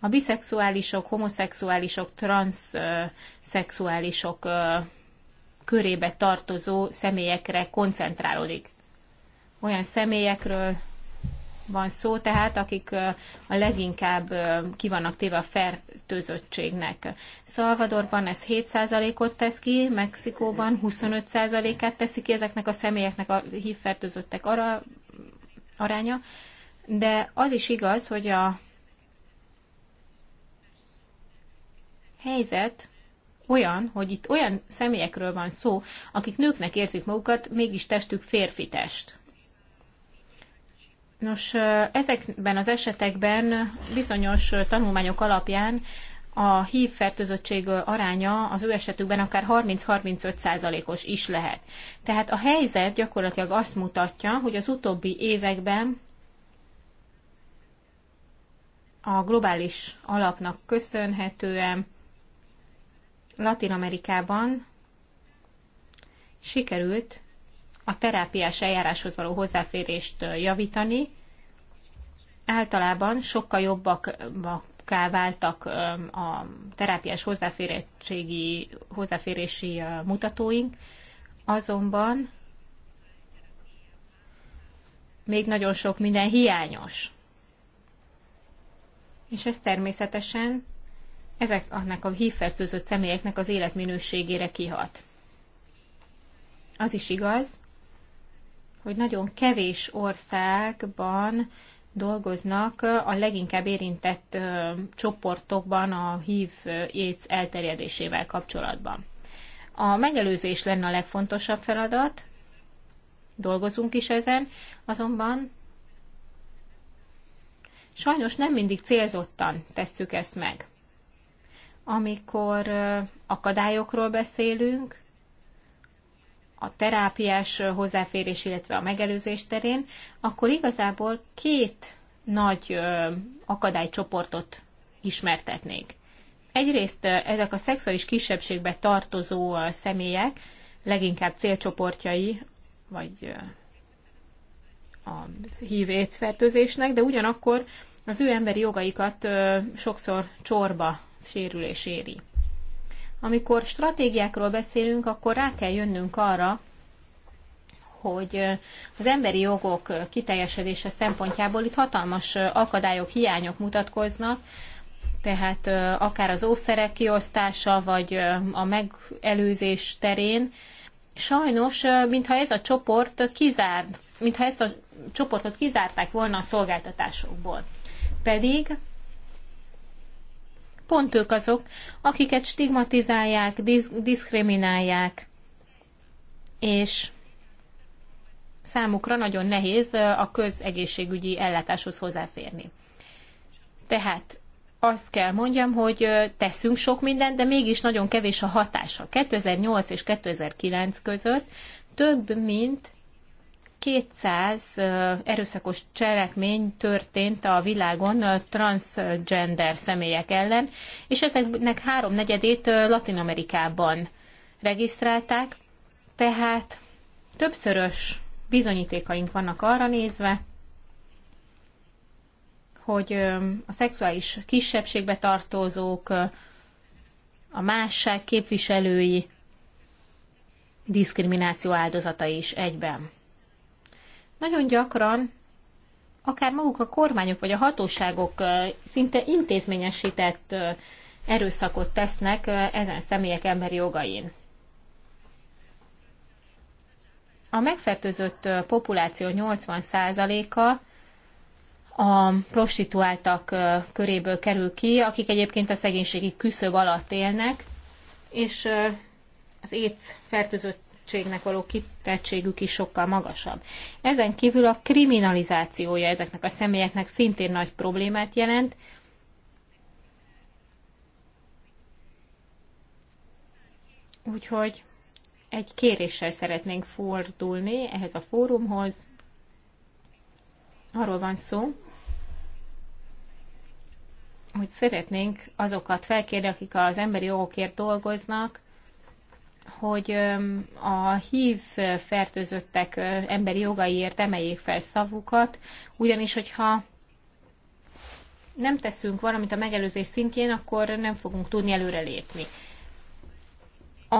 [SPEAKER 3] A biszexuálisok, homoszexuálisok, transzexuálisok körébe tartozó személyekre koncentrálódik. Olyan személyekről van szó, tehát akik a leginkább ki vannak téve a fertőzöttségnek. Szalvadorban ez 7%-ot tesz ki, Mexikóban 25%-át teszi ki ezeknek a személyeknek a hívfertőzöttek ara, aránya, de az is igaz, hogy a helyzet olyan, hogy itt olyan személyekről van szó, akik nőknek érzik magukat, mégis testük férfi test. Nos, ezekben az esetekben bizonyos tanulmányok alapján a HIV fertőzöttség aránya az ő esetükben akár 30-35 százalékos is lehet. Tehát a helyzet gyakorlatilag azt mutatja, hogy az utóbbi években a globális alapnak köszönhetően Latin Amerikában sikerült a terápiás eljáráshoz való hozzáférést javítani. Általában sokkal jobbak váltak a terápiás hozzáférési, hozzáférési mutatóink, azonban még nagyon sok minden hiányos. És ez természetesen ezek annak a hívfertőzött személyeknek az életminőségére kihat. Az is igaz, hogy nagyon kevés országban dolgoznak a leginkább érintett csoportokban a HIV AIDS elterjedésével kapcsolatban. A megelőzés lenne a legfontosabb feladat, dolgozunk is ezen, azonban sajnos nem mindig célzottan tesszük ezt meg. Amikor akadályokról beszélünk, a terápiás hozzáférés, illetve a megelőzés terén, akkor igazából két nagy akadálycsoportot ismertetnék. Egyrészt ezek a szexuális kisebbségbe tartozó személyek leginkább célcsoportjai, vagy a hív fertőzésnek, de ugyanakkor az ő emberi jogaikat sokszor csorba sérülés éri. Amikor stratégiákról beszélünk, akkor rá kell jönnünk arra, hogy az emberi jogok kiteljesedése szempontjából itt hatalmas akadályok, hiányok mutatkoznak, tehát akár az ószerek kiosztása, vagy a megelőzés terén. Sajnos, mintha ez a csoport kizárt, mintha ezt a csoportot kizárták volna a szolgáltatásokból. Pedig pont ők azok, akiket stigmatizálják, disz- diszkriminálják, és számukra nagyon nehéz a közegészségügyi ellátáshoz hozzáférni. Tehát azt kell mondjam, hogy teszünk sok mindent, de mégis nagyon kevés a hatása. 2008 és 2009 között több mint 200 erőszakos cselekmény történt a világon transgender személyek ellen, és ezeknek háromnegyedét Latin Amerikában regisztrálták, tehát többszörös bizonyítékaink vannak arra nézve, hogy a szexuális kisebbségbe tartozók, a másság képviselői diszkrimináció áldozatai is egyben. Nagyon gyakran akár maguk a kormányok vagy a hatóságok szinte intézményesített erőszakot tesznek ezen személyek emberi jogain. A megfertőzött populáció 80%-a a prostituáltak köréből kerül ki, akik egyébként a szegénységi küszöb alatt élnek, és az éc fertőzött kitettségnek való kitettségük is sokkal magasabb. Ezen kívül a kriminalizációja ezeknek a személyeknek szintén nagy problémát jelent, Úgyhogy egy kéréssel szeretnénk fordulni ehhez a fórumhoz. Arról van szó, hogy szeretnénk azokat felkérni, akik az emberi jogokért dolgoznak, hogy a hív fertőzöttek emberi jogaiért emeljék fel szavukat, ugyanis hogyha nem teszünk valamit a megelőzés szintjén, akkor nem fogunk tudni előrelépni. A,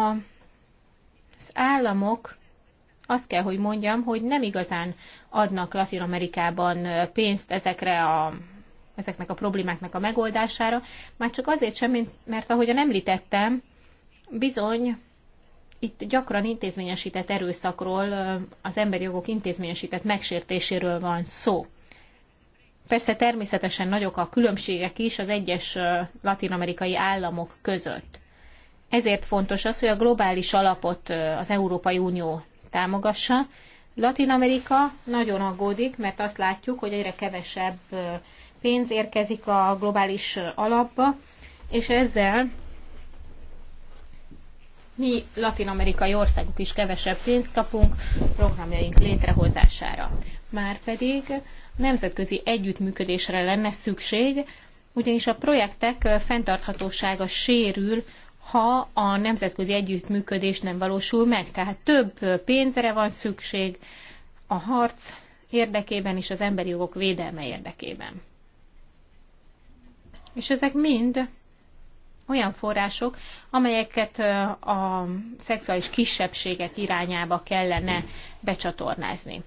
[SPEAKER 3] az államok azt kell, hogy mondjam, hogy nem igazán adnak Latin Amerikában pénzt ezekre a, ezeknek a problémáknak a megoldására, már csak azért sem, mert ahogyan említettem, bizony itt gyakran intézményesített erőszakról, az emberi jogok intézményesített megsértéséről van szó. Persze természetesen nagyok a különbségek is az egyes latinamerikai államok között. Ezért fontos az, hogy a globális alapot az Európai Unió támogassa. Latin Amerika nagyon aggódik, mert azt látjuk, hogy egyre kevesebb pénz érkezik a globális alapba, és ezzel mi latin-amerikai országok is kevesebb pénzt kapunk programjaink létrehozására. Márpedig nemzetközi együttműködésre lenne szükség, ugyanis a projektek fenntarthatósága sérül, ha a nemzetközi együttműködés nem valósul meg. Tehát több pénzre van szükség a harc érdekében és az emberi jogok védelme érdekében. És ezek mind olyan források, amelyeket a szexuális kisebbségek irányába kellene becsatornázni.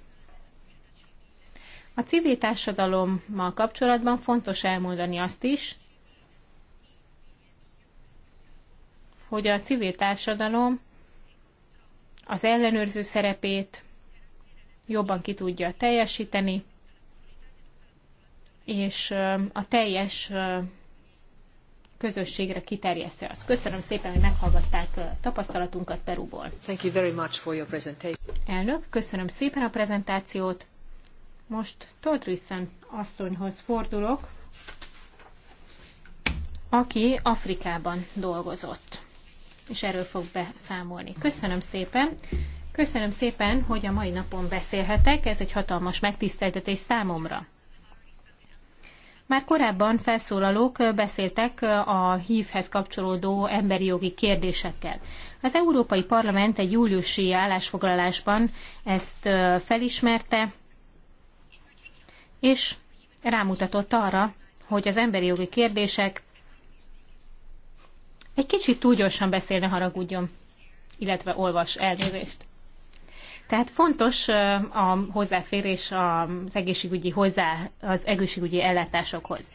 [SPEAKER 3] A civil társadalommal kapcsolatban fontos elmondani azt is, hogy a civil társadalom az ellenőrző szerepét jobban ki tudja teljesíteni, és a teljes közösségre kiterjesztve azt. Köszönöm szépen, hogy meghallgatták tapasztalatunkat Perúból. Thank you very much for your presentation. Elnök, köszönöm szépen a prezentációt. Most Rissen asszonyhoz fordulok, aki Afrikában dolgozott, és erről fog beszámolni. Köszönöm szépen. Köszönöm szépen, hogy a mai napon beszélhetek, ez egy hatalmas megtiszteltetés számomra. Már korábban felszólalók beszéltek a hívhez kapcsolódó emberi jogi kérdésekkel. Az Európai Parlament egy júliusi állásfoglalásban ezt felismerte, és rámutatott arra, hogy az emberi jogi kérdések egy kicsit túl gyorsan beszélne, haragudjon, illetve olvas elnézést. Tehát fontos a hozzáférés az egészségügyi, hozzá, az egészségügyi ellátásokhoz.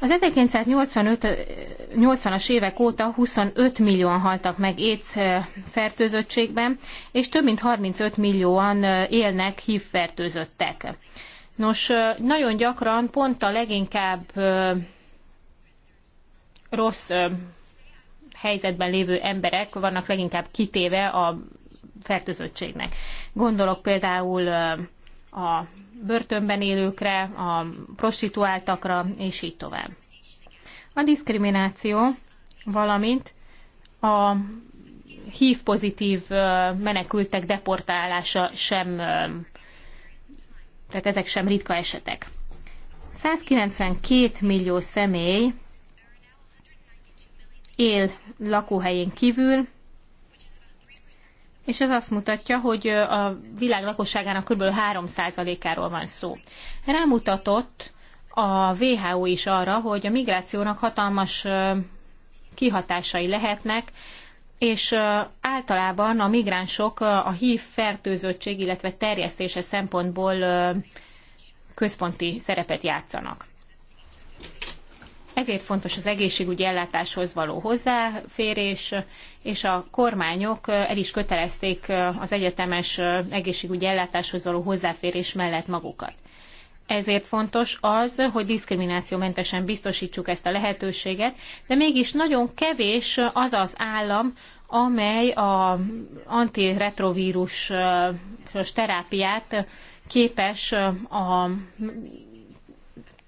[SPEAKER 3] Az 1985-80-as évek óta 25 millióan haltak meg AIDS fertőzöttségben, és több mint 35 millióan élnek HIV fertőzöttek. Nos, nagyon gyakran pont a leginkább rossz helyzetben lévő emberek vannak leginkább kitéve a fertőzöttségnek. Gondolok például a börtönben élőkre, a prostituáltakra, és így tovább. A diszkrimináció, valamint a hív pozitív menekültek deportálása sem, tehát ezek sem ritka esetek. 192 millió személy él lakóhelyén kívül, és ez azt mutatja, hogy a világ lakosságának kb. 3%-áról van szó. Rámutatott a WHO is arra, hogy a migrációnak hatalmas kihatásai lehetnek, és általában a migránsok a HIV fertőzöttség, illetve terjesztése szempontból központi szerepet játszanak. Ezért fontos az egészségügyi ellátáshoz való hozzáférés, és a kormányok el is kötelezték az egyetemes egészségügyi ellátáshoz való hozzáférés mellett magukat. Ezért fontos az, hogy diszkriminációmentesen biztosítsuk ezt a lehetőséget, de mégis nagyon kevés az az állam, amely a antiretrovírus terápiát képes a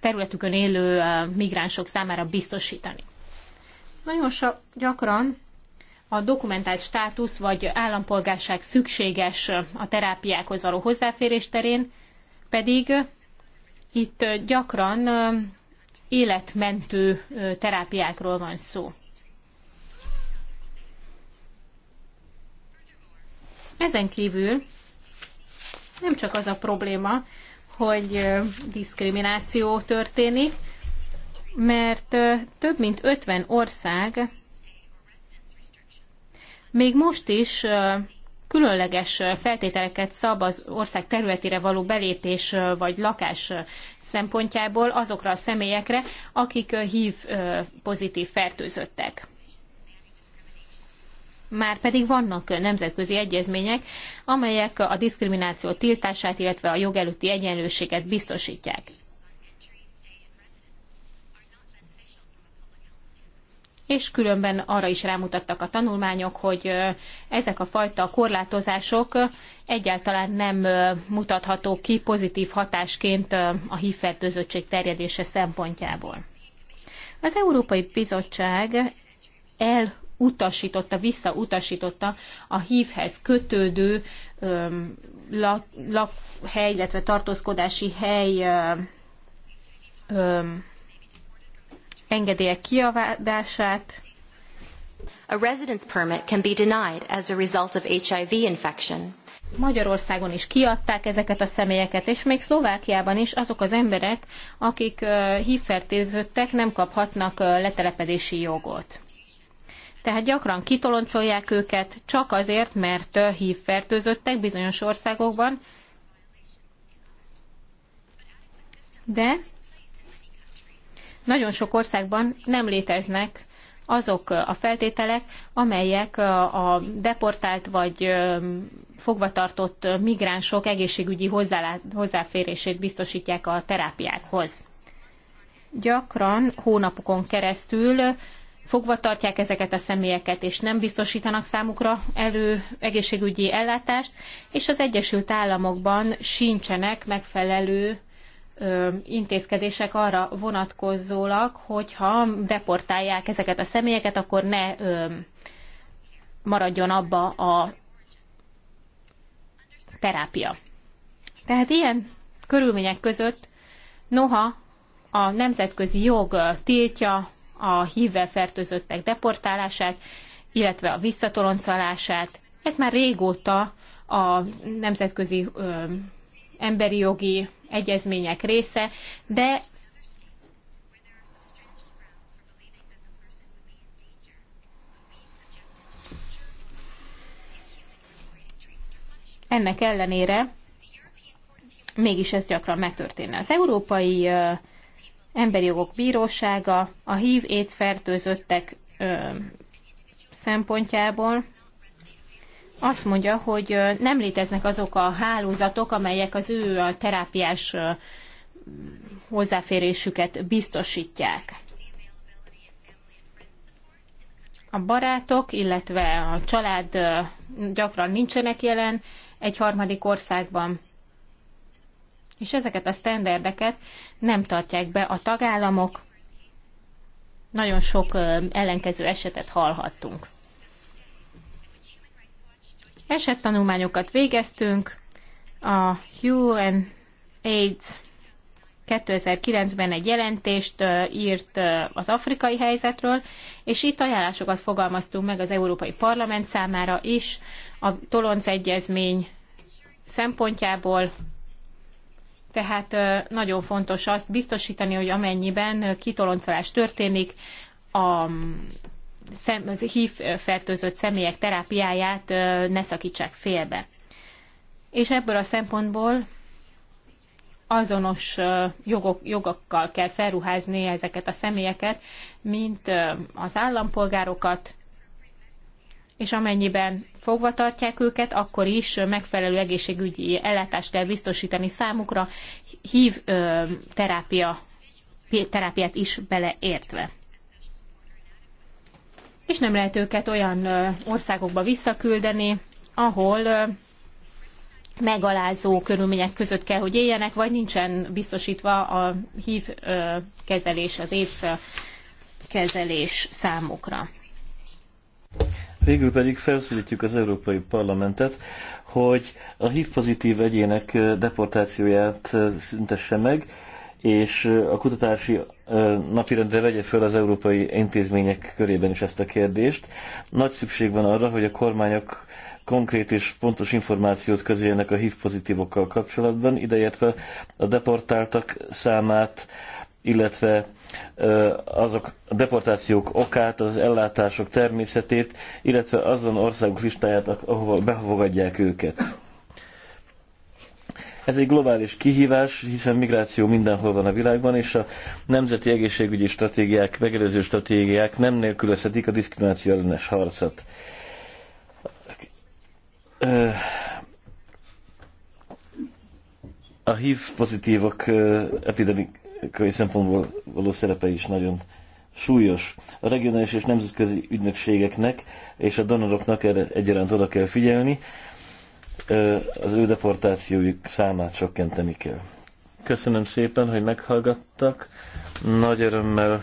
[SPEAKER 3] területükön élő migránsok számára biztosítani. Nagyon sok gyakran a dokumentált státusz vagy állampolgárság szükséges a terápiákhoz való hozzáférés terén, pedig itt gyakran életmentő terápiákról van szó. Ezen kívül nem csak az a probléma, hogy diszkrimináció történik, mert több mint 50 ország még most is különleges feltételeket szab az ország területére való belépés vagy lakás szempontjából azokra a személyekre, akik hív pozitív fertőzöttek. Már pedig vannak nemzetközi egyezmények, amelyek a diszkrimináció tiltását, illetve a jogelőtti egyenlőséget biztosítják. és különben arra is rámutattak a tanulmányok, hogy ezek a fajta korlátozások egyáltalán nem mutathatók ki pozitív hatásként a hívfertőzöttség terjedése szempontjából. Az Európai Bizottság elutasította, visszautasította a hívhez kötődő lakhely, illetve tartózkodási hely öm, engedélyek kiadását. A residence permit can be denied as a result of HIV infection. Magyarországon is kiadták ezeket a személyeket, és még Szlovákiában is azok az emberek, akik hívfertőzöttek, nem kaphatnak letelepedési jogot. Tehát gyakran kitoloncolják őket csak azért, mert hívfertőzöttek bizonyos országokban, de nagyon sok országban nem léteznek azok a feltételek, amelyek a deportált vagy fogvatartott migránsok egészségügyi hozzáférését biztosítják a terápiákhoz. Gyakran hónapokon keresztül fogva tartják ezeket a személyeket, és nem biztosítanak számukra elő egészségügyi ellátást, és az Egyesült Államokban sincsenek megfelelő intézkedések arra vonatkozólag, hogyha deportálják ezeket a személyeket, akkor ne maradjon abba a terápia. Tehát ilyen körülmények között, noha a nemzetközi jog tiltja a hívvel fertőzöttek deportálását, illetve a visszatoloncolását, ez már régóta a nemzetközi emberi jogi egyezmények része, de ennek ellenére mégis ez gyakran megtörténne. Az Európai Emberi Jogok Bírósága a HIV-AIDS fertőzöttek szempontjából azt mondja, hogy nem léteznek azok a hálózatok, amelyek az ő terápiás hozzáférésüket biztosítják. A barátok, illetve a család gyakran nincsenek jelen egy harmadik országban, és ezeket a standardeket nem tartják be a tagállamok. Nagyon sok ellenkező esetet hallhattunk. Esettanulmányokat végeztünk, a UN AIDS 2009-ben egy jelentést írt az afrikai helyzetről, és itt ajánlásokat fogalmaztunk meg az Európai Parlament számára is, a Tolonc Egyezmény szempontjából, tehát nagyon fontos azt biztosítani, hogy amennyiben kitoloncolás történik, a szem, az HIV fertőzött személyek terápiáját ne szakítsák félbe. És ebből a szempontból azonos jogok, jogokkal kell felruházni ezeket a személyeket, mint az állampolgárokat, és amennyiben fogva tartják őket, akkor is megfelelő egészségügyi ellátást kell biztosítani számukra, hív terápia, terápiát is beleértve és nem lehet őket olyan országokba visszaküldeni, ahol megalázó körülmények között kell, hogy éljenek, vagy nincsen biztosítva a hív kezelés, az ész kezelés számukra.
[SPEAKER 1] Végül pedig felszólítjuk az Európai Parlamentet, hogy a HIV pozitív egyének deportációját szüntesse meg, és a kutatási napirendre vegye föl az európai intézmények körében is ezt a kérdést. Nagy szükség van arra, hogy a kormányok konkrét és pontos információt közöljenek a HIV pozitívokkal kapcsolatban, ideértve a deportáltak számát, illetve azok a deportációk okát, az ellátások természetét, illetve azon országok listáját, ahova befogadják őket ez egy globális kihívás, hiszen migráció mindenhol van a világban, és a nemzeti egészségügyi stratégiák, megelőző stratégiák nem nélkülözhetik a diszkrimináció ellenes harcot. A HIV pozitívok epidemikai szempontból való szerepe is nagyon súlyos. A regionális és nemzetközi ügynökségeknek és a donoroknak erre egyaránt oda kell figyelni az ő deportációjuk számát csökkenteni kell. Köszönöm szépen, hogy meghallgattak. Nagy örömmel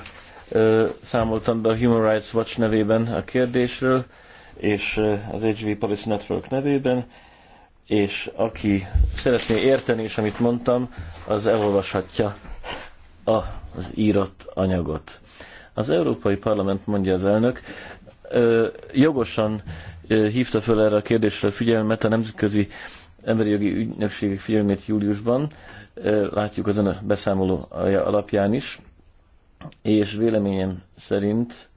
[SPEAKER 1] számoltam be a Human Rights Watch nevében a kérdésről, és az HV Policy Network nevében, és aki szeretné érteni is, amit mondtam, az elolvashatja az írott anyagot. Az Európai Parlament, mondja az elnök, jogosan hívta fel erre a kérdésre a figyelmet a Nemzetközi Emberi Jogi Ügynökség figyelmét júliusban, látjuk az a beszámoló alapján is, és véleményem szerint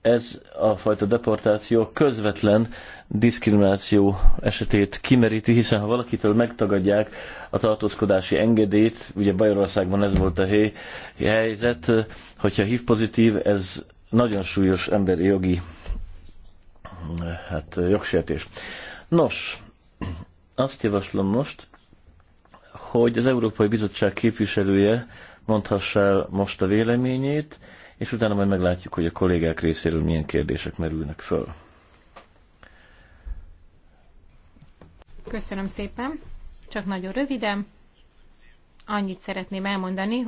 [SPEAKER 1] ez a fajta deportáció közvetlen diszkrimináció esetét kimeríti, hiszen ha valakitől megtagadják a tartózkodási engedélyt, ugye Bajorországban ez volt a helyzet, hogyha HIV pozitív, ez nagyon súlyos emberi jogi hát jogsértés. Nos, azt javaslom most, hogy az Európai Bizottság képviselője mondhassa el most a véleményét, és utána majd meglátjuk, hogy a kollégák részéről milyen kérdések merülnek föl.
[SPEAKER 3] Köszönöm szépen. Csak nagyon röviden. Annyit szeretném elmondani,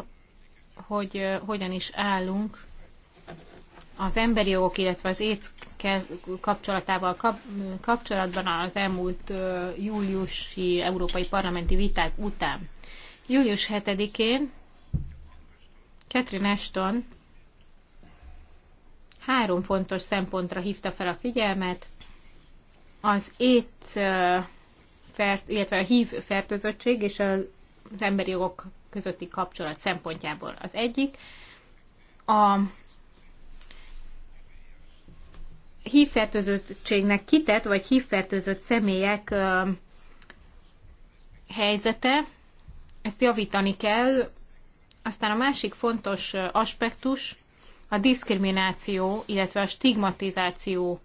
[SPEAKER 3] hogy hogyan is állunk az emberi jogok, illetve az AIDS kapcsolatával kapcsolatban az elmúlt júliusi európai parlamenti viták után. Július 7-én Catherine Ashton három fontos szempontra hívta fel a figyelmet. Az AIDS, illetve a HIV fertőzöttség és az emberi jogok közötti kapcsolat szempontjából. Az egyik a hívfertőzöttségnek kitett, vagy hívfertőzött személyek helyzete, ezt javítani kell. Aztán a másik fontos aspektus a diszkrimináció, illetve a stigmatizáció,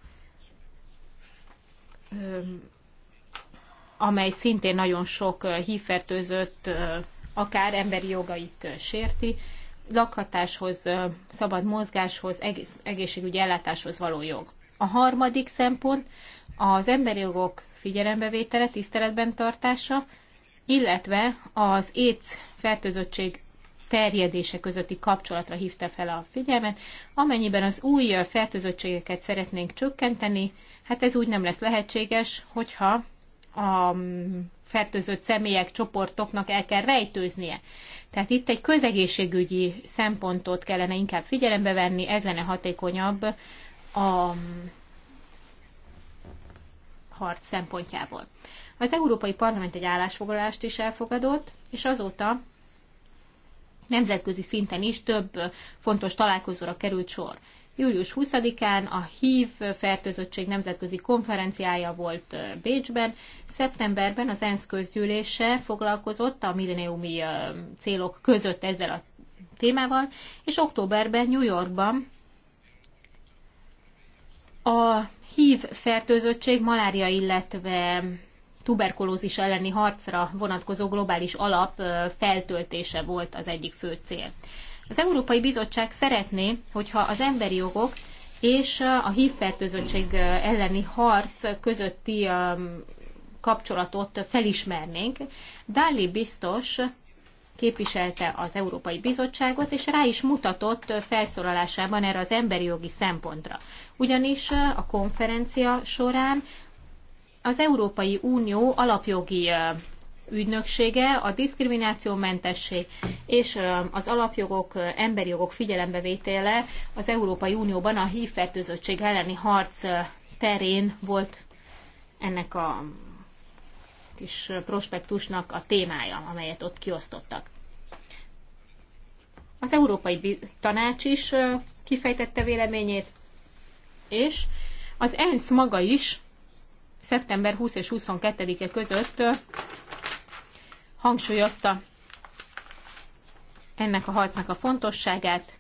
[SPEAKER 3] amely szintén nagyon sok hívfertőzött, akár emberi jogait sérti lakhatáshoz, szabad mozgáshoz, egészségügyi ellátáshoz való jog. A harmadik szempont az emberi jogok figyelembevétele, tiszteletben tartása, illetve az éc fertőzöttség terjedése közötti kapcsolatra hívta fel a figyelmet. Amennyiben az új fertőzöttségeket szeretnénk csökkenteni, hát ez úgy nem lesz lehetséges, hogyha a fertőzött személyek, csoportoknak el kell rejtőznie. Tehát itt egy közegészségügyi szempontot kellene inkább figyelembe venni, ez lenne hatékonyabb a mm, harc szempontjából. Az Európai Parlament egy állásfoglalást is elfogadott, és azóta nemzetközi szinten is több fontos találkozóra került sor. Július 20-án a HIV fertőzöttség nemzetközi konferenciája volt Bécsben, szeptemberben az ENSZ közgyűlése foglalkozott a milleniumi célok között ezzel a témával, és októberben New Yorkban a HIV fertőzöttség, malária, illetve tuberkulózis elleni harcra vonatkozó globális alap feltöltése volt az egyik fő cél. Az Európai Bizottság szeretné, hogyha az emberi jogok és a fertőzöttség elleni harc közötti kapcsolatot felismernénk. Dáli biztos képviselte az Európai Bizottságot, és rá is mutatott felszólalásában erre az emberi jogi szempontra. Ugyanis a konferencia során az Európai Unió alapjogi ügynöksége a diszkriminációmentesség és az alapjogok, emberi jogok figyelembevétele az Európai Unióban a hívfertőzöttség elleni harc terén volt ennek a kis prospektusnak a témája, amelyet ott kiosztottak. Az Európai Tanács is kifejtette véleményét, és az ENSZ maga is szeptember 20 és 22-e között hangsúlyozta ennek a harcnak a fontosságát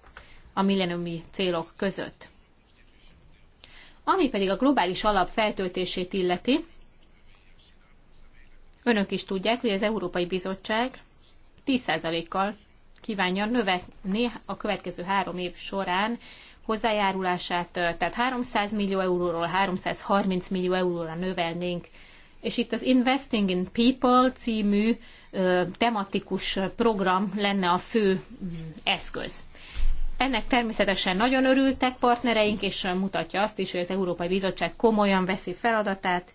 [SPEAKER 3] a millenniumi célok között. Ami pedig a globális alap feltöltését illeti, Önök is tudják, hogy az Európai Bizottság 10%-kal kívánja növekni a következő három év során hozzájárulását, tehát 300 millió euróról 330 millió euróra növelnénk. És itt az Investing in People című ö, tematikus program lenne a fő mm, eszköz. Ennek természetesen nagyon örültek partnereink, és mutatja azt is, hogy az Európai Bizottság komolyan veszi feladatát,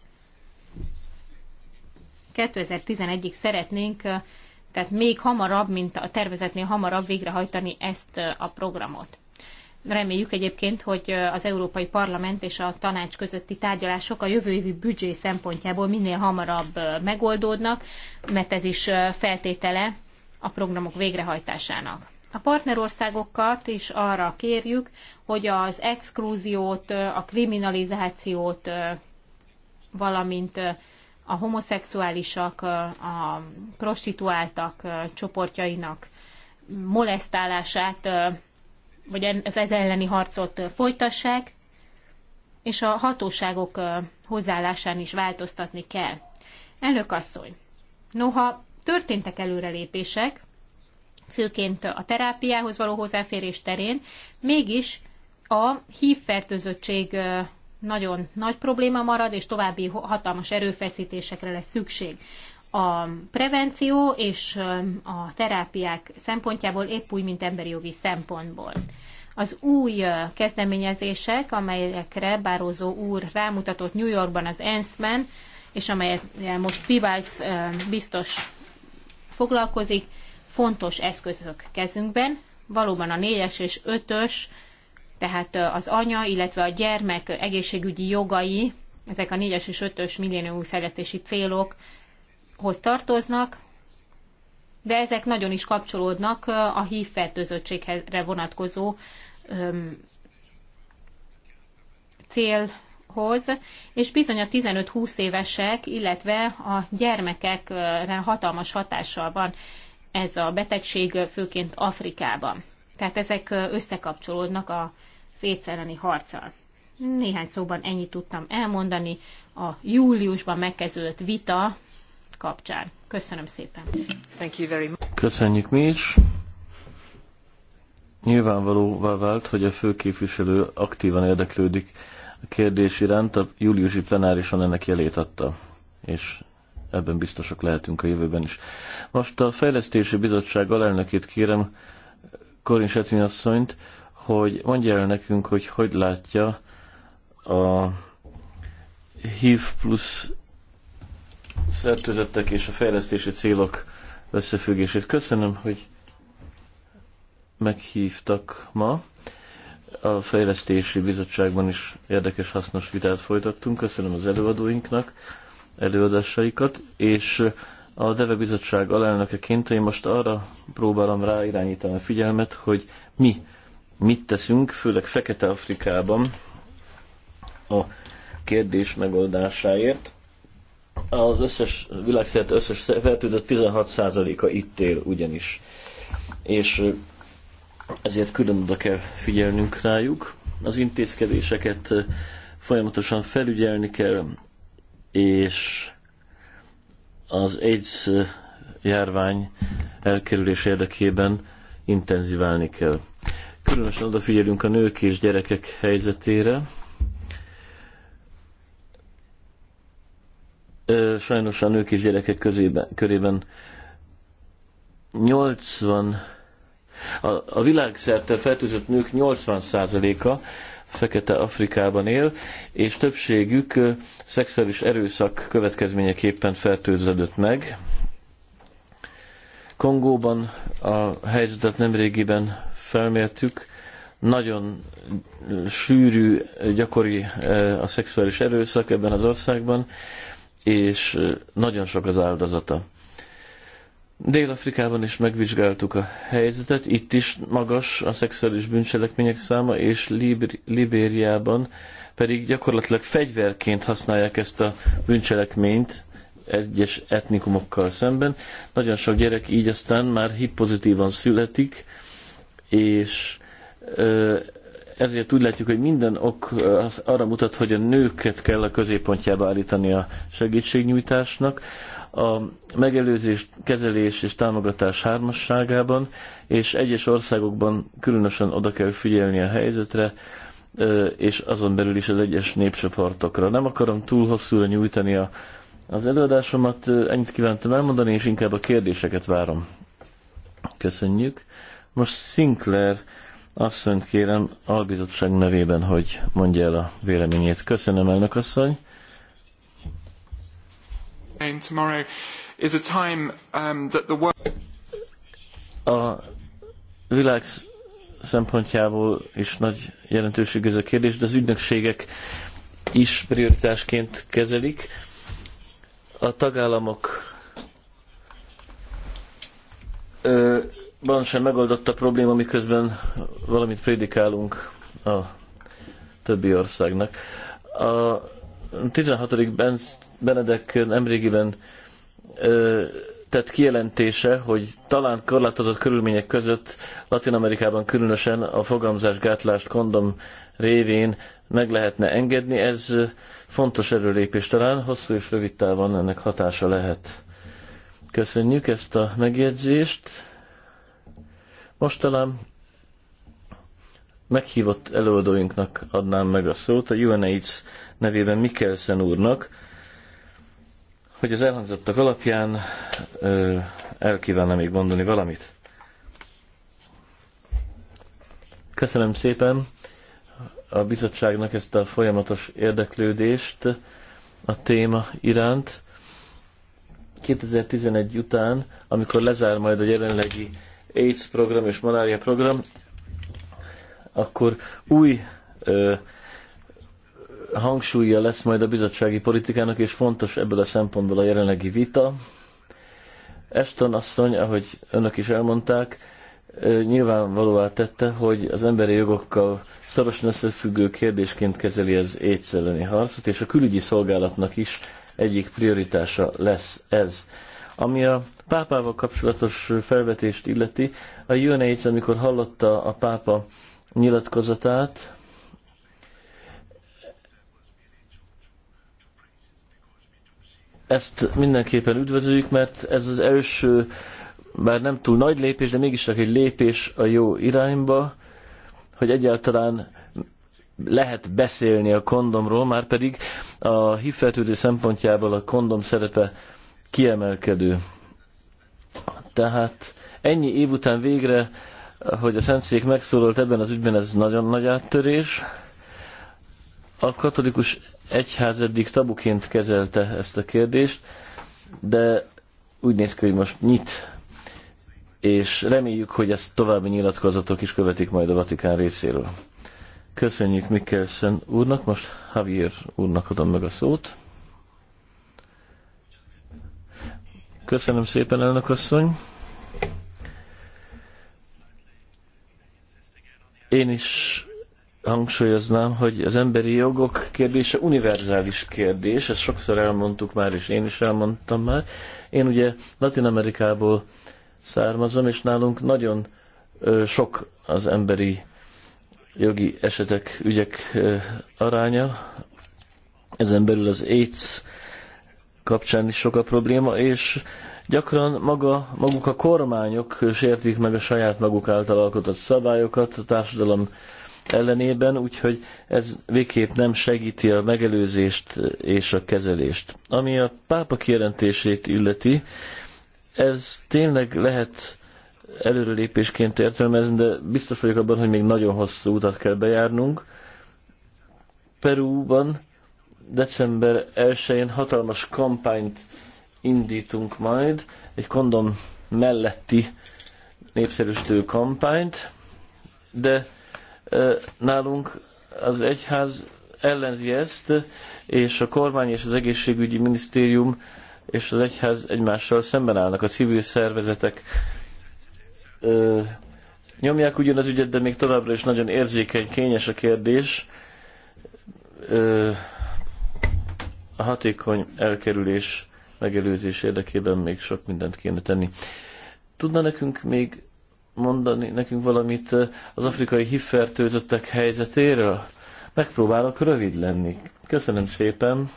[SPEAKER 3] 2011-ig szeretnénk, tehát még hamarabb, mint a tervezetnél hamarabb végrehajtani ezt a programot. Reméljük egyébként, hogy az Európai Parlament és a tanács közötti tárgyalások a jövő évi büdzsé szempontjából minél hamarabb megoldódnak, mert ez is feltétele a programok végrehajtásának. A partnerországokat is arra kérjük, hogy az exkluziót, a kriminalizációt, valamint a homoszexuálisak, a prostituáltak csoportjainak molesztálását, vagy ez elleni harcot folytassák, és a hatóságok hozzáállásán is változtatni kell. Elnök asszony, noha történtek előrelépések, főként a terápiához való hozzáférés terén, mégis a hívfertőzöttség nagyon nagy probléma marad, és további hatalmas erőfeszítésekre lesz szükség. A prevenció és a terápiák szempontjából épp úgy, mint emberi jogi szempontból. Az új kezdeményezések, amelyekre Bározó úr rámutatott New Yorkban az ENSZ-ben, és amelyet most Pivax biztos foglalkozik, fontos eszközök kezünkben. Valóban a 4-es és 5-ös tehát az anya, illetve a gyermek egészségügyi jogai, ezek a 4-es és 5-ös milléniumi fejlesztési célokhoz tartoznak, de ezek nagyon is kapcsolódnak a HIV fertőzöttségre vonatkozó öm, célhoz, és bizony a 15-20 évesek, illetve a gyermekekre hatalmas hatással van ez a betegség, főként Afrikában. Tehát ezek összekapcsolódnak a szétszereni harccal. Néhány szóban ennyit tudtam elmondani a júliusban megkezdődött vita kapcsán. Köszönöm szépen. Thank you very much.
[SPEAKER 1] Köszönjük mi is. Nyilvánvalóvá vált, hogy a főképviselő aktívan érdeklődik a kérdés iránt, a júliusi plenárison ennek jelét adta, és ebben biztosak lehetünk a jövőben is. Most a Fejlesztési Bizottság alelnökét kérem, Korin Setin asszonyt, hogy mondja el nekünk, hogy hogy látja a HIV plusz szerkezetek és a fejlesztési célok összefüggését. Köszönöm, hogy meghívtak ma. A Fejlesztési Bizottságban is érdekes, hasznos vitát folytattunk. Köszönöm az előadóinknak előadásaikat, és a Deve Bizottság alelnökeként én most arra próbálom ráirányítani a figyelmet, hogy mi mit teszünk, főleg Fekete-Afrikában a kérdés megoldásáért. Az összes, világszerte összes fertőzött 16%-a itt él ugyanis. És ezért külön oda kell figyelnünk rájuk. Az intézkedéseket folyamatosan felügyelni kell, és az AIDS járvány elkerülés érdekében intenziválni kell. Különösen odafigyelünk a nők és gyerekek helyzetére. Sajnos a nők és gyerekek közében, körében 80 a, a világszerte fertőzött nők 80%-a Fekete Afrikában él, és többségük szexuális erőszak következményeképpen fertőződött meg. Kongóban a helyzetet nemrégiben felmértük, nagyon sűrű, gyakori a szexuális erőszak ebben az országban, és nagyon sok az áldozata. Dél-Afrikában is megvizsgáltuk a helyzetet, itt is magas a szexuális bűncselekmények száma, és Libériában pedig gyakorlatilag fegyverként használják ezt a bűncselekményt egyes etnikumokkal szemben. Nagyon sok gyerek így aztán már HIV pozitívan születik, és ezért úgy látjuk, hogy minden ok arra mutat, hogy a nőket kell a középpontjába állítani a segítségnyújtásnak a megelőzés, kezelés és támogatás hármasságában, és egyes országokban különösen oda kell figyelni a helyzetre, és azon belül is az egyes népcsoportokra. Nem akarom túl hosszúra nyújtani a, az előadásomat, ennyit kívántam elmondani, és inkább a kérdéseket várom. Köszönjük. Most Sinclair asszonyt kérem albizottság nevében, hogy mondja el a véleményét. Köszönöm, elnök asszony. Um, a világ szempontjából is nagy jelentőség ez a kérdés, de az ügynökségek is prioritásként kezelik. A tagállamok ban sem megoldott a probléma, miközben valamit prédikálunk a többi országnak. A 16. Benedek nemrégiben tett kijelentése, hogy talán korlátozott körülmények között Latin Amerikában különösen a fogamzásgátlást kondom révén meg lehetne engedni. Ez fontos erőlépés talán, hosszú és rövid távon ennek hatása lehet. Köszönjük ezt a megjegyzést. Most talán meghívott előadóinknak adnám meg a szót, a UNAIDS nevében Mikkelsen úrnak, hogy az elhangzottak alapján ö, kívánna még mondani valamit. Köszönöm szépen a bizottságnak ezt a folyamatos érdeklődést a téma iránt. 2011 után, amikor lezár majd a jelenlegi AIDS program és malária program, akkor új ö, hangsúlya lesz majd a bizottsági politikának, és fontos ebből a szempontból a jelenlegi vita. Eston asszony, ahogy önök is elmondták, nyilvánvalóvá tette, hogy az emberi jogokkal szorosan összefüggő kérdésként kezeli az éjsz harcot, és a külügyi szolgálatnak is egyik prioritása lesz ez. Ami a pápával kapcsolatos felvetést illeti, a UNAIDS, amikor hallotta a pápa nyilatkozatát. Ezt mindenképpen üdvözöljük, mert ez az első, bár nem túl nagy lépés, de mégis egy lépés a jó irányba, hogy egyáltalán lehet beszélni a kondomról, már pedig a hívfertőzés szempontjából a kondom szerepe kiemelkedő. Tehát ennyi év után végre hogy a szentszék megszólalt ebben az ügyben, ez nagyon nagy áttörés. A katolikus egyház eddig tabuként kezelte ezt a kérdést, de úgy néz ki, hogy most nyit, és reméljük, hogy ezt további nyilatkozatok is követik majd a Vatikán részéről. Köszönjük Mikkelsen úrnak, most Javier úrnak adom meg a szót. Köszönöm szépen, elnök asszony! Én is hangsúlyoznám, hogy az emberi jogok kérdése univerzális kérdés, ezt sokszor elmondtuk már, és én is elmondtam már. Én ugye Latin Amerikából származom, és nálunk nagyon sok az emberi jogi esetek, ügyek aránya. Ezen belül az AIDS kapcsán is sok a probléma, és Gyakran maga, maguk a kormányok sértik meg a saját maguk által alkotott szabályokat a társadalom ellenében, úgyhogy ez végképp nem segíti a megelőzést és a kezelést. Ami a pápa kijelentését illeti, ez tényleg lehet előrelépésként értelmezni, de biztos vagyok abban, hogy még nagyon hosszú utat kell bejárnunk. Perúban december 1-én hatalmas kampányt indítunk majd egy kondom melletti népszerűsítő kampányt, de nálunk az egyház ellenzi ezt, és a kormány és az egészségügyi minisztérium és az egyház egymással szemben állnak. A civil szervezetek ö, nyomják ugyan az ügyet, de még továbbra is nagyon érzékeny, kényes a kérdés. Ö, a hatékony elkerülés megelőzés érdekében még sok mindent kéne tenni. Tudna nekünk még mondani nekünk valamit az afrikai hívfertőzöttek helyzetéről? Megpróbálok rövid lenni. Köszönöm szépen.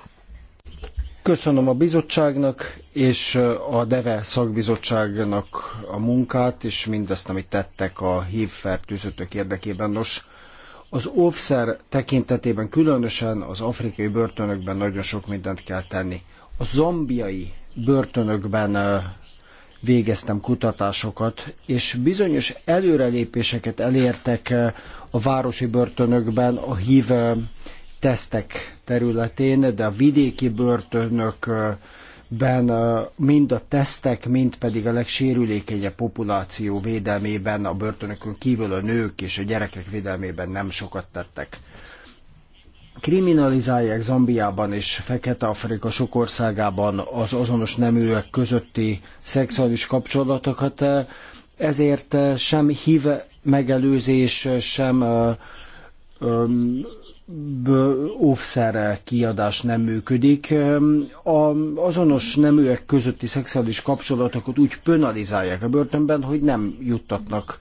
[SPEAKER 2] Köszönöm a bizottságnak és a DEVE szakbizottságnak a munkát, és mindazt, amit tettek a hívfertőzöttök érdekében. Nos, az óvszer tekintetében különösen az afrikai börtönökben nagyon sok mindent kell tenni a zombiai börtönökben végeztem kutatásokat, és bizonyos előrelépéseket elértek a városi börtönökben a hív tesztek területén, de a vidéki börtönökben mind a tesztek, mind pedig a legsérülékenyebb populáció védelmében, a börtönökön kívül a nők és a gyerekek védelmében nem sokat tettek kriminalizálják Zambiában és Fekete-Afrika sok országában az azonos neműek közötti szexuális kapcsolatokat, eh, ezért eh, sem hív megelőzés, sem eh, óvszer kiadás nem működik. A azonos neműek közötti szexuális kapcsolatokat úgy penalizálják a börtönben, hogy nem juttatnak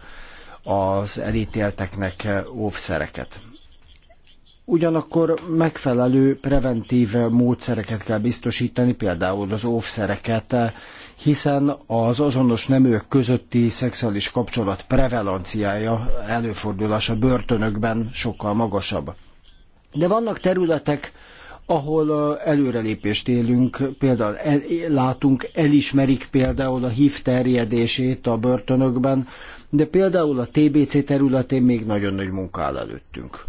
[SPEAKER 2] az elítélteknek óvszereket. Ugyanakkor megfelelő preventív módszereket kell biztosítani, például az óvszereket, hiszen az azonos neműek közötti szexuális kapcsolat prevalenciája, előfordulása börtönökben sokkal magasabb. De vannak területek, ahol előrelépést élünk, például el, látunk, elismerik például a HIV terjedését a börtönökben, de például a TBC területén még nagyon nagy munka áll előttünk.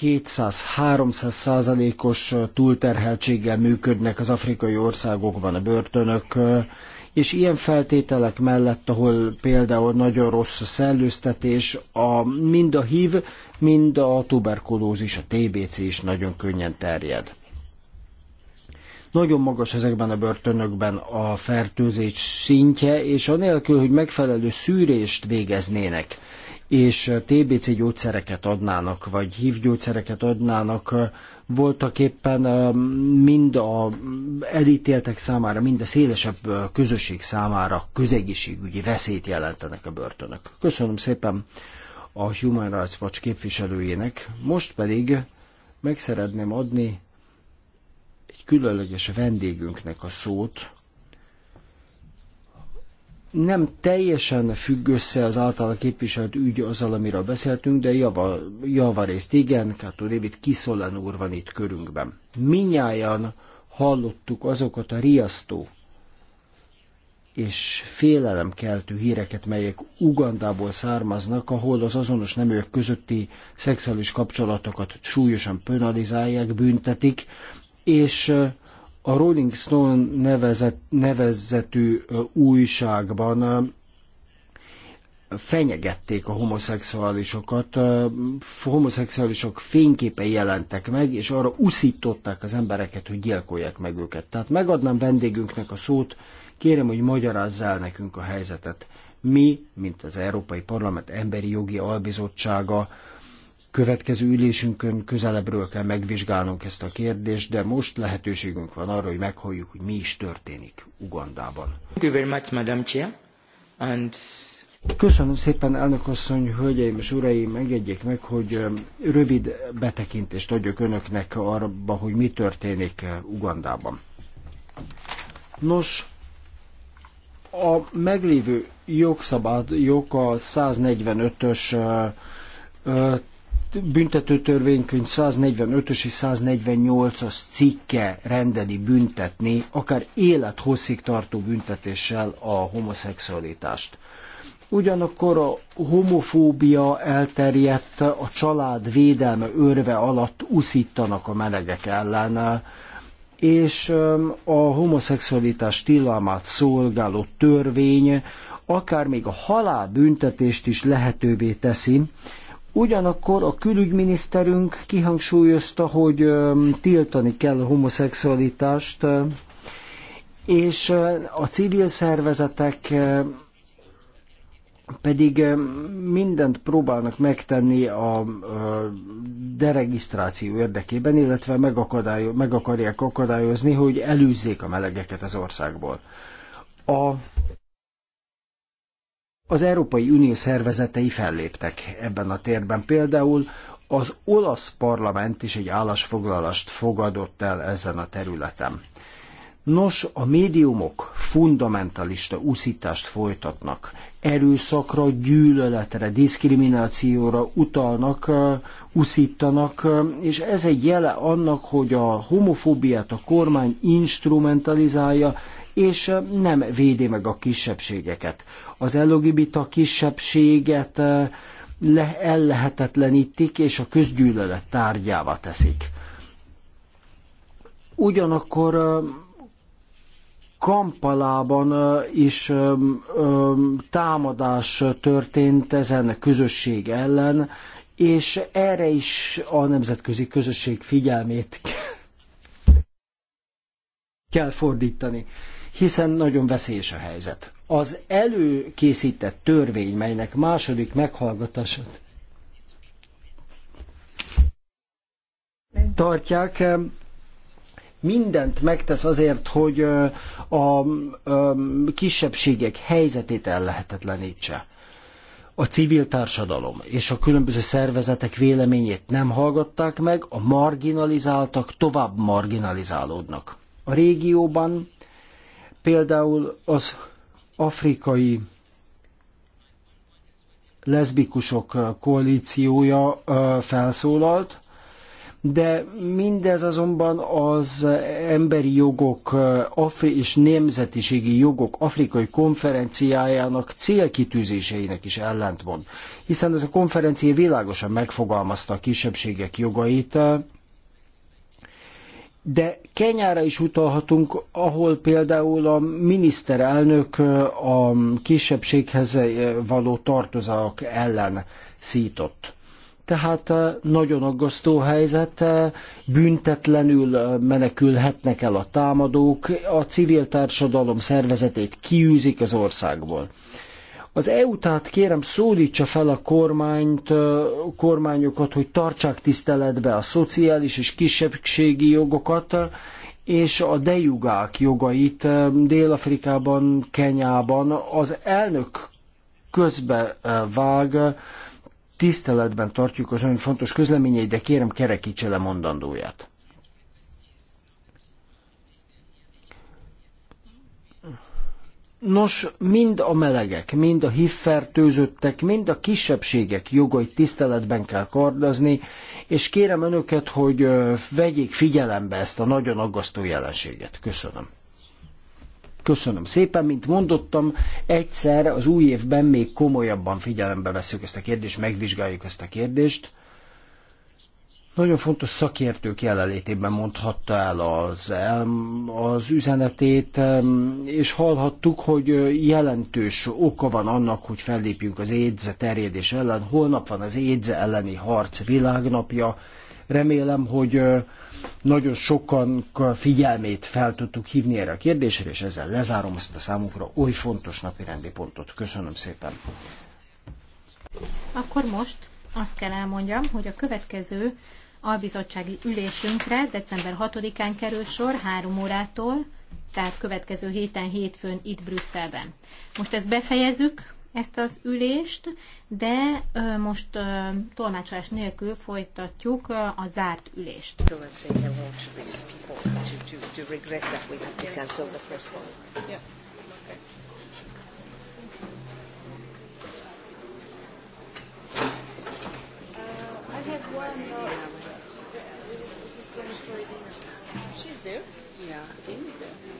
[SPEAKER 2] 200-300 százalékos túlterheltséggel működnek az afrikai országokban a börtönök, és ilyen feltételek mellett, ahol például nagyon rossz a szellőztetés, a, mind a HIV, mind a tuberkulózis, a TBC is nagyon könnyen terjed. Nagyon magas ezekben a börtönökben a fertőzés szintje, és anélkül, hogy megfelelő szűrést végeznének, és eh, TBC gyógyszereket adnának, vagy HIV gyógyszereket adnának, eh, voltak éppen eh, mind a elítéltek számára, mind a szélesebb közösség számára közegészségügyi veszélyt jelentenek a börtönök. Köszönöm szépen a Human Rights Watch képviselőjének. Most pedig meg szeretném adni egy különleges vendégünknek a szót, nem teljesen függ össze az általa képviselt ügy azzal, amiről beszéltünk, de java, javarészt igen, Kátó David Kiszolán úr van itt körünkben. Minnyáján hallottuk azokat a riasztó és félelemkeltő híreket, melyek Ugandából származnak, ahol az azonos neműek közötti szexuális kapcsolatokat súlyosan penalizálják, büntetik, és a Rolling Stone nevezet, nevezetű újságban fenyegették a homoszexuálisokat, a homoszexuálisok fényképei jelentek meg, és arra uszították az embereket, hogy gyilkolják meg őket. Tehát megadnám vendégünknek a szót, kérem, hogy magyarázz el nekünk a helyzetet. Mi, mint az Európai Parlament Emberi Jogi Albizottsága, következő ülésünkön közelebbről kell megvizsgálnunk ezt a kérdést, de most lehetőségünk van arra, hogy meghalljuk, hogy mi is történik Ugandában. Köszönöm szépen, elnök asszony, hölgyeim és uraim, engedjék meg, hogy um, rövid betekintést adjak önöknek arra, hogy mi történik uh, Ugandában. Nos, a meglévő jogszabályok a 145-ös büntetőtörvénykönyv 145-ös és 148-as cikke rendeli büntetni, akár élethosszig tartó büntetéssel a homoszexualitást. Ugyanakkor a homofóbia elterjedt, a család védelme örve alatt uszítanak a melegek ellen, és a homoszexualitás tilalmát szolgáló törvény akár még a halálbüntetést is lehetővé teszi, Ugyanakkor a külügyminiszterünk kihangsúlyozta, hogy tiltani kell a homoszexualitást, és a civil szervezetek pedig mindent próbálnak megtenni a deregisztráció érdekében, illetve meg akarják akadályozni, hogy elűzzék a melegeket az országból. A az Európai Unió szervezetei felléptek ebben a térben. Például az olasz parlament is egy állásfoglalást fogadott el ezen a területen. Nos, a médiumok fundamentalista úszítást folytatnak, erőszakra, gyűlöletre, diszkriminációra utalnak, úszítanak, és ez egy jele annak, hogy a homofóbiát a kormány instrumentalizálja, és nem védi meg a kisebbségeket. Az LGBT kisebbséget le, ellehetetlenítik, és a közgyűlölet tárgyává teszik. Ugyanakkor Kampalában is támadás történt ezen a közösség ellen, és erre is a nemzetközi közösség figyelmét kell fordítani hiszen nagyon veszélyes a helyzet. Az előkészített törvény, melynek második meghallgatását tartják, eh, mindent megtesz azért, hogy eh, a eh, kisebbségek helyzetét ellehetetlenítse. A civil társadalom és a különböző szervezetek véleményét nem hallgatták meg, a marginalizáltak tovább marginalizálódnak. A régióban Például az afrikai leszbikusok koalíciója felszólalt, de mindez azonban az emberi jogok afri és nemzetiségi jogok afrikai konferenciájának célkitűzéseinek is ellentmond. Hiszen ez a konferencia világosan megfogalmazta a kisebbségek jogait, de Kenyára is utalhatunk, ahol például a miniszterelnök a kisebbséghez való tartozók ellen szított. Tehát nagyon aggasztó helyzet, büntetlenül menekülhetnek el a támadók, a civil társadalom szervezetét kiűzik az országból. Az EU tehát kérem szólítsa fel a kormányt, kormányokat, hogy tartsák tiszteletbe a szociális és kisebbségi jogokat, és a dejugák jogait Dél-Afrikában, Kenyában. Az elnök közbe vág, tiszteletben tartjuk az ön fontos közleményeit, de kérem kerekítse le mondandóját. Nos, mind a melegek, mind a hívfertőzöttek, mind a kisebbségek jogait tiszteletben kell kardozni, és kérem önöket, hogy vegyék figyelembe ezt a nagyon aggasztó jelenséget. Köszönöm. Köszönöm szépen, mint mondottam, egyszer az új évben még komolyabban figyelembe veszük ezt a kérdést, megvizsgáljuk ezt a kérdést. Nagyon fontos szakértők jelenlétében mondhatta el az, az üzenetét, és hallhattuk, hogy jelentős oka van annak, hogy fellépjünk az édze terjedés ellen. Holnap van az édze elleni harc világnapja. Remélem, hogy nagyon sokan figyelmét fel tudtuk hívni erre a kérdésre, és ezzel lezárom ezt a számunkra oly fontos rendi pontot. Köszönöm szépen.
[SPEAKER 3] Akkor most azt kell elmondjam, hogy a következő albizottsági ülésünkre december 6-án kerül sor 3 órától, tehát következő héten hétfőn itt Brüsszelben. Most ezt befejezzük, ezt az ülést, de ö, most ö, tolmácsolás nélkül folytatjuk ö, a zárt ülést.
[SPEAKER 1] Yeah. Uh, one. Uh she's there. Yeah, I think she's there.